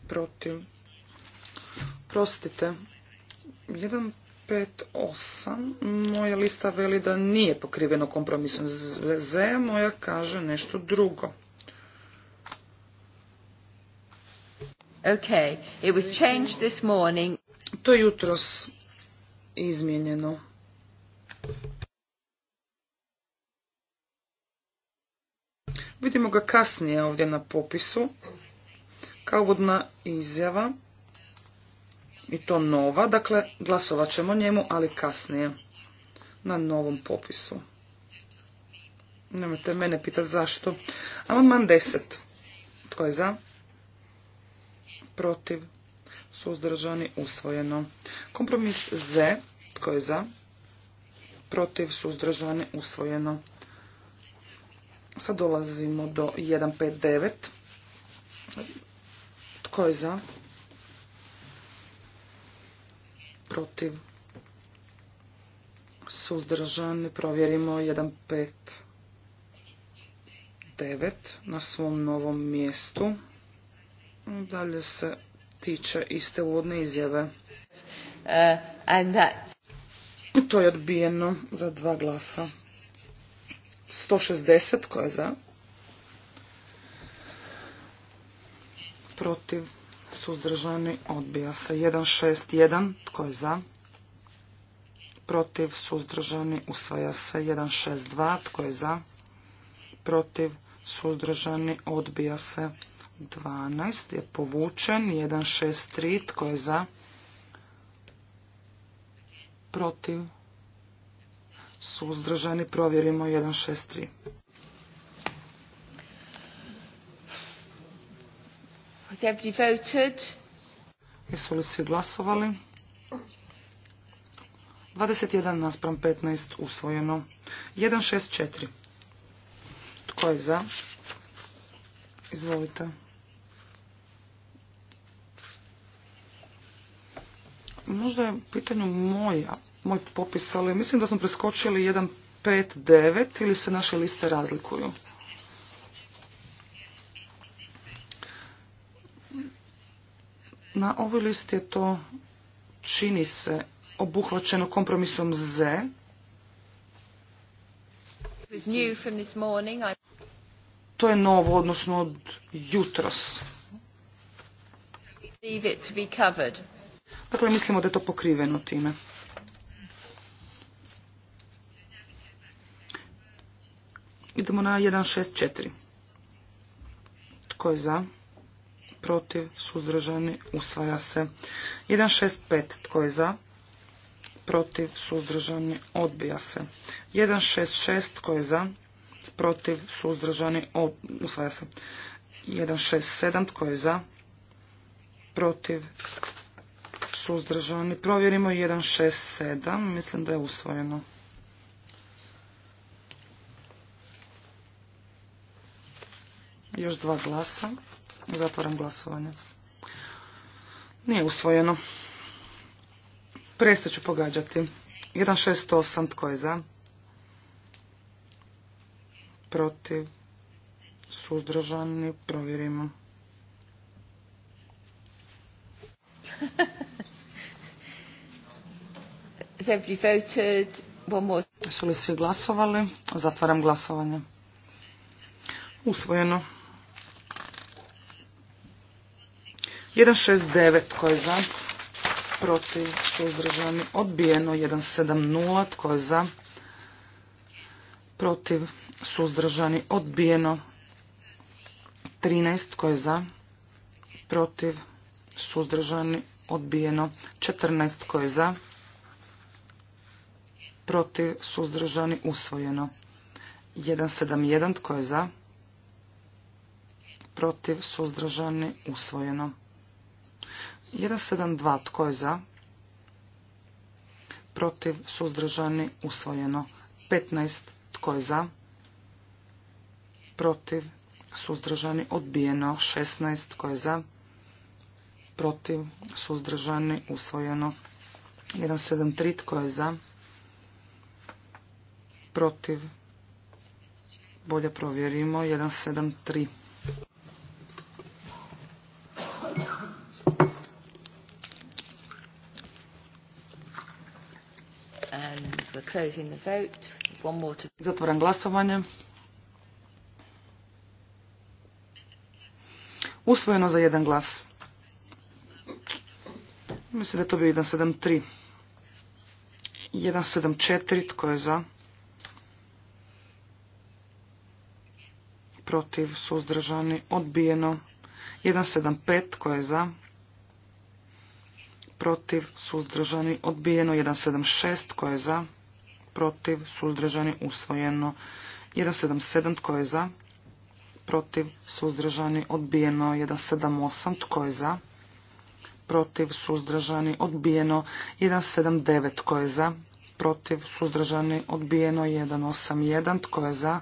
Protiv. Prostite. 1, 5, 8. Moja lista veli da nije pokriveno kompromisom Z. Moja kaže nešto drugo. Okay, it was changed this morning. To jutros izmijenjeno. Vidimo ga kasnije ovdje na popisu, kao vodna izjava, i to nova, dakle glasovat ćemo njemu, ali kasnije, na novom popisu. Nemojte mene pitati zašto. Amandman 10. Tko je za? Protiv. Suzdržani. Usvojeno. Kompromis Z. Tko je za? Protiv. Suzdržani. Usvojeno. Sad dolazimo do 159. Tko je za? Protiv. Suzdržani. Provjerimo 159 na svom novom mjestu. Dalje se tiče iste uvodne izjave. Uh, to je odbijeno za dva glasa. 160 koja je za. Protiv. Suzdržani. Odbija se. 161 tko je za. Protiv. Suzdržani. Usvaja se. 162 tko je za. Protiv. Suzdržani. Odbija se. 12 je povučen. 163 tko je za. Protiv suzdržani, provjerimo 163. Jesu li svi glasovali? 21 naspram 15 usvojeno. 164. Tko je za? Izvolite. Možda je pitanje moja moj popis, ali mislim da smo preskočili 1, 5, 9 ili se naše liste razlikuju. Na ovoj listi je to čini se obuhvaćeno kompromisom Z. To je novo, odnosno od jutros. Dakle, mislimo da je to pokriveno time. Idemo na 164. Tko je za? Protiv? Suzdržani? Usvaja se. 165. Tko je za? Protiv? Suzdržani? Odbija se. 166. Tko je za? Protiv? Suzdržani? Usvaja se. 167. Tko je za? Protiv? Suzdržani? Provjerimo 167. Mislim da je usvojeno. Još dva glasa. Zatvaram glasovanje. Nije usvojeno. ću pogađati. 168. Tko je za? Protiv. Suzdržani. Provjerimo. [laughs] Jesu li svi glasovali? Zatvaram glasovanje. Usvojeno. 169 tko je za, protiv, suzdržani, odbijeno. 170 tko je za, protiv, suzdržani, odbijeno. 13 tko je za, protiv, suzdržani, odbijeno. 14 tko je za, protiv, suzdržani, usvojeno. 171 tko je za, protiv, suzdržani, usvojeno. 172. Tko je za? Protiv. Suzdržani. Usvojeno. 15. Tko je za? Protiv. Suzdržani. Odbijeno. 16. Tko je za? Protiv. Suzdržani. Usvojeno. 173. Tko je za? Protiv. Bolje provjerimo. 173. Zatvoram glasovanje. Usvojeno za jedan glas. Mislim da je to bio 173. 174, tko je za? Protiv, suzdržani, odbijeno. 175, tko je za? Protiv, suzdržani, odbijeno. 176, tko je za? protiv, suzdržani, usvojeno. 177 tko je za, protiv, suzdržani, odbijeno. 178 tko je za, protiv, suzdržani, odbijeno. 179 tko je za, protiv, suzdržani, odbijeno. 181 tko je za,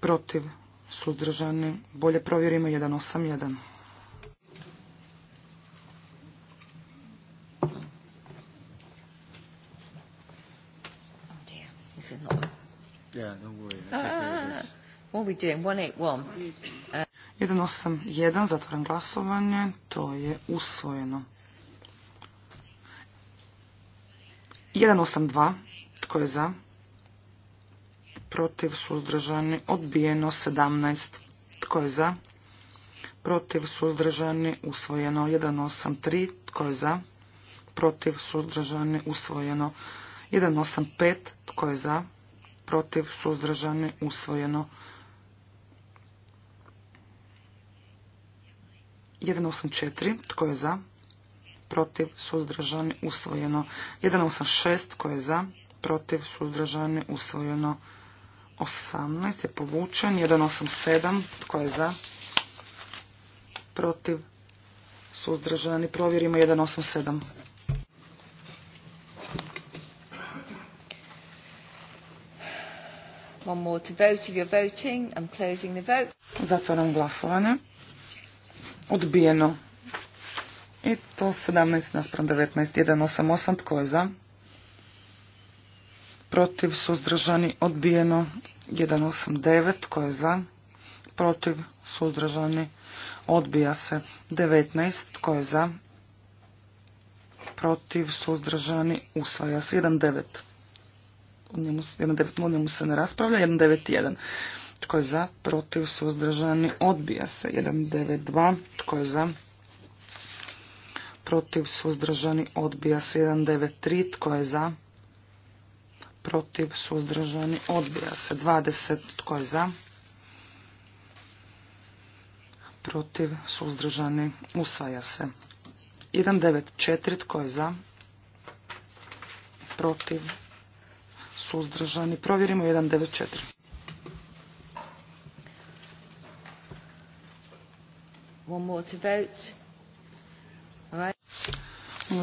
protiv, suzdržani. Bolje provjerimo 181. 181. 181, zatvoren glasovanje, to je usvojeno. 182, tko je za? Protiv, suzdržani, odbijeno, 17, tko je za? Protiv, suzdržani, usvojeno, 183, tko je za? Protiv, suzdržani, usvojeno, 185, tko je za? Protiv, suzdržani, usvojeno, 184. Tko je za? Protiv. Suzdržani. Usvojeno. 186. Tko je za? Protiv. Suzdržani. Usvojeno. 18 je povučen. 187. Tko je za? Protiv. Suzdržani. Provjerimo 187. One more to vote voting. I'm closing the vote. Zatvaram glasovanje. Odbijeno. I to 17 naspram 19. 188. Tko je za? Protiv. Suzdržani. Odbijeno. 189. Tko je za? Protiv. Suzdržani. Odbija se. 19. Tko je za? Protiv. Suzdržani. Usvaja se. 1.9. O njemu, 1.9. O njemu se ne raspravlja. 1.9.1. Tko je za? Protiv? Suzdržani? Odbija se. 192. Tko je za? Protiv? Suzdržani? Odbija se. 193. Tko je za? Protiv? Suzdržani? Odbija se. 20. Tko je za? Protiv? Suzdržani? Usvaja se. 194. Tko je za? Protiv? Suzdržani? Provjerimo 194. One more to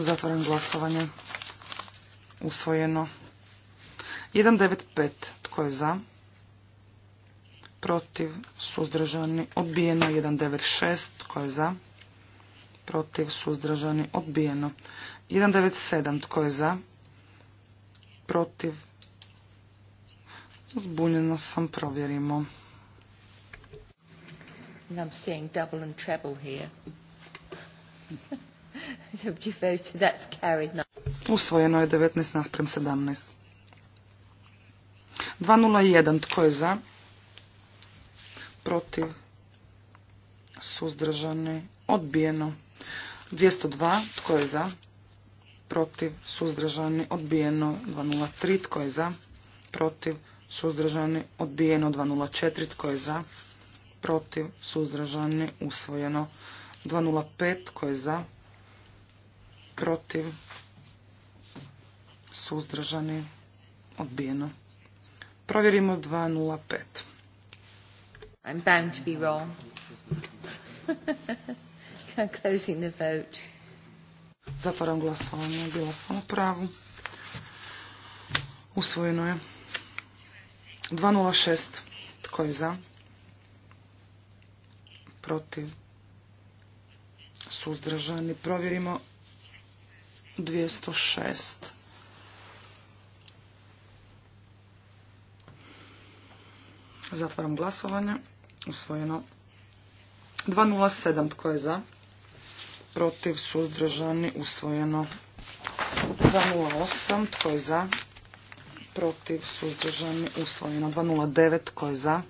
Zatvaram glasovanje. Usvojeno. 195. Tko je za? Protiv. Suzdržani. Odbijeno. 196. Tko je za? Protiv. Suzdržani. Odbijeno. 197. Tko je za? Protiv. Zbunjena sam. Provjerimo. And I'm seeing double and treble here. [laughs] That's carried. Usvojeno je 19 naprem 17. 201. Tko je za? Protiv? Suzdržani? Odbijeno. 202. Tko je za? Protiv? Suzdržani? Odbijeno. 203. Tko je za? Protiv? Suzdržani? Odbijeno. 204. Tko je za? protiv, suzdržani, usvojeno. 205 tko je za, protiv, suzdržani, odbijeno. Provjerimo 205. I'm bound to be wrong. [laughs] closing the vote. Zatvaram glasovanje, bila sam u pravu. Usvojeno je. 206. Tko je za? protiv, suzdržani. Provjerimo 206. Zatvaram glasovanje. Usvojeno 207. Tko je za? Protiv, suzdržani, usvojeno 208. Tko je za? Protiv, suzdržani, usvojeno 209. Tko je za?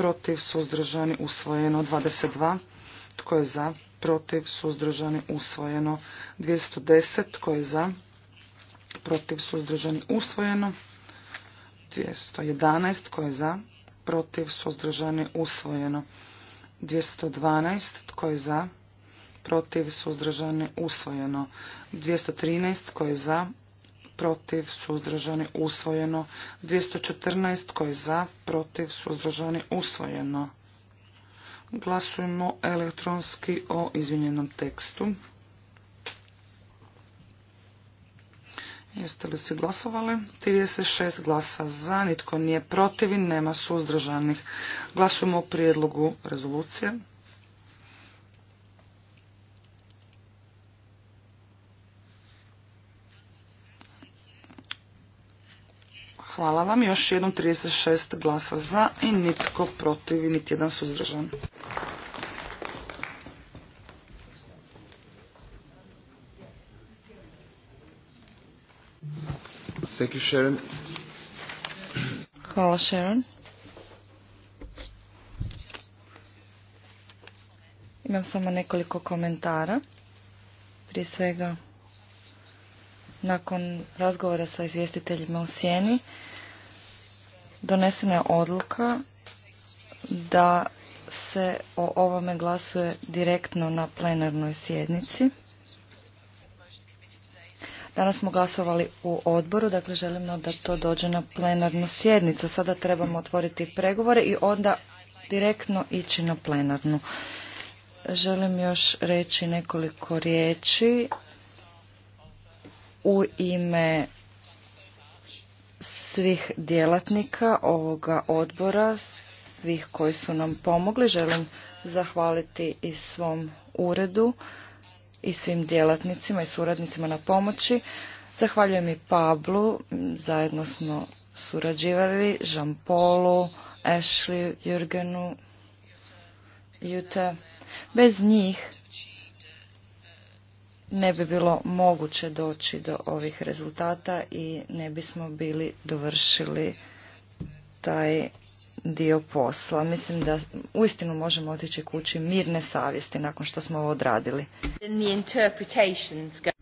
protiv, suzdržani, usvojeno. 22. Tko je za? Protiv, suzdržani, usvojeno. 210. Tko je za? Protiv, suzdržani, usvojeno. 211. Tko je za? Protiv, suzdržani, usvojeno. 212. Tko je za? Protiv, suzdržani, usvojeno. 213. Tko je za? protiv, suzdržani, usvojeno. 214 tko je za, protiv, suzdržani, usvojeno. Glasujemo elektronski o izvinjenom tekstu. Jeste li se glasovali? 36 glasa za, nitko nije protiv i nema suzdržanih. Glasujemo o prijedlogu rezolucije. Hvala vam. Još jednom 36 glasa za i nitko protiv i niti jedan suzdržan. Hvala Sharon. Imam samo nekoliko komentara. Prije svega nakon razgovora sa izvjestiteljima u Sjeni donesena je odluka da se o ovome glasuje direktno na plenarnoj sjednici. Danas smo glasovali u odboru, dakle želimo da to dođe na plenarnu sjednicu. Sada trebamo otvoriti pregovore i onda direktno ići na plenarnu. Želim još reći nekoliko riječi u ime svih djelatnika ovoga odbora, svih koji su nam pomogli. Želim zahvaliti i svom uredu i svim djelatnicima i suradnicima na pomoći. Zahvaljujem i Pablu, zajedno smo surađivali, Jean Paulu, Ashley, Jürgenu Jute. Bez njih ne bi bilo moguće doći do ovih rezultata i ne bismo bili dovršili taj dio posla. Mislim da uistinu možemo otići kući mirne savjesti nakon što smo ovo odradili.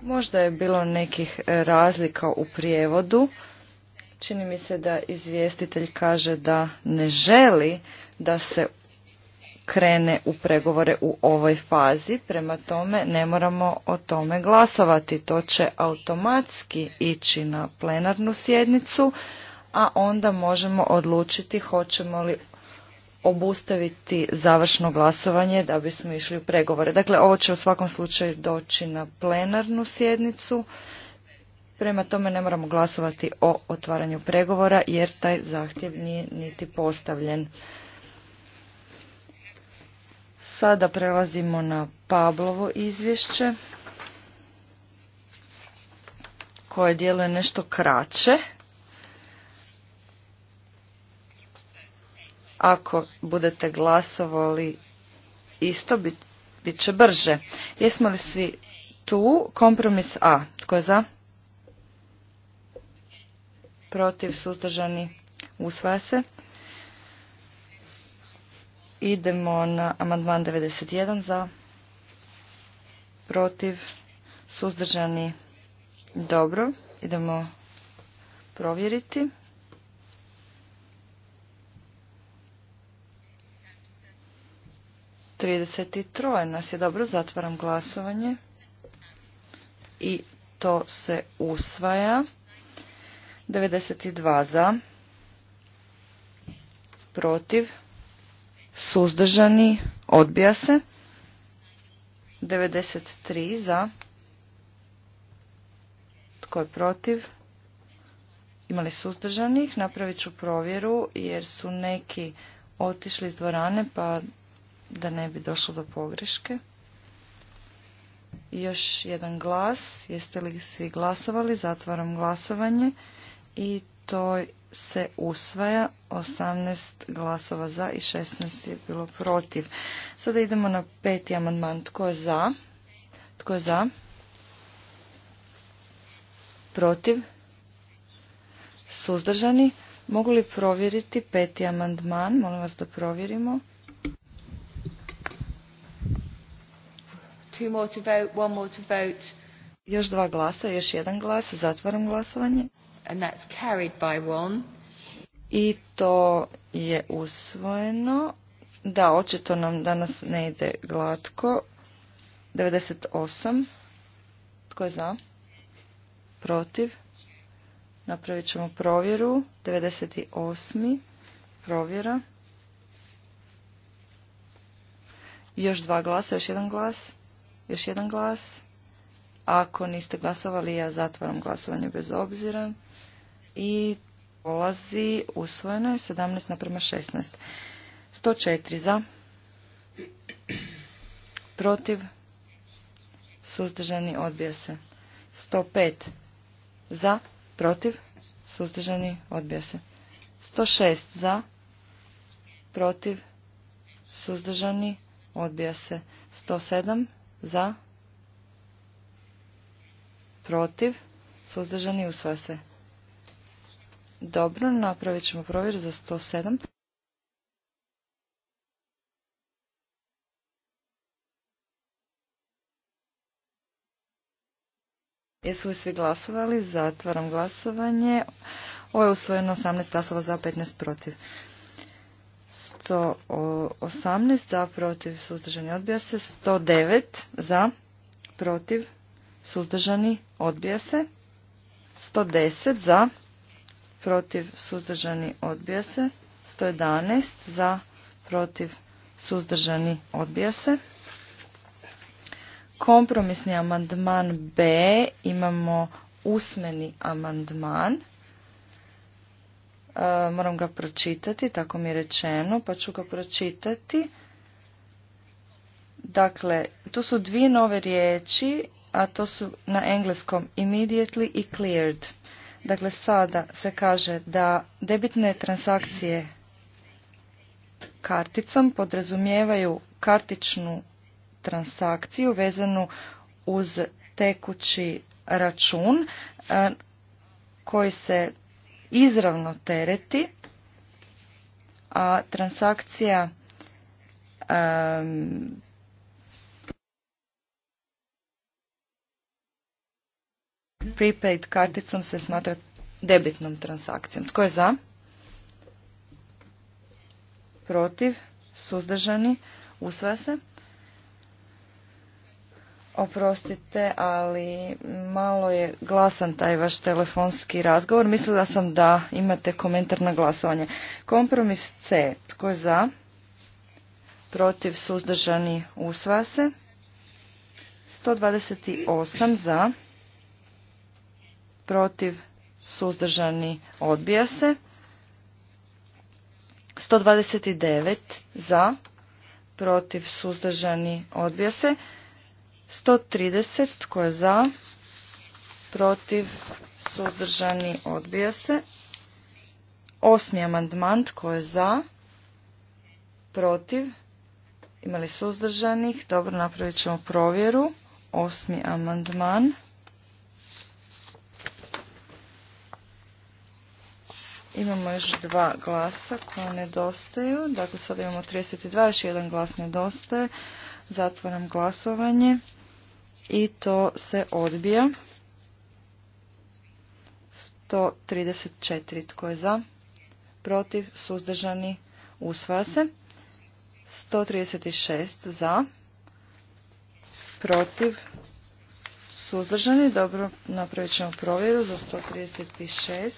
Možda je bilo nekih razlika u prijevodu. Čini mi se da izvjestitelj kaže da ne želi da se krene u pregovore u ovoj fazi, prema tome ne moramo o tome glasovati. To će automatski ići na plenarnu sjednicu, a onda možemo odlučiti hoćemo li obustaviti završno glasovanje da bismo išli u pregovore. Dakle, ovo će u svakom slučaju doći na plenarnu sjednicu. Prema tome ne moramo glasovati o otvaranju pregovora jer taj zahtjev nije niti postavljen. Sada prelazimo na Pablovo izvješće koje djeluje nešto kraće. Ako budete glasovali isto, bit, bit će brže. Jesmo li svi tu? Kompromis A. Tko je za? Protiv, suzdržani, usvaja se. Idemo na amandman 91 za protiv suzdržani dobro. Idemo provjeriti. Trideset troje nas je dobro, zatvaram glasovanje i to se usvaja. 92 za, protiv, suzdržani, odbija se. 93 za, tko je protiv, imali suzdržanih, napravit ću provjeru jer su neki otišli iz dvorane pa da ne bi došlo do pogreške. Još jedan glas, jeste li svi glasovali, zatvaram glasovanje i to se usvaja, 18 glasova za i 16 je bilo protiv. Sada idemo na peti amandman. Tko je za? Tko je za? Protiv? Suzdržani? Mogu li provjeriti peti amandman? Molim vas da provjerimo. Two Još dva glasa, još jedan glas. Zatvaram glasovanje and that's carried by one. I to je usvojeno. Da, očito nam danas ne ide glatko. 98. Tko je za? Protiv. Napravit ćemo provjeru. 98. Provjera. Još dva glasa, još jedan glas. Još jedan glas. Ako niste glasovali, ja zatvaram glasovanje bez obzira i dolazi usvojeno je 17 naprema 16. 104 za, protiv, suzdržani odbija se. 105 za, protiv, suzdržani odbija se. 106 za, protiv, suzdržani odbija se. 107 za, protiv, suzdržani usvoja se. Dobro, napravit ćemo provjer za 107. Jesu li svi glasovali? Zatvaram glasovanje. Ovo je usvojeno 18 glasova za, 15 protiv. 118 za, protiv, suzdržani, odbija se. 109 za, protiv, suzdržani, odbija se. 110 za, protiv, suzdržani, odbija se. 111 za, protiv, suzdržani, odbija se. Kompromisni amandman B imamo usmeni amandman. E, moram ga pročitati, tako mi je rečeno, pa ću ga pročitati. Dakle, tu su dvije nove riječi, a to su na engleskom immediately i cleared. Dakle, sada se kaže da debitne transakcije karticom podrazumijevaju kartičnu transakciju vezanu uz tekući račun e, koji se izravno tereti, a transakcija prepaid karticom se smatra debitnom transakcijom. Tko je za? Protiv? Suzdržani? Usvaja se? Oprostite, ali malo je glasan taj vaš telefonski razgovor. Mislila sam da imate komentar na glasovanje. Kompromis C. Tko je za? Protiv? Suzdržani? Usvaja se? 128 za protiv, suzdržani, odbija se. 129 za, protiv, suzdržani, odbija se. 130 koje za, protiv, suzdržani, odbija se. Osmi amandman tko je za, protiv, imali suzdržanih, dobro napravit ćemo provjeru. Osmi amandman. Imamo još dva glasa koja nedostaju. Dakle, sada imamo 32, još jedan glas nedostaje. Zatvaram glasovanje i to se odbija. 134. Tko je za? Protiv? Suzdržani? Usvaja se. 136. Za? Protiv? Suzdržani? Dobro, napravit ćemo provjeru za 136.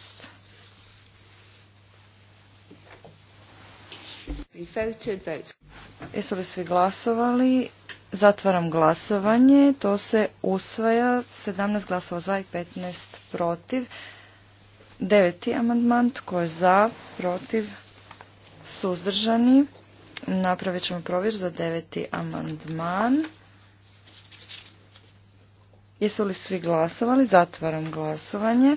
Jesu li svi glasovali? Zatvaram glasovanje. To se usvaja. 17 glasova za i 15 protiv. Deveti amandman. Tko je za? Protiv? Suzdržani? Napravit ćemo provjer za deveti amandman. Jesu li svi glasovali? Zatvaram glasovanje.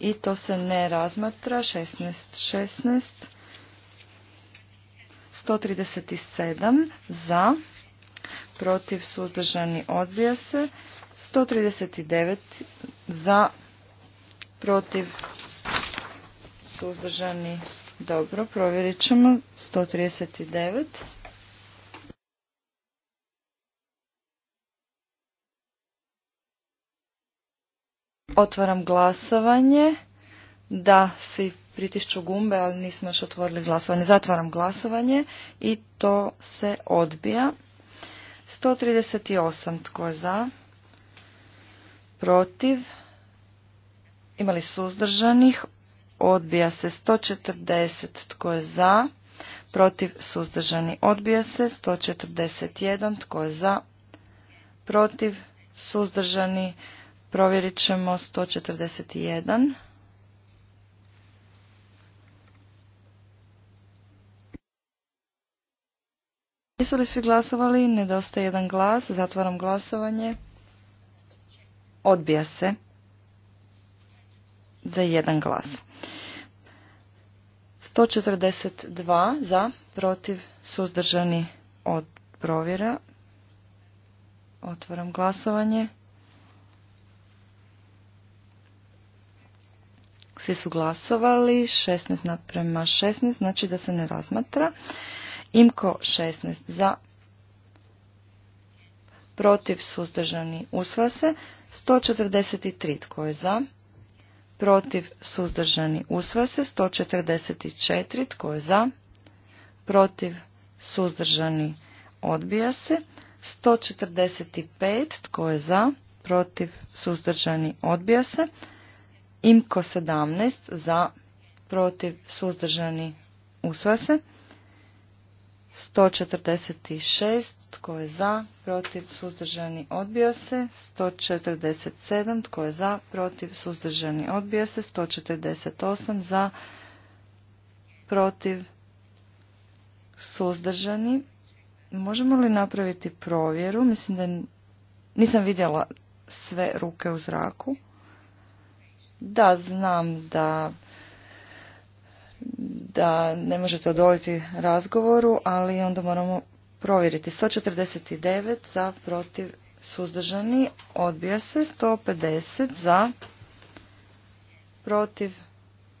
I to se ne razmatra. 16, 16. 137 za, protiv suzdržani odbija se. 139 za, protiv suzdržani dobro, provjerit ćemo 139. Otvaram glasovanje. Da, svi pritišću gumbe, ali nismo još otvorili glasovanje. Zatvaram glasovanje i to se odbija. 138. Tko je za? Protiv? Imali suzdržanih? Odbija se 140. Tko je za? Protiv suzdržani odbija se 141. Tko je za? Protiv suzdržani provjerit ćemo 141. Jesu li svi glasovali? Nedostaje jedan glas. Zatvaram glasovanje. Odbija se za jedan glas. 142 za, protiv, suzdržani od provjera. Otvaram glasovanje. Svi su glasovali, 16 naprema 16, znači da se ne razmatra. Imko 16 za, protiv suzdržani usva se. 143 tko je za, protiv suzdržani usva se. 144 tko je za, protiv suzdržani odbija se. 145 tko je za, protiv suzdržani odbija se. Imko 17 za, protiv suzdržani usva se. 146. Tko je za? Protiv? Suzdržani? odbio se. 147. Tko je za? Protiv? Suzdržani? odbio se. 148. Za? Protiv? Suzdržani? Možemo li napraviti provjeru? Mislim da nisam vidjela sve ruke u zraku. Da, znam da da ne možete odoljiti razgovoru, ali onda moramo provjeriti. 149 za protiv suzdržani, odbija se. 150 za protiv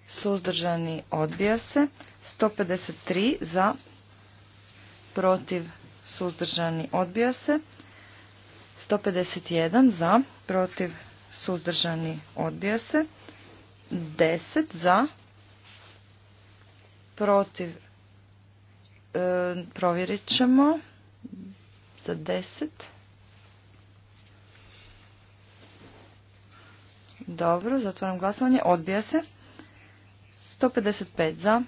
suzdržani, odbija se. 153 za protiv suzdržani, odbija se. 151 za protiv suzdržani, odbija se. 10 za protiv e, provjerit ćemo za 10 dobro zatvaram glasovanje odbija se 155 za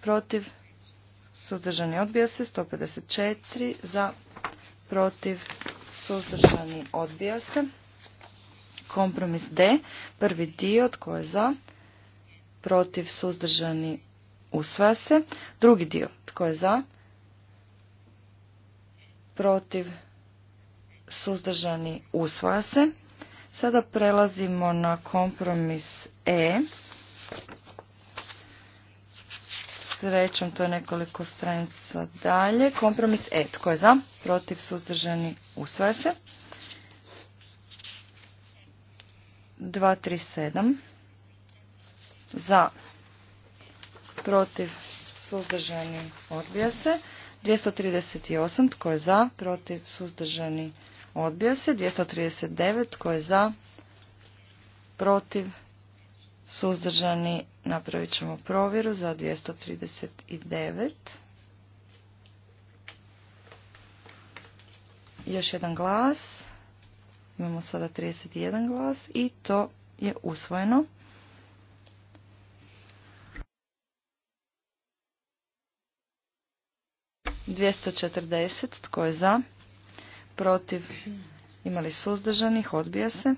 protiv suzdržani odbija se 154 za protiv suzdržani odbija se kompromis D prvi dio tko je za protiv suzdržani Usvaja se. Drugi dio. Tko je za? Protiv? Suzdržani? Usvaja se. Sada prelazimo na kompromis E. Srećom, to je nekoliko stranica dalje. Kompromis E. Tko je za? Protiv? Suzdržani? Usvaja se. 237. Za? protiv, suzdržani, odbija se. 238, tko je za, protiv, suzdržani, odbija se. 239, tko je za, protiv, suzdržani, napravit ćemo provjeru za 239. Još jedan glas. Imamo sada 31 glas i to je usvojeno. 240. Tko je za? Protiv? Imali suzdržanih? Odbija se.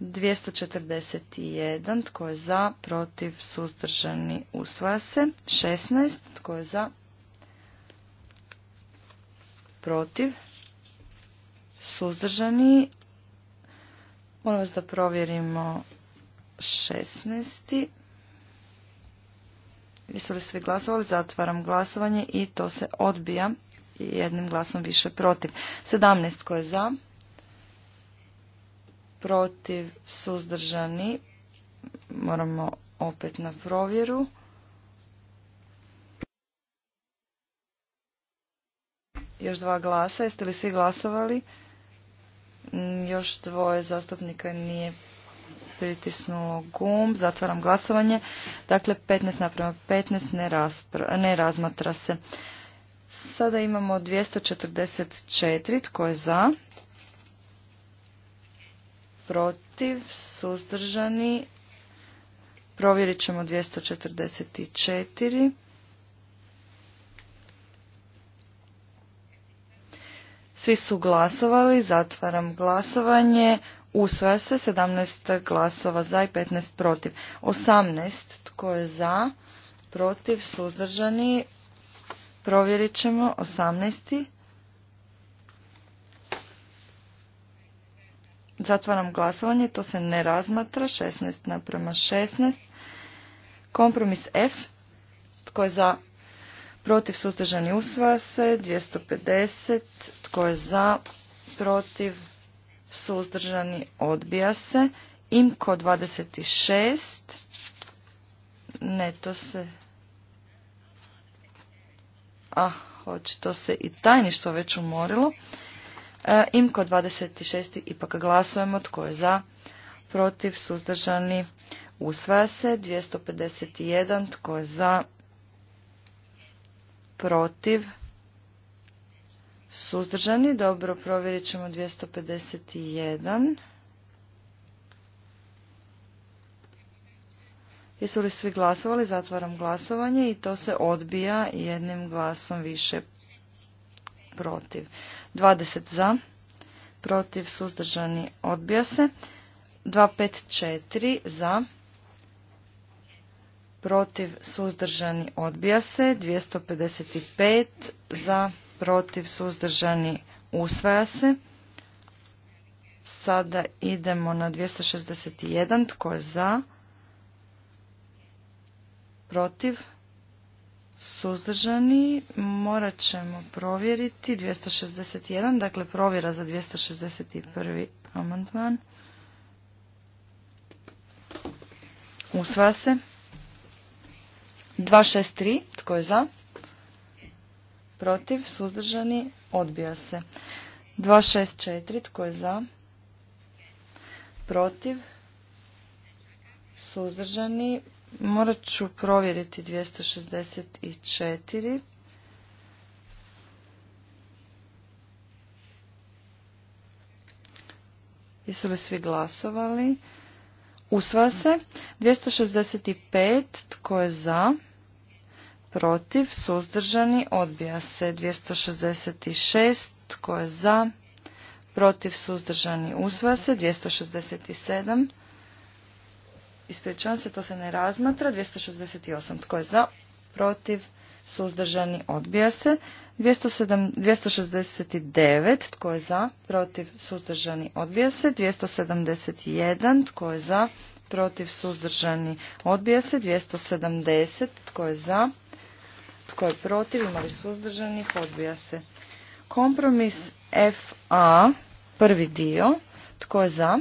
241. Tko je za? Protiv? Suzdržani? Usvaja se. 16. Tko je za? Protiv? Suzdržani? Molim vas da provjerimo 16. Jesu li svi glasovali? Zatvaram glasovanje i to se odbija jednim glasom više protiv. 17 ko je za, protiv suzdržani, moramo opet na provjeru. Još dva glasa, jeste li svi glasovali? Još dvoje zastupnika nije pritisnulo gumb. Zatvaram glasovanje. Dakle, 15 naprema 15 ne, ne razmatra se. Sada imamo 244. Tko je za? Protiv? Suzdržani? Provjerit ćemo 244. Svi su glasovali, zatvaram glasovanje, Usvaja se 17 glasova za i 15 protiv. 18 tko je za, protiv, suzdržani. Provjerit ćemo 18. Zatvaram glasovanje, to se ne razmatra. 16 naprema 16. Kompromis F. Tko je za, protiv, suzdržani, usvaja se. 250. Tko je za, protiv, suzdržani, odbija se. Imko 26, ne to se... Ah, To se i tajništvo već umorilo. E, Imko 26. ipak glasujemo tko je za, protiv, suzdržani, usvaja se. 251 tko je za, protiv, suzdržani. Dobro, provjerit ćemo 251. Jesu li svi glasovali? Zatvaram glasovanje i to se odbija jednim glasom više protiv. 20 za, protiv suzdržani odbija se. 254 za, protiv suzdržani odbija se. 255 za, protiv, suzdržani, usvaja se. Sada idemo na 261. Tko je za? Protiv? Suzdržani? Morat ćemo provjeriti. 261. Dakle, provjera za 261. amandman. Usvaja se. 263. Tko je za? protiv, suzdržani, odbija se. 264, tko je za, protiv, suzdržani, morat ću provjeriti 264. Jesu li svi glasovali? Usva se. 265. Tko je za? protiv, suzdržani, odbija se 266, tko je za, protiv, suzdržani, usvaja se 267, ispričavam se, to se ne razmatra, 268, tko je za, protiv, suzdržani, odbija se 269, tko je za, protiv, suzdržani, odbija se 271, tko je za, protiv, suzdržani, odbija se 270, tko je za, tko je protiv? Ima li suzdržanih? Odbija se. Kompromis FA, prvi dio. Tko je za?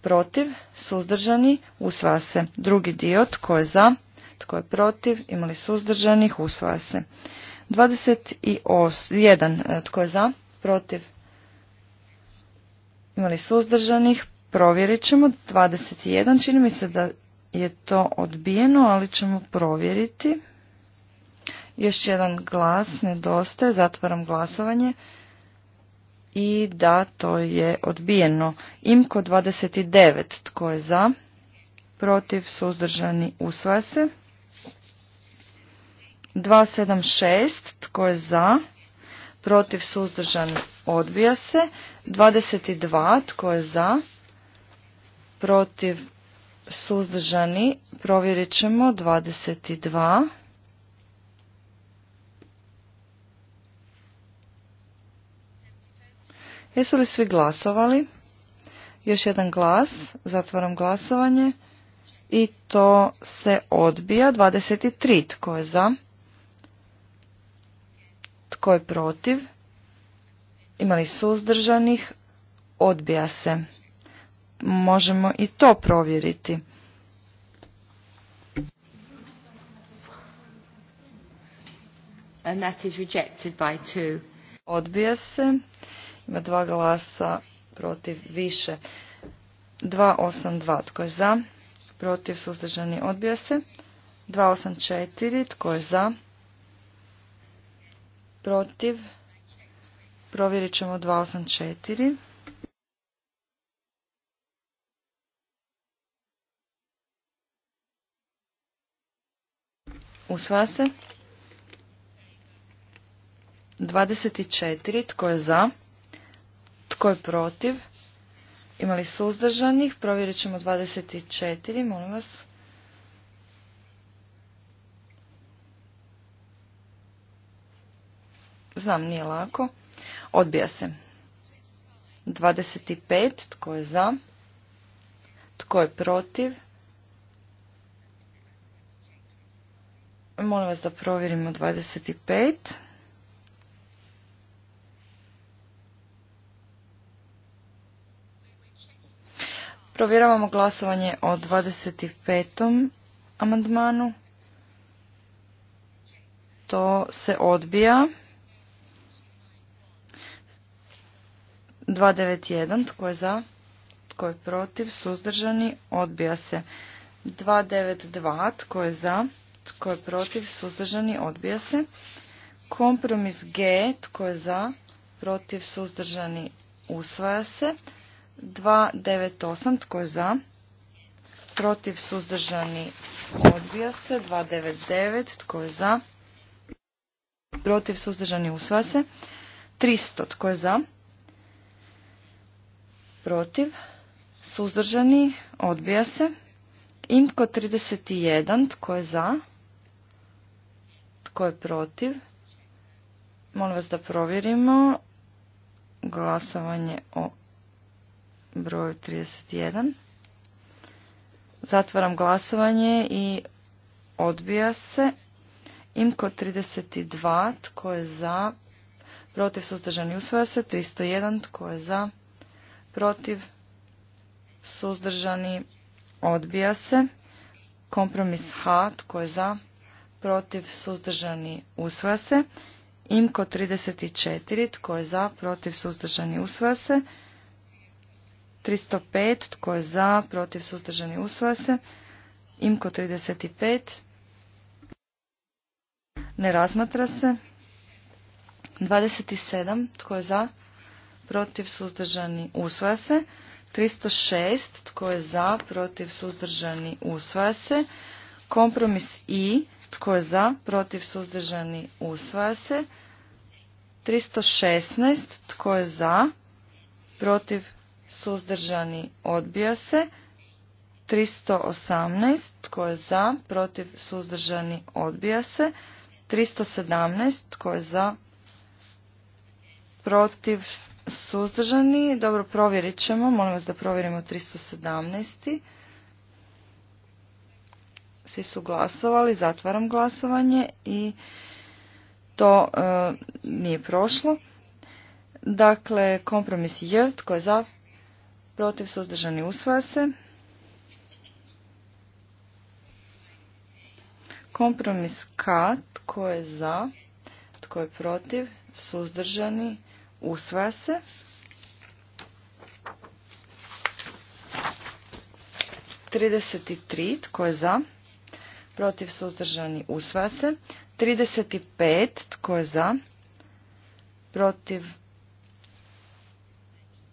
Protiv? Suzdržani? Usvaja se. Drugi dio. Tko je za? Tko je protiv? Ima li suzdržanih? Usvaja se. 21. Tko je za? Protiv? Ima li suzdržanih? Provjerit ćemo. 21. Čini mi se da je to odbijeno, ali ćemo provjeriti. Još jedan glas nedostaje, zatvaram glasovanje. I da, to je odbijeno. Imko 29, tko je za? Protiv, suzdržani, usvaja se. 276, tko je za? Protiv, suzdržani, odbija se. 22, tko je za? Protiv, suzdržani, provjerit ćemo. 22, Jesu li svi glasovali? Još jedan glas, zatvaram glasovanje i to se odbija. 23. Tko je za? Tko je protiv? Imali suzdržanih? Odbija se. Možemo i to provjeriti. And that Odbija se dva glasa protiv više. 282 tko je za, protiv suzdržani odbija se. 284 tko je za, protiv, provjerit ćemo 284. Usvaja se. 24. Tko je za? Tko je protiv? Imali suzdržanih? Provjerit ćemo 24, molim vas. Znam, nije lako. Odbija se. 25, tko je za? Tko je protiv? Molim vas da provjerimo 25. Provjeravamo glasovanje o 25. amandmanu. To se odbija. 291. Tko je za? Tko je protiv? Suzdržani? Odbija se. 292. Tko je za? Tko je protiv? Suzdržani? Odbija se. Kompromis G. Tko je za? Protiv? Suzdržani? Usvaja se. 298 tko je za protiv suzdržani odbija se 299 tko je za protiv suzdržani usvaja se 300 tko je za protiv suzdržani odbija se Imko 31 tko je za tko je protiv molim vas da provjerimo glasovanje o Broj 31. Zatvaram glasovanje i odbija se. Imko 32, tko je za, protiv suzdržani usvaja se. 301, tko je za, protiv suzdržani odbija se. Kompromis H, tko je za, protiv suzdržani usvaja se. Imko 34, tko je za, protiv suzdržani usvaja se. 305. Tko je za? Protiv? Suzdržani? Usvaja se. Imko 35. Ne razmatra se. 27. Tko je za? Protiv? Suzdržani? Usvaja se. 306. Tko je za? Protiv? Suzdržani? Usvaja se. Kompromis I. Tko je za? Protiv? Suzdržani? Usvaja se. 316. Tko je za? Protiv? suzdržani, odbija se. 318, tko je za, protiv, suzdržani, odbija se. 317, tko je za, protiv, suzdržani. Dobro, provjerit ćemo. Molim vas da provjerimo 317. Svi su glasovali. Zatvaram glasovanje i to e, nije prošlo. Dakle, kompromis je. Tko je za? protiv suzdržani usvaja se. Kompromis K, tko je za, tko je protiv, suzdržani, usvaja se. Trideset tri, tko je za, protiv, suzdržani, usvaja se. Trideset pet, tko je za, protiv,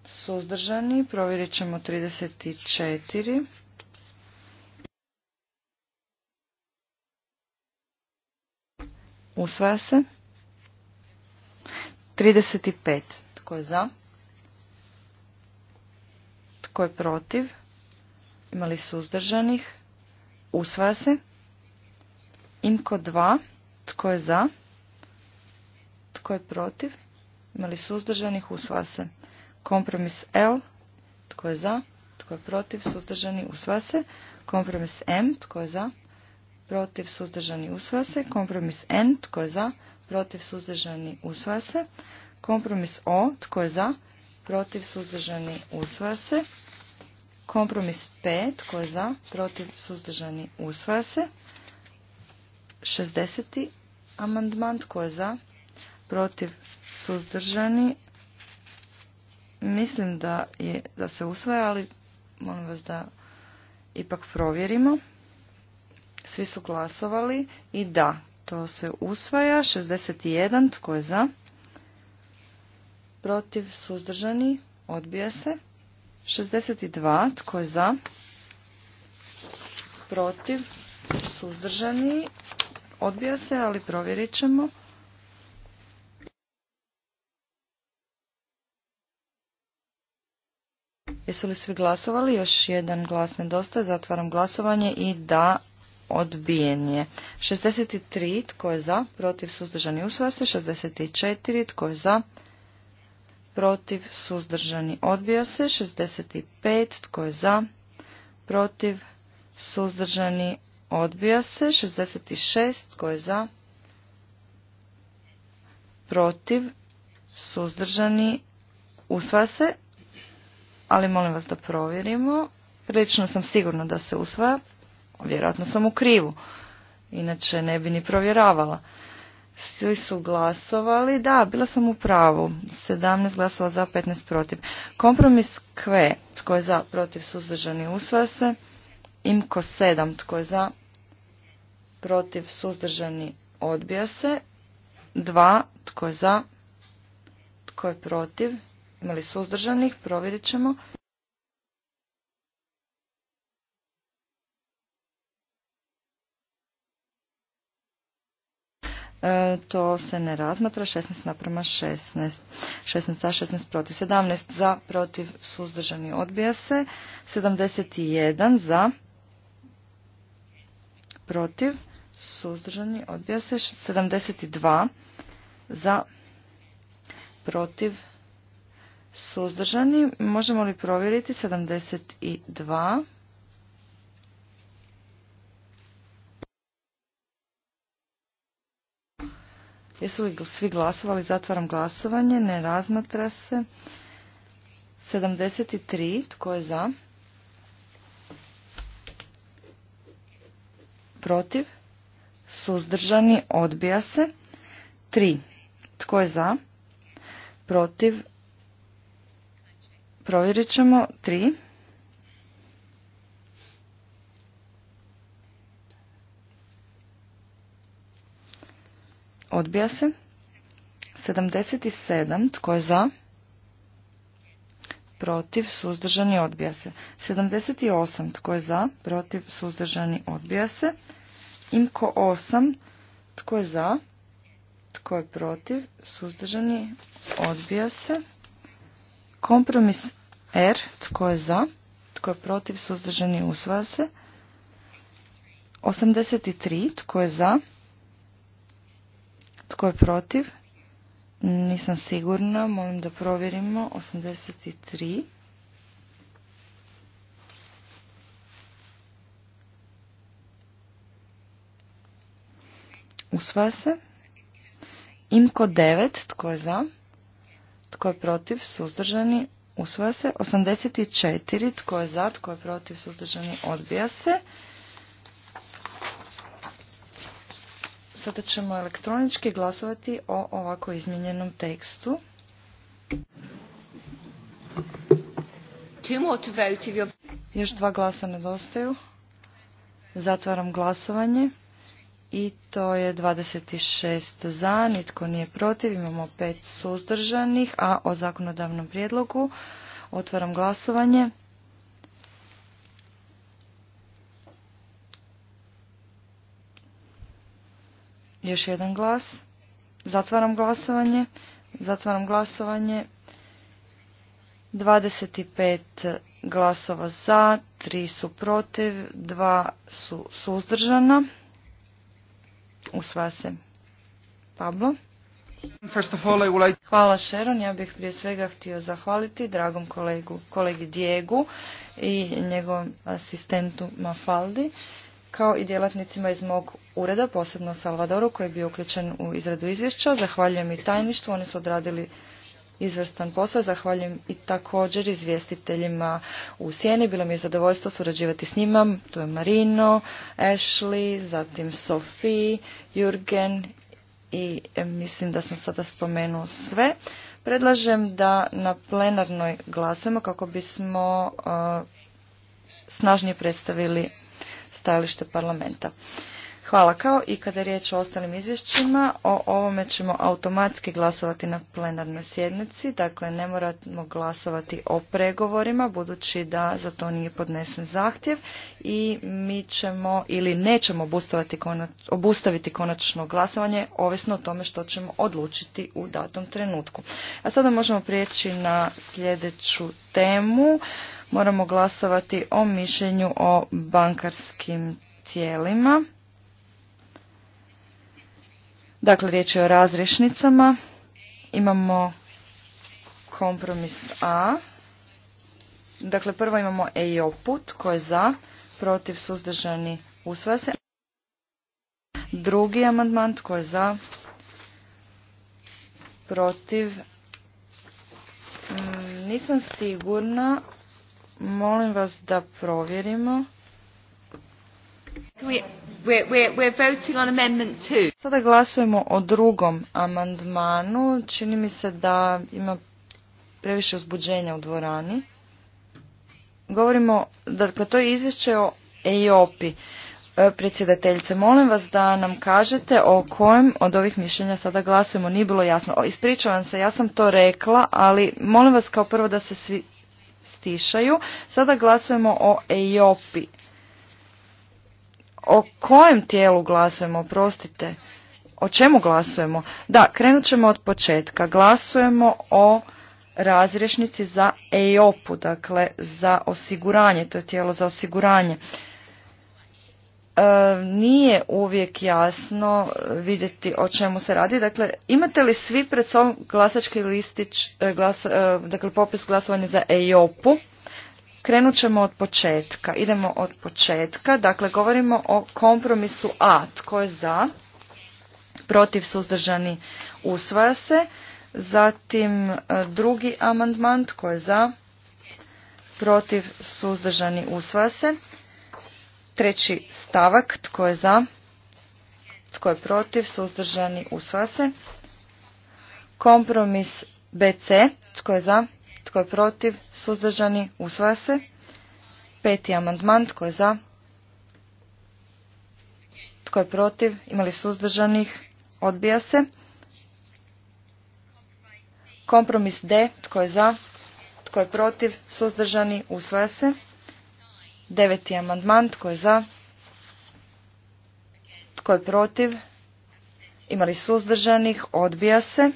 suzdržani, provjerit ćemo 34. Usvaja se. 35. Tko je za? Tko je protiv? Imali suzdržanih? Usvaja se. Imko 2. Tko je za? Tko je protiv? Imali suzdržanih? Usvaja se. Kompromis L. Tko je za? Tko je protiv? Suzdržani? Usva se. Kompromis M. Tko je za? Protiv? Suzdržani? Usva se. Kompromis N. Tko je za? Protiv? Suzdržani? Usva se. Kompromis O. Tko je za? Protiv? Suzdržani? Usva se. Kompromis P. Tko je za? Protiv? Suzdržani? Usva se. 60. amandman. Tko je za? Protiv? Suzdržani? Mislim da, je, da se usvaja, ali molim vas da ipak provjerimo. Svi su glasovali i da, to se usvaja. 61, tko je za? Protiv, suzdržani, odbija se. 62, tko je za? Protiv, suzdržani, odbija se, ali provjerit ćemo. Jesu li svi glasovali? Još jedan glas nedostaje. Zatvaram glasovanje i da odbijen je. 63. Tko je za? Protiv suzdržani usvaja se. 64. Tko je za? Protiv suzdržani odbija se. 65. Tko je za? Protiv suzdržani odbija se. 66. Tko je za? Protiv suzdržani usvaja se ali molim vas da provjerimo. Prilično sam sigurna da se usvaja, vjerojatno sam u krivu, inače ne bi ni provjeravala. Svi su glasovali, da, bila sam u pravu, 17 glasova za, 15 protiv. Kompromis kve, tko je za, protiv, suzdržani, usvaja se. Imko 7, tko je za, protiv, suzdržani, odbija se. 2, tko je za, tko je protiv, Imali suzdržanih? Provjerit ćemo. E, to se ne razmatra. 16 naprema 16. 16 za, 16 protiv. 17 za, protiv, suzdržani odbija se. 71 za, protiv, suzdržani odbija se. 72 za, protiv, suzdržani. Možemo li provjeriti 72? Jesu li svi glasovali? Zatvaram glasovanje. Ne razmatra se. 73. Tko je za? Protiv? Suzdržani? Odbija se. 3. Tko je za? Protiv? Provjerit ćemo. Tri. Odbija se. 77. Tko je za? Protiv. Suzdržani. Odbija se. 78. Tko je za? Protiv. Suzdržani. Odbija se. Imko 8. Tko je za? Tko je protiv? Suzdržani. Odbija se. Kompromis R, tko je za, tko je protiv, suzdržani, usvaja se. 83, tko je za, tko je protiv, nisam sigurna, molim da provjerimo, 83. Usvaja se. Imko 9, tko je za? Tko je protiv? Suzdržani? usvoja se. 84. Tko je za? Tko je protiv? Suzdržani? Odbija se. Sada ćemo elektronički glasovati o ovako izmijenjenom tekstu. Još dva glasa nedostaju. Zatvaram glasovanje i to je 26 za, nitko nije protiv, imamo 5 suzdržanih, a o zakonodavnom prijedlogu otvaram glasovanje. Još jedan glas. Zatvaram glasovanje. Zatvaram glasovanje. 25 glasova za, 3 su protiv, 2 su suzdržana. Usva se. Pablo? Hvala Sharon, ja bih prije svega htio zahvaliti dragom kolegu, kolegi Diegu i njegovom asistentu Mafaldi kao i djelatnicima iz mog ureda, posebno Salvadoru koji je bio uključen u izradu izvješća. Zahvaljujem i tajništvu, oni su odradili izvrstan posao. Zahvaljujem i također izvjestiteljima u Sjeni. Bilo mi je zadovoljstvo surađivati s njima. Tu je Marino, Ashley, zatim Sophie, Jurgen i e, mislim da sam sada spomenuo sve. Predlažem da na plenarnoj glasujemo kako bismo e, snažnije predstavili stajalište parlamenta. Hvala. Kao i kada je riječ o ostalim izvješćima, o ovome ćemo automatski glasovati na plenarnoj sjednici, dakle ne moramo glasovati o pregovorima, budući da za to nije podnesen zahtjev i mi ćemo ili nećemo obustaviti konačno glasovanje, ovisno o tome što ćemo odlučiti u datom trenutku. A sada možemo prijeći na sljedeću temu. Moramo glasovati o mišljenju o bankarskim tijelima. Dakle, riječ je o razrješnicama. Imamo kompromis A. Dakle, prvo imamo put koji je za, protiv, suzdržani, usvaja se. Drugi amandman, tko je za, protiv, mm, nisam sigurna, molim vas da provjerimo. Sada glasujemo o drugom amandmanu. Čini mi se da ima previše uzbuđenja u dvorani. Govorimo, dakle, to je izvješće o EIOPI. E, predsjedateljice, molim vas da nam kažete o kojem od ovih mišljenja sada glasujemo. Nije bilo jasno. ispričavam se, ja sam to rekla, ali molim vas kao prvo da se svi stišaju. Sada glasujemo o EIOPI. O kojem tijelu glasujemo, oprostite? O čemu glasujemo? Da, krenut ćemo od početka. Glasujemo o razrješnici za EOP-u, dakle za osiguranje, to je tijelo za osiguranje. E, nije uvijek jasno vidjeti o čemu se radi. Dakle, imate li svi pred sobom glasački listić, e, e, dakle popis glasovanja za EOP-u? Krenut ćemo od početka. Idemo od početka. Dakle, govorimo o kompromisu A. Tko je za? Protiv suzdržani usvaja se. Zatim e, drugi amandman. Tko je za? Protiv suzdržani usvaja se. Treći stavak. Tko je za? Tko je protiv? Suzdržani usvaja se. Kompromis BC. Tko je za? Tko je protiv? Suzdržani? Usvaja se. Peti amandman. Tko je za? Tko je protiv? Imali suzdržanih? Odbija se. Kompromis D. Tko je za? Tko je protiv? Suzdržani? Usvaja se. Deveti amandman. Tko je za? Tko je protiv? Imali suzdržanih? Odbija se.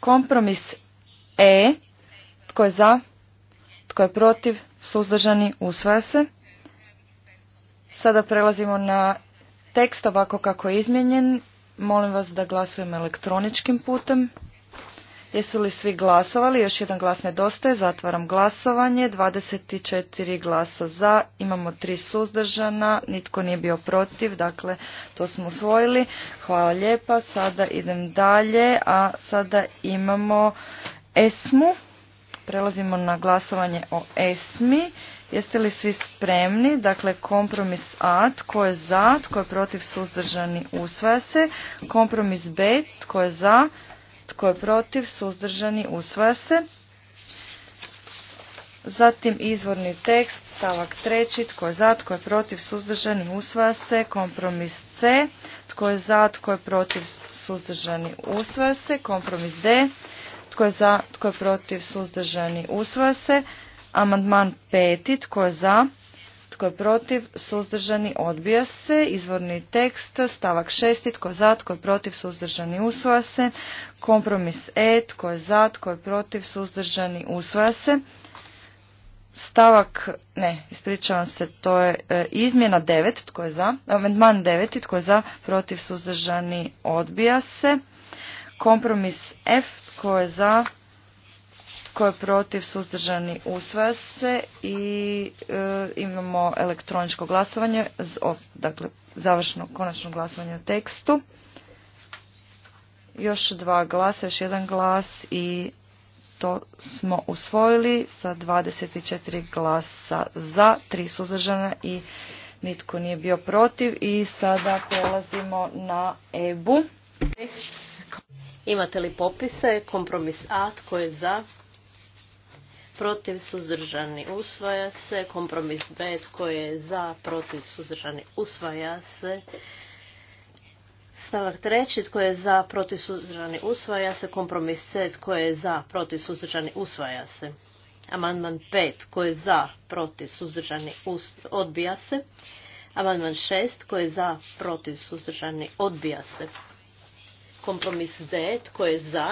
Kompromis E. Tko je za? Tko je protiv? Suzdržani? Usvaja se. Sada prelazimo na tekst ovako kako je izmijenjen. Molim vas da glasujemo elektroničkim putem. Jesu li svi glasovali? Još jedan glas nedostaje. Zatvaram glasovanje. 24 glasa za. Imamo tri suzdržana. Nitko nije bio protiv. Dakle, to smo usvojili. Hvala lijepa. Sada idem dalje. A sada imamo ESMU. Prelazimo na glasovanje o ESMI. Jeste li svi spremni? Dakle, kompromis A, tko je za, tko je protiv, suzdržani, usvaja se. Kompromis B, tko je za, tko je protiv? Suzdržani? Usvaja se. Zatim izvorni tekst, stavak treći, tko je za, tko je protiv, suzdržani, usvaja se, kompromis C, tko je za, tko je protiv, suzdržani, usvaja se, kompromis D, tko je za, tko je protiv, suzdržani, usvaja se, amandman peti, tko je za, tko je protiv? Suzdržani? Odbija se. Izvorni tekst, stavak šesti. Tko je za? Tko je protiv? Suzdržani? usvoja se. Kompromis E. Tko je za? Tko je protiv? Suzdržani? usvoja se. Stavak, ne, ispričavam se, to je e, izmjena devet, tko je za, amendman 9, tko je za, protiv, suzdržani, odbija se. Kompromis F, tko je za, tko je protiv? Suzdržani? Usvaja se. I e, imamo elektroničko glasovanje. dakle, završno konačno glasovanje o tekstu. Još dva glasa, još jedan glas i to smo usvojili sa 24 glasa za, tri suzdržana i nitko nije bio protiv. I sada prelazimo na EBU. Imate li popise? Kompromis A, tko je za? protiv, suzdržani, usvaja se. Kompromis B, tko je za, protiv, suzdržani, usvaja se. Stavak treći, tko je za, protiv, suzdržani, usvaja se. Kompromis C, tko je za, protiv, suzdržani, usvaja se. Amandman 5, tko je za, protiv, suzdržani, odbija se. Amandman 6, tko je za, protiv, suzdržani, odbija se. Kompromis D, tko je za,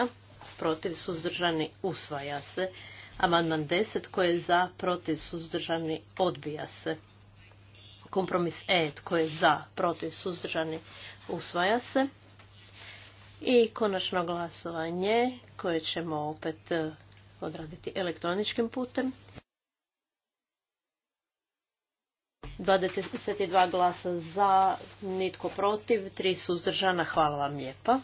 protiv, suzdržani, usvaja se. Amandman 10 tko je za, protiv, suzdržani, odbija se. Kompromis E tko je za, protiv, suzdržani, usvaja se. I konačno glasovanje koje ćemo opet e, odraditi elektroničkim putem. 22 glasa za, nitko protiv, 3 suzdržana. Hvala vam lijepa.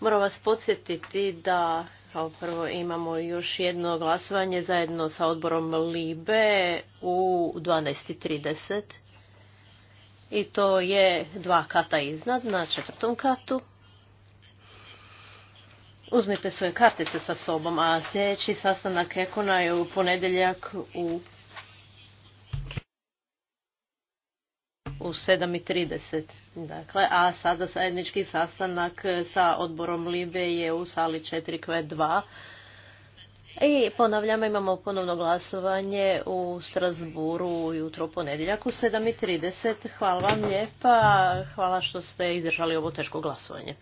Moram vas podsjetiti da kao prvo imamo još jedno glasovanje zajedno sa odborom LIBE u 12.30. I to je dva kata iznad na četvrtom katu. Uzmite svoje kartice sa sobom, a sljedeći sastanak Ekona je u ponedjeljak u u 7.30. Dakle, a sada zajednički sastanak sa odborom Libe je u sali 4Q2. I ponavljamo, imamo ponovno glasovanje u Strasburu jutro ponedjeljak u 7.30. Hvala vam lijepa, hvala što ste izdržali ovo teško glasovanje.